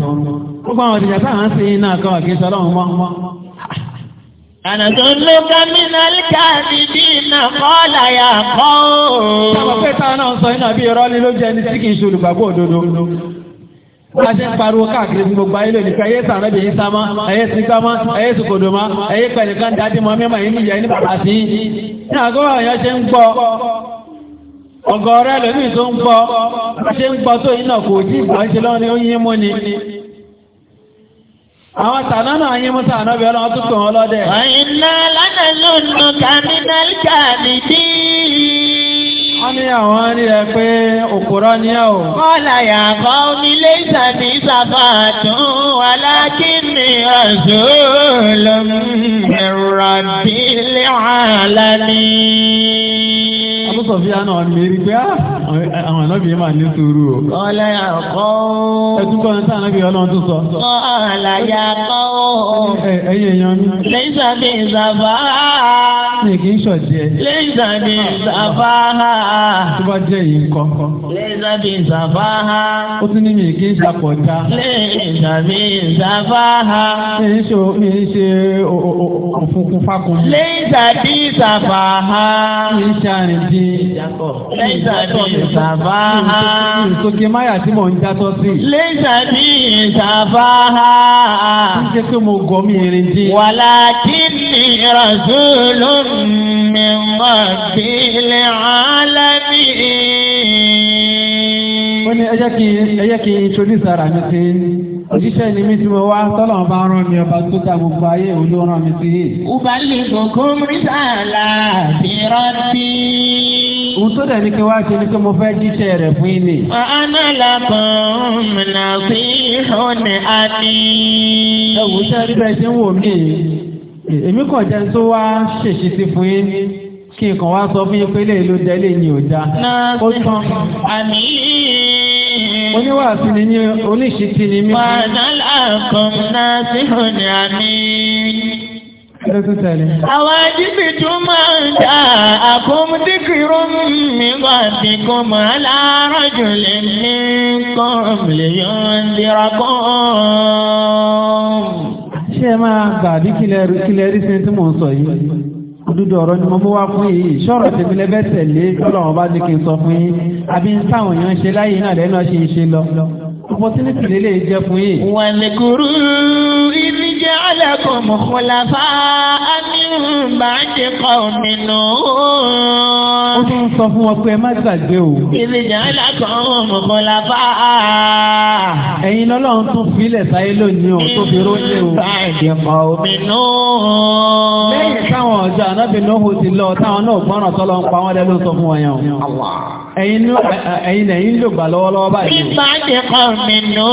gbogbo àwọn òṣìṣẹ́ táwọn sì ń náà kọ́ kí n sọ lọ́run mọ́. Ànàdọ́lọ́gá mínárì káàdì bí iná kọ́ọ̀lá yà kọ́ o. Sábà pé táwọn náà ń sọ iná bí irọ́ ni ló jẹ́ ní tí kì í ṣe olùgbàgbọ́ òdodo. Wọ́n ṣe pariwo káàkiri gbogbo ayé lónìí pé ayé sàrán bèyí sámá, ayé sígbámá, ayé sòkòdòmá, ayé pẹ̀lú kan dájú mọ́ mímọ́ yìí níyà ní bàbá sí. Ní àgọ́wọ̀ ọ̀gọ̀ọ̀rẹ́ lórí tó ń gbọ́ ṣe ń gbọ́ tó iná kò jí ìgbàṣẹ́ lọ́rin ó mú ni àwọn tàná náà yín mú tàná bẹ̀rẹ̀ lọ́wọ́ tó ọlọ́dẹ̀ wọ́n ní àwọn rí ẹ pé òkúrọ́ ní ẹ̀ o. kọ́lá yàgbọ́ onílé ìsàmì ìsàfàtún alákìní ọ̀ṣọ́ lọ́mú ẹ̀rọ àbílẹ̀ àlàní. Sọ̀fíà náà ní rí pé àwọn ànábì máa ní sùúrù o. Ọ̀la yà kọ́ o. Ẹtú kọ́ni tí ànábì sọ. Ọ̀la yà Ẹyẹ yan Lẹ́yìn bí ìsàbá. Mi kì í Lẹ́yìn bí ìsàbá. Tó bá jẹ́ yìí ńkọ́. Lẹ́yìn bí ìsàbá. Ó tún ní mi kì í Lẹ́yìn bí ìsàbá. Mi ń òfun Ìsòkè máyà tí mò ń játọ́ sí. Léṣà bí ìsàfáhà. pé mo gọ mi irin dí? Wàlá kí ni Rasúlù mi mọ̀ sí ilé alábí? Ó ní ẹ kí n introduce ara mi sí òṣìṣẹ́ ni mí tí mo wá tọ́lọ̀ bá rán mi ọba tó dá gbogbo ayé òun rán mi sí yìí. ubalẹ̀ gògùn rìsàlà rántí. Òun tó dẹ̀ ní kí wá ṣe ni pé mo fẹ́ jíṣẹ́ rẹ̀ fún yín ni. Àánà làkàn nà sí òní àní. Ẹ wò iṣẹ́ rí bẹ́ẹ̀ ṣe ń wò mí. Èmi kàn jẹ́ tó wá ṣèṣì sí fún yín kí n kàn wá sọ fún yín pé lè ló délé ni ò já. Nà àmì yìí oníwàásù ni ní oníṣìtì ni mí. wàhálà àkàn náà sí òní àmì. Àwọn ajíbi tún máa ń dà àkómúdíkìrú mi wà sí kò mọ̀ aláàrọ̀jù lè ní kọ́ọ̀mùlẹ̀ yóò ń dira kọ́ọ̀mù. Ṣé máa gbà kílẹ̀ rí sí tí mò ń sọ yìí? òdodo ọ̀rọ̀ ni mo mú wá fún yìí sọ̀rọ̀ tèmi lẹ́bẹ̀ tẹ̀lé tọ́lọ́wọ́n bá ní kí n sọ fún yín àbí ń táwọn èèyàn ṣe láyé náà lẹ́nu ọ̀ṣẹ́ ìṣe lọ. opportunity lè lè jẹ fún yìí. wọn lè kúrú ibi jẹ́ alákòmọ̀kọ́lá fáá ní bàjẹ́ kọ́ mi nù wọn. ó tún sọ fún wọn pé ẹ má gbàgbé o. ìbìjà ńlá kan mọ̀kàn la bá a. ẹ̀yin lọ́lọ́run tún filẹ̀ sáyé lónìí o tó fi róye o. báyìí mọ̀ omi nù. lẹ́yìn táwọn ọjọ́ anábìnrin ó ti lọ táwọn náà gbọ́ràn tọ́lọ́ ń pa wọ́n lẹ́nu sọ fún wọn yẹn o. ẹ̀yin ẹ̀yin ló gbà lọ́wọ́lọ́wọ́ báyìí. bí bá ti kọ́ mi nù.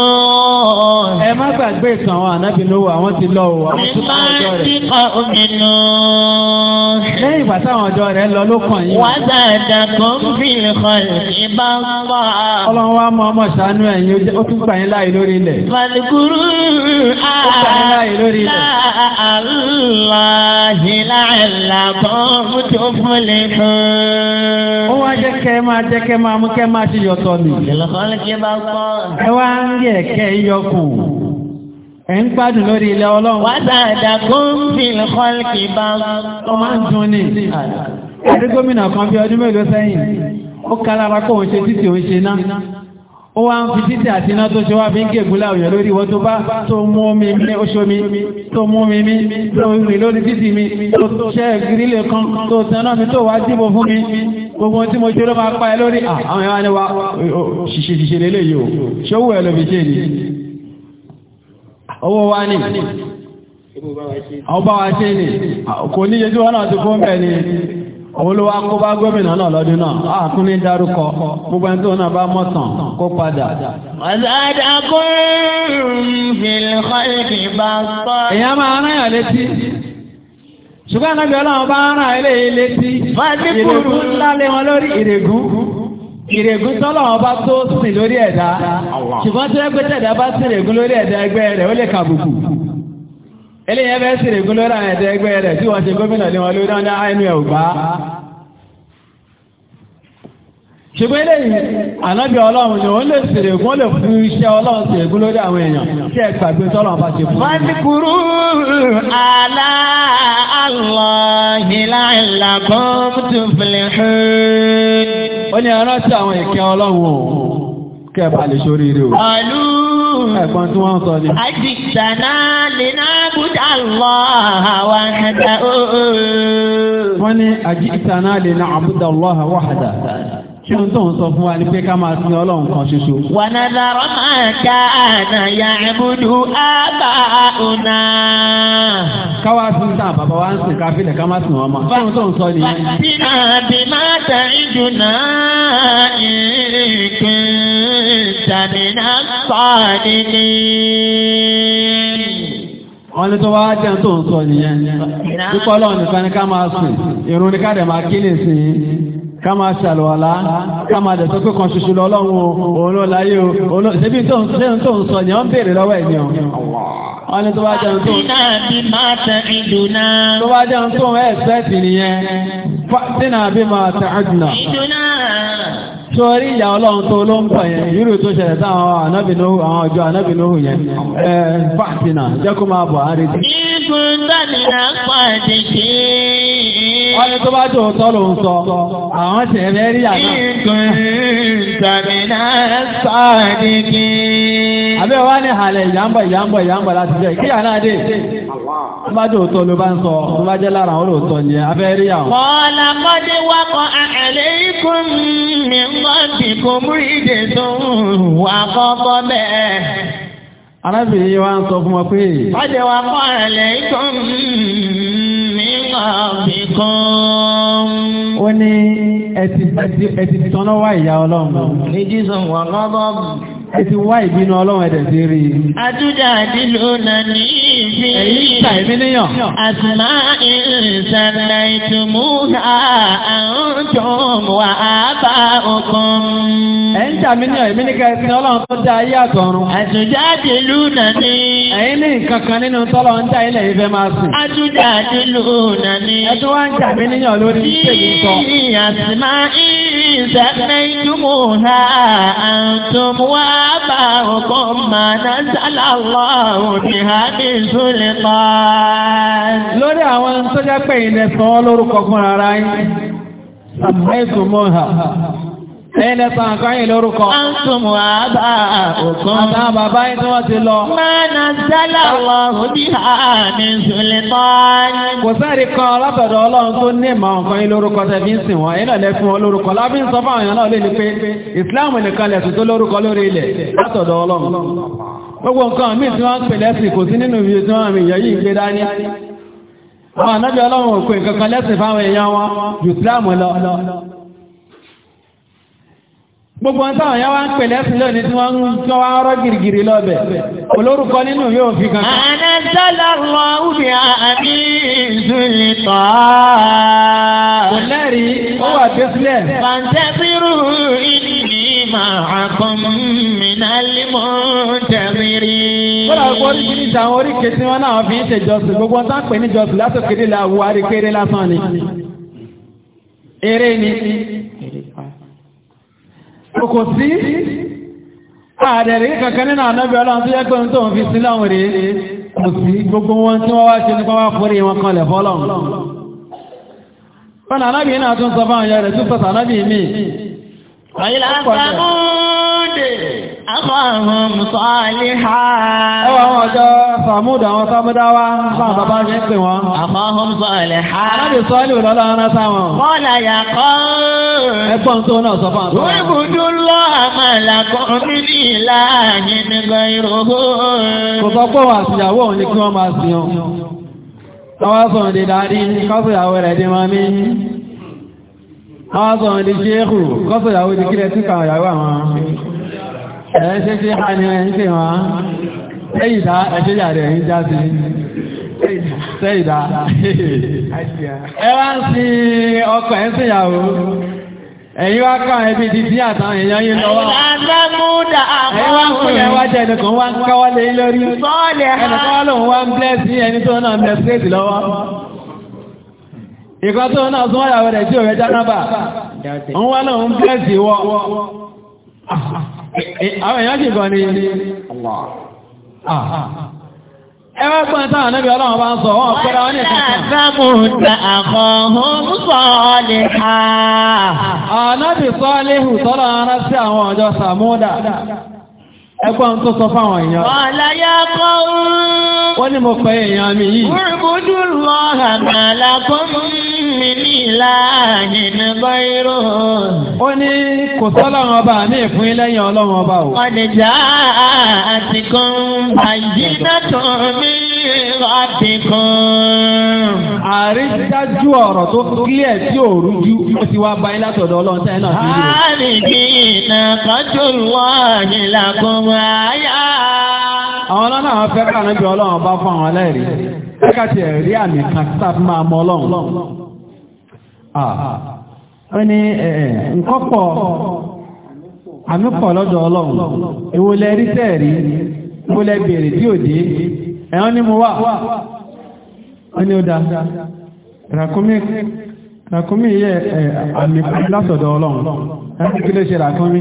ẹ má gbàgbé ìtàn زادكم في الخلق بسطا ọlọ́run wa mọ ọmọ ṣàánú ẹ̀yin ó tún gbà yín láàyè lórí ilẹ̀. fàlùkùrù àlàláhìláàlàkùn tó fúnlẹ̀ fún. ó wá jẹ́ kẹ́ máa jẹ́ kẹ́ máa mú kẹ́ máa ṣe yọ̀tọ̀ mi. ìlọ́kọ́lẹ́kẹ́ bá gbọ́. ẹ wá ń rí ẹ̀kẹ́ yọkù ẹ̀ ń gbádùn lórí ilẹ̀ ọlọ́run. wàdà àdàkùn fìlkọ́lì kì bá. ọmọ ń dun ni ẹ̀rí gómìnà kan bí ọdún mélòó sẹ́yìn ó kálára kó òun ṣe títì òun ṣe náà ó wá ń fi títì àti iná tó ṣe wá fi ń gègùn láwùyọ lórí ìwọ tó bá tó mú omi mi oṣù mi tó mú mi mi tó rìn lórí títì mi tó ṣẹ́ gírílẹ̀ kan tó tẹ́nà mi tó wá dìbò fún mi gbogbo tí mo ṣe ló máa pa ẹ lórí àwọn ẹ̀wá ni wa ṣìṣe ṣìṣe lélẹ̀ yìí o ṣówó ẹ̀ ló fi ṣe ni owó wa ni ọba wa ṣe ni kò níye tí wọn náà ti fún bẹ́ẹ̀ ni olúwa kó bá gómìnà náà lọ́dún náà àkún ní dárúkọ gbogbo ẹni tó náà bá mọ̀tàn kó padà. ọ̀sádà kún fìlìkọ́ ìdìbò sọ. èèyàn máa rán yàn létí ṣùgbọ́n ànágbé ọlọ́run bá rán eléyìí létí ìrègùn ńlá lé wọn lórí ìrègùn ìrègùn tọ́lọ́run bá tó sìn lórí ẹ̀dá ṣùgbọ́n tí wọ́n gbé tẹ̀dá bá sìn ìrègùn lórí ẹ̀dá ẹgbẹ́ rẹ̀ ó lè kàbùkù eléyẹ bẹ́ẹ̀ sì règún lórí àwọn ẹ̀dẹ́ ẹgbẹ́ rẹ̀ tí wọ́n ṣe gómìnà lé wọn lórí ọdá àìní ẹ̀ ògbá ṣùgbọ́n eléyìí ànábì ọlọ́run ni wọ́n lè sì règún lè fún iṣẹ́ ọlọ́run sì règún lórí àwọn èèyàn tí ẹ gbàgbé tọ́lọ̀ bá ṣe fún wọn. fàdíkùrú àlá àlọ́hìn láìláàbọ̀ tó fìlẹ̀ ṣe. ó ní ẹran àwọn ìkẹ́ ọlọ́run òun kẹba lè ṣorí rí o. ọ̀lú ẹ̀gbọ́n tí wọ́n sọ ni. àjìṣàná lè náà bùdá lọ àwọn àhàdà ooo. wọ́n ní àjìṣàná lè náà àbúdà lọ àwọn àhàdà ṣé ohun tó ń sọ fún wa ni pé ká máa sin ọlọ́run kan ṣoṣo. wàhálà lọ́rọ́ máa ká àdáyà ìbùdó àbá ọ̀nà. káwá sí sáà bàbá wa ń sìn ká fílẹ̀ ká má sìn wọn mọ́. ṣé ohun tó ń sọ nìyẹn. bàtínà bí máa tẹ ìdùnnà ìrìnkìn tàbínà sọ́ọ̀dì ni. wọ́n ní tó wá jẹun tó ń sọ nìyẹn. kíkọ́ nìkan ni ká máa sìn ìrun ni ká dẹ̀ máa kí ká máa ṣàlùwàlá ká máa dẹ̀ tó pé kan ṣoṣo lọ ọlọ́run òun ló láyé o ṣebí tó ń sọ ni wọ́n ń béèrè lọ́wọ́ ẹ̀ ni o wọ́n ní tó bá jẹun tó tó bá jẹun tó ẹ̀ fẹ́ nìyẹn fàtínà bí máa tẹ̀ ẹ́ dùnà sọ́rí ìyá ọlọ́run tó ló ń bọ̀ yẹn yúrù tó ṣẹlẹ̀ sáwọn ànábìnú àwọn ọjọ́ ànábìnú yẹn ẹ̀ fàtínà jẹ́ kó máa bọ̀ àárítì. igun dánilá pàdé ṣe é. wọ́n ní bá tó tó ló bá ń sọ tó bá jẹ́ lára àwọn olóòótọ́ ni abẹ́ rí àwọn. kọ́lá kọ́dé wá kọ́ ikú mi ń mọ́tì kò mú ìdè tó arábìnrin yìí wá ń sọ fún wa pé. ọdẹ wa kọ́ ẹ̀lẹ́ ikọ̀ nígbà bìkan. ó ní ẹtì tọ́nà wá ìyá ọlọ́run. ní jísọ̀ wà lọ́dọ̀ ẹ wá ìbínú ọlọ́run ẹ̀dẹ̀ sí rí i. àdúrà àdìlú náà ní ìfì. ẹ̀yìn ìta ìmí níyàn. àtùmá ìsàlẹ̀ ìtumúhà àwọn tó wà bá òkun ń jà mí ní ẹ̀mí ní ká ẹ̀sìn ọlọ́run tó dá ayé àtọ̀run. àtúnjáde lù nàní. ẹ̀yin ní nǹkan kan nínú tọ́lọ̀ ń dá ilẹ̀ ìfẹ́ máa sùn. àtúnjáde lù nàní. ẹ wá ń jà níyàn lórí ìṣèlú sọ. ìyàtìmá ìṣẹ́fẹ́ ìdúmọ̀ ha àtún wá bá ọkọ̀ máa ná sálà lọ́rùn ní hábí ìṣúlẹ̀ pa. lórí àwọn tó jẹ́ pé ìlẹ̀ lórúkọ fúnra rẹ̀ ẹ̀yin lẹ́sàn án lórúkọ. a ń tún mọ àbá òkun. bàbá yìí tí wọ́n lọ. mọ́nà sálà wọ òbí àmì ìṣòlè tọ́ni. kò sẹ́ẹ̀rì kan ọlọ́tọ̀dọ̀ ọlọ́run tó ní ìmọ̀ nǹkan yín lórúkọ tẹ̀bí ń sìn wọ́n wọn lórúkọ lábí ń sọ fún àwọn pé ìsìláàmù nìkan lẹ̀ tuntun lórúkọ lórí ilẹ̀ látọ̀dọ̀ ọlọ́run. gbogbo nǹkan tí wọ́n ń pè lẹ́sìn kò sí nínú tí wọ́n àmì yìí gbé dání àwọn ànábì ọlọ́run gbogbo ọ̀tá ọ̀yá wá ń pẹ̀lẹ́ sí lónìí tí wọ́n ń jọ wá rọ́ gìrìgìrì lọ́bẹ̀ olórúkọ nínú yóò fi kan. àná sọ́lá rọ òbí àmì ìzúlítọ́. kò lẹ́rìí ó wà tó sílẹ̀. fàǹtẹ́sírù ìní máa kàn mìíràn límọ̀ tẹ̀rìrì. kódà gbogbo oríṣiríṣi àwọn oríkèé tí wọ́n náà fi ń ṣèjọsìn gbogbo ọ̀tá pè níjọsìn látòkèdè làwọ̀ àríkèrè lásán ni. eré ni. kò sí a kankan nínú ànábì ọlọ́run tó yẹ pé ń tó ń fi sí láwọn rèé kò sí gbogbo wọn tí wọ́n wá ṣe nípa wá fórí wọn kan lẹ̀ fọ́lọ́run Sàmúdì. Afọ́hùn sọ́ọ̀lì ha. Ẹ wà wọn ọjọ́ Sàmúdì àwọn Sàmúdá wá bá bàbá ṣe ń pè wọ́n. Afọ́hùn sọ́ọ̀lì ha. Alábì sọ́ọ̀lì òlọ́lá ara sáwọn. Bọ́ọ̀lá yà kọ́. Ẹgbọ́n tó náà sọ fún àtọ́. Ibùdó lọ àmàlàkọ́ mi ní ìlànà nígbà ìròhó. Kò sọ pé wà síyàwó wọ́n ní ṣéèkù ẹ̀ ṣe fi ní ẹ̀yìn tí wọ́n ẹ̀yìdá ẹ̀ṣẹ́yà rẹ̀ ń já sí ṣẹ́yìdá ẹ wá ń sin ẹ̀yìn wá kọ́ ẹbí ti sí náà ìkan tó náà súnmọ́ ìyàwó rẹ̀ tí ò rẹ̀ wá sí Eh, àwọn èèyàn sì gan ni ah, ah, ah. ẹ wá gbọ́n táwọn anábì ọlọ́run bá ń sọ wọn pẹ́ra wọn ní ìsìnkú. sábùtà àkọ́hún sọ́ọ̀lẹ̀ ha. anábì sọ́ọ̀lẹ̀ hù sọ́lọ́ ara sí àwọn tó sọ fáwọn èèyàn. wọ́n ní mo pẹ́ èèyàn mi yìí mi níláàyè ní báyìírò. ó ní kò sọ́lọ́run ọba mi fún ilẹ́yìn ọlọ́run ọba o. ọ̀dẹ̀já àti kan àyínàtọ̀ mi rọ̀bì kan. àrídájú ọ̀rọ̀ tó kílẹ̀ tí ò rújú ó ti wá bá yín látọ̀dọ̀ ọlọ́run tẹ́ náà sí ilé. àrídì ìnàkọ́jọ́ wọ́ọ̀nì làkúnmọ́ ayá. àwọn ọlọ́run àwọn fẹ́ kàánú bí ọlọ́run bá fún àwọn ẹlẹ́rìí. Ẹ̀ka tiẹ̀ rí àmì kan sábà máa mọ ọlọ́run. wọ́n ah. ní nǹkan nkọpọ, lọ́dọ̀ ọlọ́run èwo rí tẹ́ẹ̀rí èwo lẹ ọ tí ò dé ẹ̀wọ́n ni mo wà wọ́n ní ó da ràkúnmí yẹ ṣe ràkúnmí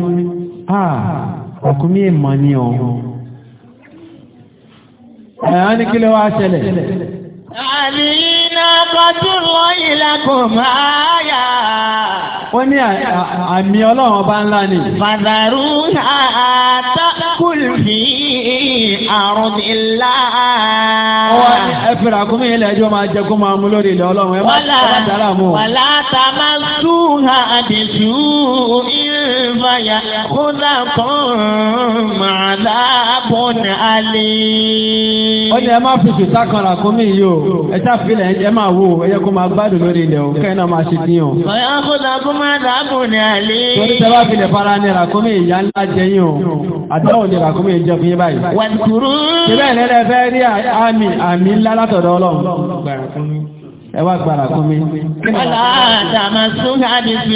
ah, ràkúnmí ni ẹ̀wọ́n kí ló wá ṣẹlẹ̀. Nàkọ́túnlọ́ ìlàkùn máa yà. Ó ní àmì ọlọ́run ọba ńlá ni. Fàdàrú àtà kùlùfì àrùn ìlà. Ó wá ní ilẹ̀ ẹjọ́ máa jẹ kó máa mú lórí ilẹ̀ ọlọ́run. Ẹ má dára mú. Wàlá ta máa sùn àdìsú ìrìn fàyà kúndà kan màdàbọ̀n alẹ́. ó ní ẹ máa fi jùtá kan rà kún mí yìí o ẹ ṣàfihàn ẹ máa wò ó yẹ kó máa gbádùn lórí ilẹ̀ o kẹ́hìn náà máa ṣe dín o. fàyà kúndà kan màdàbọ̀n alẹ́. torí tẹ́ bá fi lè fara ní rà kún mí ìyá ńlá jẹ yín o àdáwò ní rà kún mí ìjọ fún yín báyìí. wàtúrú. ṣé bẹ́ẹ̀ ni ẹ fẹ́ rí àmì àmì ńlá látọ̀dọ̀ ọlọ́run ẹ wá gbàrà kún mi. ọlá àdàmà sóhà ní sùn.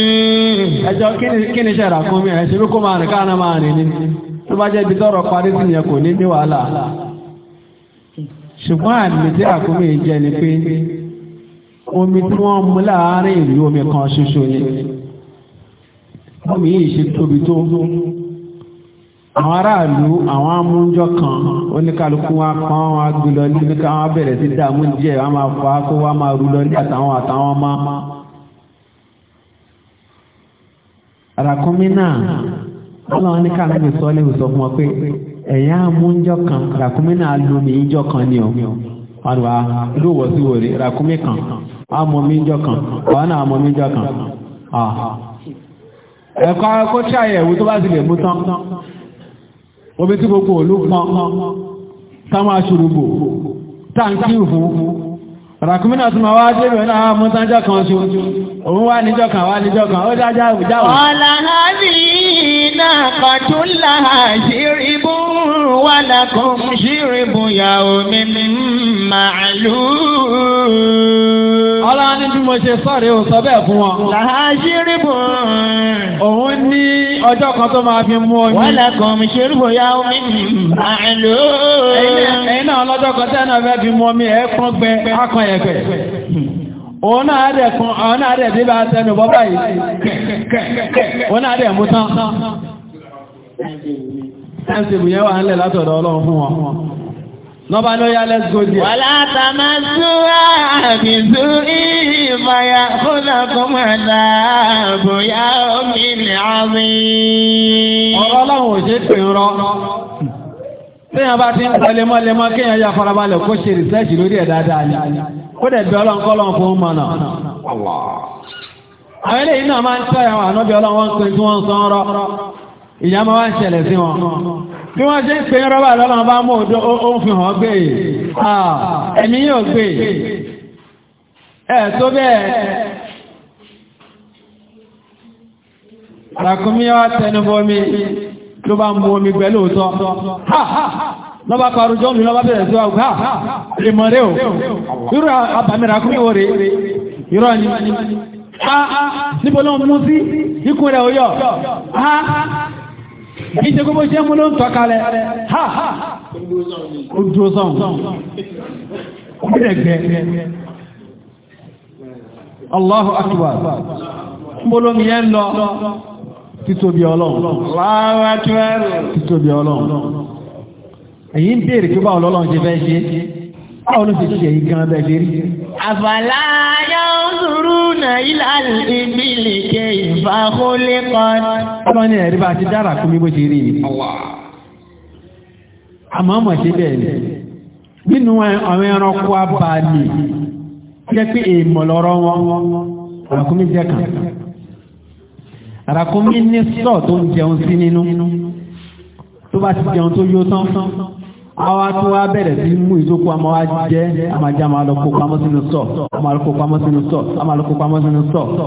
ẹjọ kí ni ṣẹ̀rà kún mi ẹ̀ṣẹ̀ bí kò máa rìn káàná máa rìn ni tó bá jẹ́ ibi tọ́rọ̀ parí sí yẹn kò ní ní wàhálà. ṣùgbọ́n àmì tí àkúnmí jẹ́ ni pé omi tí wọ́n mú láàárín ìlú omi kan ṣoṣo ni. omi yìí ṣe tóbi tó àwọn aráàlú àwọn amúnjọ kan oníkàlùkù wa kan wọn agbèlọ nípa àwọn abẹ̀rẹ̀ sí dààmú jẹ wọn máa fa kó wọn máa rú lọ ní àtàwọn àtàwọn ọmọ. ràkúnmí náà ọlọ́run ní kàlùkù sọ lè sọ fún wọn pé ẹ̀yà amúnjọ kan ràkúnmí náà lu mi ìjọ kan ni o wọn wá lówó sí wòlé ràkúnmí kan àmọ́ mi ìjọ kan wọn náà àmọ́ mi ìjọ kan. Ah. ẹ̀kọ́ ẹ̀kọ́ ṣàyẹ̀wò tó bá ti lè mú tán omi tí gbogbo òlú pọn táwọn aṣòrògbò táǹkì fún ràkúmínà tí ma wá débẹ̀ náà mọ́tánjọ́ kan ṣe òun wá níjọ́ kan wá níjọ́ kan ó dájá àwùjáwò. ọ̀la náà kọ̀tún láhà ṣírìbù wà lákùn ṣírìbù yàwó mímí màálùú. ọlá ní bí mo ṣe sọ́rẹ̀ ò sọ bẹ́ẹ̀ fún wọn. làhájí òun ní ọjọ́ kan tó máa fi mú omi. wọ́n lè kàn ṣe yá omi náà lọ́jọ́ kan tẹ́ náà fẹ́ fi mú omi gbẹ akọ òun náà kún náà bíbá bọ́ báyìí. òun náà mú tán. bù yẹn wà ń lẹ̀ látọ̀dọ̀ ọlọ́run fún lọ́ba ló yá let's go there. wàlá tàmá súra àmì súrí ìfàyà fúnà kọ́mọ àdàbò yá omi ní àmì. ọ̀rọ̀ ọlọ́run ò ṣe pè ń rọ. téèyàn bá ti ń pa lemọ́lemọ́ kéèyàn yà farabalẹ̀ kó ṣe rìsẹ́ẹ̀sì lórí ẹ̀ dáadáa ni kó dẹ̀ bí ọlọ́run kọ́ fún un mọ̀nà àwọn ilé iná máa ń tọ́ ẹ̀wọ̀n ànábì tí wọ́n ṣe ń pè ń rọ́bà lọ́nà bá mú òjò ó ń fi hàn gbé ẹ̀mí yóò gbé ẹ̀ tó bẹ́ẹ̀ ràkúnmí wá tẹnubọmi ló bá mú omi pẹ̀lú òtọ́ lọ́bá parújọ́ mi lọ́bá bẹ̀rẹ̀ sí ọgbà ìmọ̀rẹ́ ò irú àbàmì ràkúnmí wò rèé irọ́ ni níbo lọ́n mú sí ikú rẹ̀ òyọ́ ìṣe gbogbo ṣe mú ló ń tọ́ kalẹ̀ ha ó dúró sọ́n ó bẹ̀rẹ̀ gbẹ Allahu akbar mbolomi yẹn lọ títóbi ọlọ́run títóbi ọlọ́run èyí ń béèrè pé báwo lọ́lọ́run ṣe fẹ́ ṣe báwo ṣe gan rí. fàkúlẹ́kọ́t. ọlọ́run ní ẹ̀rí bá ti dára kú mi bó ti rí ni. àmọ́ ọmọ ṣe bẹ́ẹ̀ ni nínú àwọn ẹranko abàlì jẹ́ pé èèmọ̀ lọ́rọ́ wọn àràkúnmí jẹ́ kan ní sọ̀ tó ń jẹun sí nínú tó bá ti jẹun tó yó tán àwa tó wá bẹ̀rẹ̀ sí mú ìjókòó àmọ́ wá jẹ́ àmàjá àmàlọ́kó pamọ́ sínú sọ̀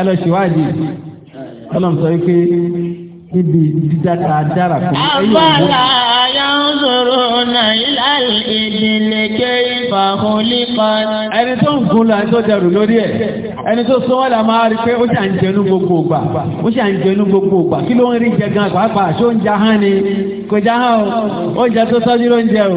ẹlọ ṣèwádìí ọlọ́run sọ wípé níbi dídáta dára fún ẹyọ òwò. àbálà yanzuru na ilal ìdílé ké ìfàkùnlípa. ẹni tó ń gun lọ ẹni tó dẹrù lórí ẹ ẹni tó sọ wọlé máa rí pé ó ṣà ń jẹnu gbogbo ògbà ó ṣà ń jẹnu gbogbo ògbà kí ló ń rí jẹ gan pàápàá ṣó ń jahán ni kò jahán o oúnjẹ tó sọ́jú ló ń jẹ o.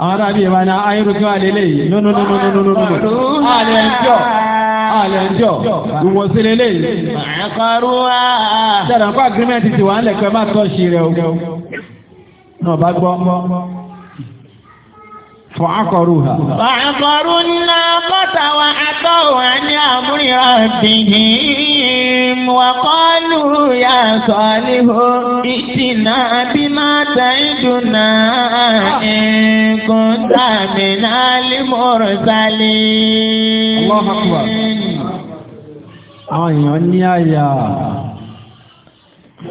àwọn ará bíi ìwà ni ayérú kí yìí no no no no no no no ẹjọ́ ẹjọ́ yìí. àkọrúwà. ti فعقروها فعقروا الناقة وعتوا عن أمر ربهم وقالوا يا صالح ائتنا بما تعدنا إن كنت من المرسلين الله أكبر أيها الناس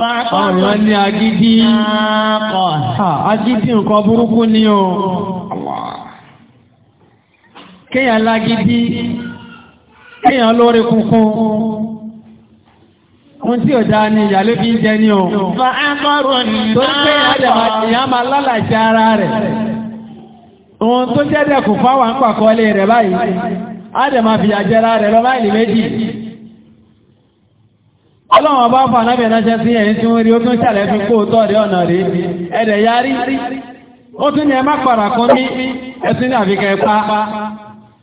Àwọn ìran ní agídí, agídí nǹkan burúkú ni o. kéèyàn lágídí kéèyàn lórí kunkun ohun tí ò dáa ni ìyàlẹ́ fi ń jẹ ní o. fa akọrò tó ń pè é àdàmà ìyá ara rẹ̀ ohun tó jẹ́dẹ̀ kò fáwọn ń pàkọ́lé rẹ̀ báyìí fìyà rẹ̀ méjì ọlọ́wọ́n bá náà ṣe ẹ̀yìn tí wọ́n rí ó tún ṣàlẹ̀ fi kó tọ́ rí ọ̀nà rí ẹ̀dẹ̀ yarí ó tún ní ẹ má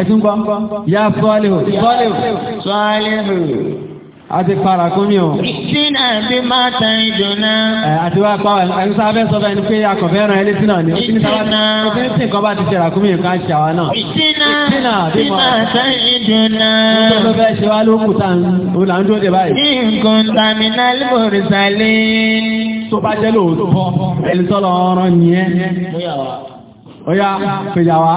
ẹ̀tún gbọ́ yá sọ́ọ́lẹ̀ sọ́ọ́lẹ̀ sọ́ọ́lẹ̀ àti parakún ní o. ìṣínà bí máa ta ìdùnnà. ẹ àti wá pa ẹni sáà fẹ́ sọ fẹ́ ni pé akọ̀fẹ́ ran ẹlẹ́sìn náà ni. ìṣínà òfin tí nǹkan bá ti ṣe ràkúnmí nǹkan ṣe àwa náà. ìṣínà bí máa ta ìdùnnà. nígbà tó fẹ́ ṣe wá ló kù tá ò là ń dúró dé báyìí. nǹkan tàmínà lórí sàlẹ̀. tó bá jẹ́ lóòótọ́ ẹni tọ́lọ ọ̀rọ̀ nìyẹn. ó yá fèjà wá.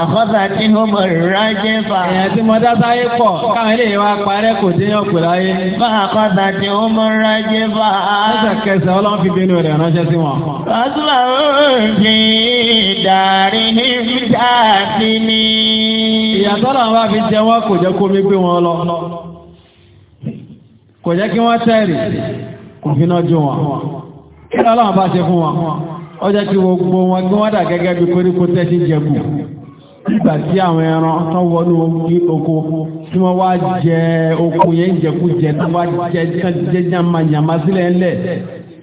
àkọ́sà tí ó mọ̀ rájẹ́ fà. èèyàn tí mo dáta yé pọ̀ káwọn eléyìí wá parẹ́ kò dé yàn pèlú ayé. bá àkọ́sà tí ó mọ̀ rájẹ́ fà. lẹ́sẹ̀kẹsẹ̀ ọlọ́run fi bínú rẹ̀ ránṣẹ́ sí wọn. ọ̀sùnmọ̀ òun fi dàrí níta sí ni. ìyàtọ̀ náà wá fi jẹ wọn kò jẹ́ kó mi gbé wọn lọ. kò jẹ́ kí wọ́n tẹ̀rì kò fi náà jó wọn. kí ọlọ́run bá ṣe fún wọn? ó jẹ́ kí gbogbo wọn kí wọ́n dà gẹ́gẹ́ bí koríko tẹ́sí jẹ ìgbà tí àwọn ẹran tán wọnú oko tí wọ́n wá jẹ oko yẹn jẹkújẹ tí wọ́n wá jẹ jẹ jàmà yàmà sílẹ̀ ńlẹ̀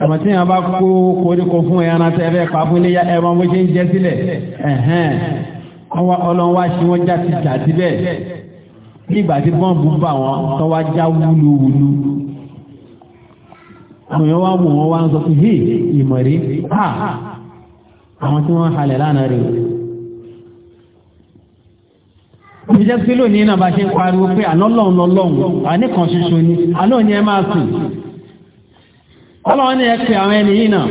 àmọ́ tí wọ́n bá kó koríko fún ẹran tẹ́ fẹ́ pa fún iléyà ẹran bó ṣe ń jẹ sílẹ̀ ẹ̀hẹ́n ọlọ́run wá ṣe wọ́n já ti jà síbẹ̀ nígbà tí bọ́ǹbù bà wọ́n tán wá já wúlúwúlú àwọn èèyàn wá wò wọ́n wá ń sọ fún hì ìmọ̀rí ha àwọn tí wọ́n halẹ̀ lánàá rèé òbí jẹ́ pé lónìí náà bá ṣe ń pariwo pé àlọ́lọ́run lọ́lọ́run àní kan ṣoṣo ni àlọ́ ni ẹ máa sùn ọlọ́run ni ẹ pè àwọn ẹni yìí náà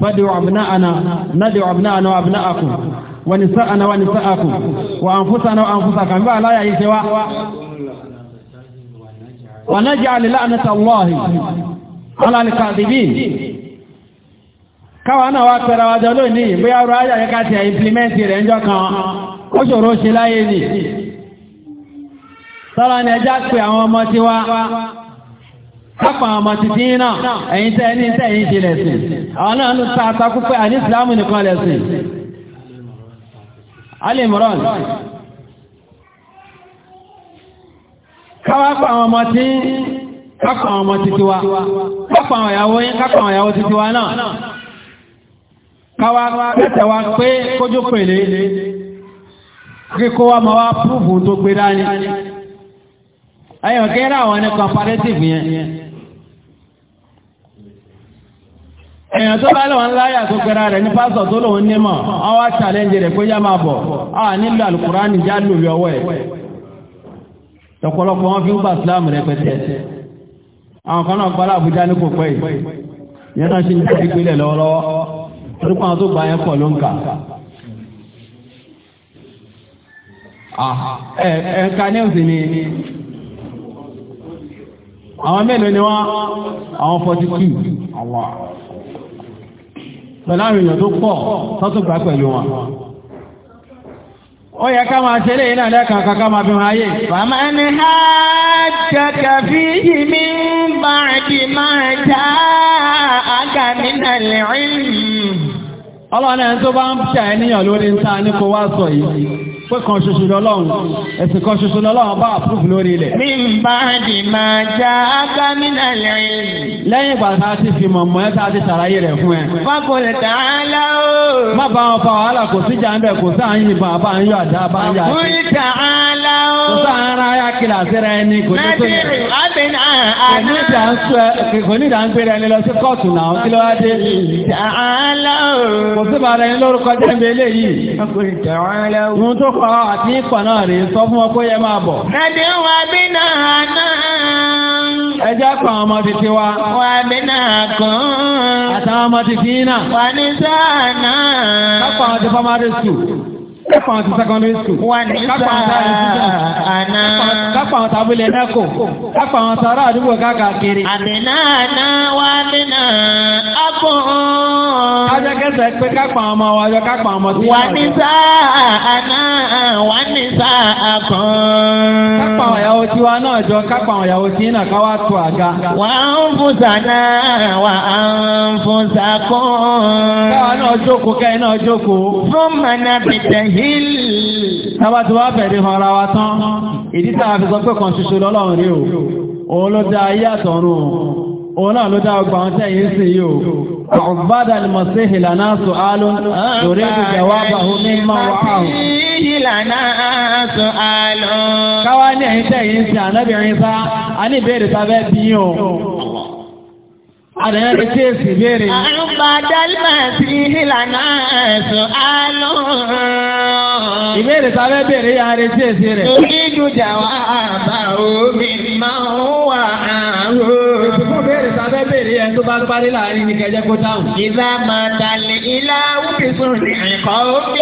fad'u abna'ana nad'u abna'ana wa abna'akum wa nisa'ana wa nisa'akum wa anfusana wa anfusakum bí aláyà yìí ṣe wá wa naj'al la'nata Allahi 'ala káwa náà wá pẹ̀rẹ̀ wa jọ lónìí bóyá ọrọ̀ ayé àyíká ti ìmplimẹ́ntì rẹ̀ ńjọ́ kan ó ṣòro ṣe láyé nì sọ́ra ni ẹjá pé àwọn ọmọ ti wá pápá àwọn ọmọ títí náà ẹ̀yin tẹ́ ẹni tẹ́ ẹ̀yin ṣe lẹ̀sìn àwọn náà ń ta àtakú pé àní ìsìlámù nìkan lẹ̀sìn alimran káwá pa àwọn ọmọ tí kápá àwọn ọmọ títí wa kápá àwọn ìyàwó títí náà káwa ẹ̀tẹ̀ wa pé kójó pèlè kíkó wa wá tó gbé dání ayọ̀ kẹ́rẹ́ àwọn ẹni yẹn èèyàn tó bá lọ́wọ́ ńlá tó gbéra rẹ̀ ní pásọ̀ tó lòun ní mọ̀ wọ́n wá challenge rẹ̀ pé yá máa bọ̀ àwọn nílò Al-Kùránì já lórí ọwọ́ ẹ̀ fi ń gbà àwọn kan náà torí kan tó gbà yẹn pọ̀ ló ah, ẹ ẹ ka ni àwọn mélòó ni wọ́n àwọn forty two pẹ̀lú àwọn èèyàn tó pọ̀ gbà pẹ̀lú wọn ó yẹ ká máa ṣeré iná lẹ́kàn kankan máa fi máa bàmá ni jẹ́kẹ̀ fi mi bá di máa já àgàmì lè ọlọ́run ẹni tó bá ń ṣàyẹ́ níyàn lórí ń ta ní kó wá sọ yìí pé kan ṣoṣo lọ́lọ́run ẹ̀sìn kan ṣoṣo lọ́lọ́run bá àpúrúfù lórí ilẹ̀. mi ń bá di máa já gómìnà lẹ́yìn. lẹ́yìn ìgbà tá a ti fi mọ̀mọ́ ẹ́ tá a ti ṣàlàyé rẹ̀ fún ẹ. fọkùnrin tà á lá o. má bá wọn fa wàhálà kò sí jà ń bẹ̀ kò sáà ń yìnbọn àbá ń yọ àdá bá ń yà á. fọkùnrin tà á lá o. kò sáà ń ra ya kìlà síra ẹni kò ní tó yẹ. kò ní ìdá ń gbé ẹni lọ sí kóòtù náà kí ló wá dé. kò sí bàrẹ̀ ẹni lórúkọ jẹ́ fún àwọn àti ìpà náà rèé sọ fún ọkọ yẹ máa bọ̀. Ẹ̀dí wà bí náà náà. Ẹ jẹ́ pa ọmọ títí wa. Wà bí náà kàn. Àtàwọn ọmọ títí náà. Wà ní sáà náà. Kápá àwọn ti fọ́mádé sùn kápá àwọn ti secondary school kápá àwọn ta àná kápá àwọn ta abúlé nẹ́kò kápá àwọn ta ará àdúgbò káàkiri. àbẹ̀nà àná wà nínà ápò. kájọ kẹsẹ̀ pé kápá àwọn ọmọ wa jọ kápá àwọn ọmọ tí. wà ní sá àná wà ní sá àkàn. kápá àwọn ìyàwó tiwa náà jọ kápá ìyàwó tí náà káwá tó àga. wà á ń fún sànà wà á ń fún sàkún. káwa náà jókòó kẹ́yìn Tábà tí wá bẹ̀rẹ̀ hàn ara wa tán, ìdí tàà fi sọ pé kan ṣoṣo lọ́lọ́run rí o, òun ló dá ayé àtọ̀run òun náà ló dá ọgbà wọn tẹ́yìn sí yóò. Ọ̀bádà ni mọ̀ sí ìlànà sọ álùn lórí ìjọwà Àrẹ ẹ̀rẹ́ tí èsì léèrè. Àrùbá Dálmà sí ìlànà ẹ̀sùn àlọ́. Ìbéèrè ta fẹ́ béèrè ya ẹ̀rẹ́ tí èsì rẹ̀. Lórí ìdújà wa àbá omi máa ń wà áhùn. Ìfúnpọ̀ béèrè ta fẹ́ béèrè yẹn tó bá parí láàrin ní kẹjẹ kó dáhùn. Ìlà máa dalẹ̀ ilá wúkìsùn ní ẹ̀kọ́ òkè.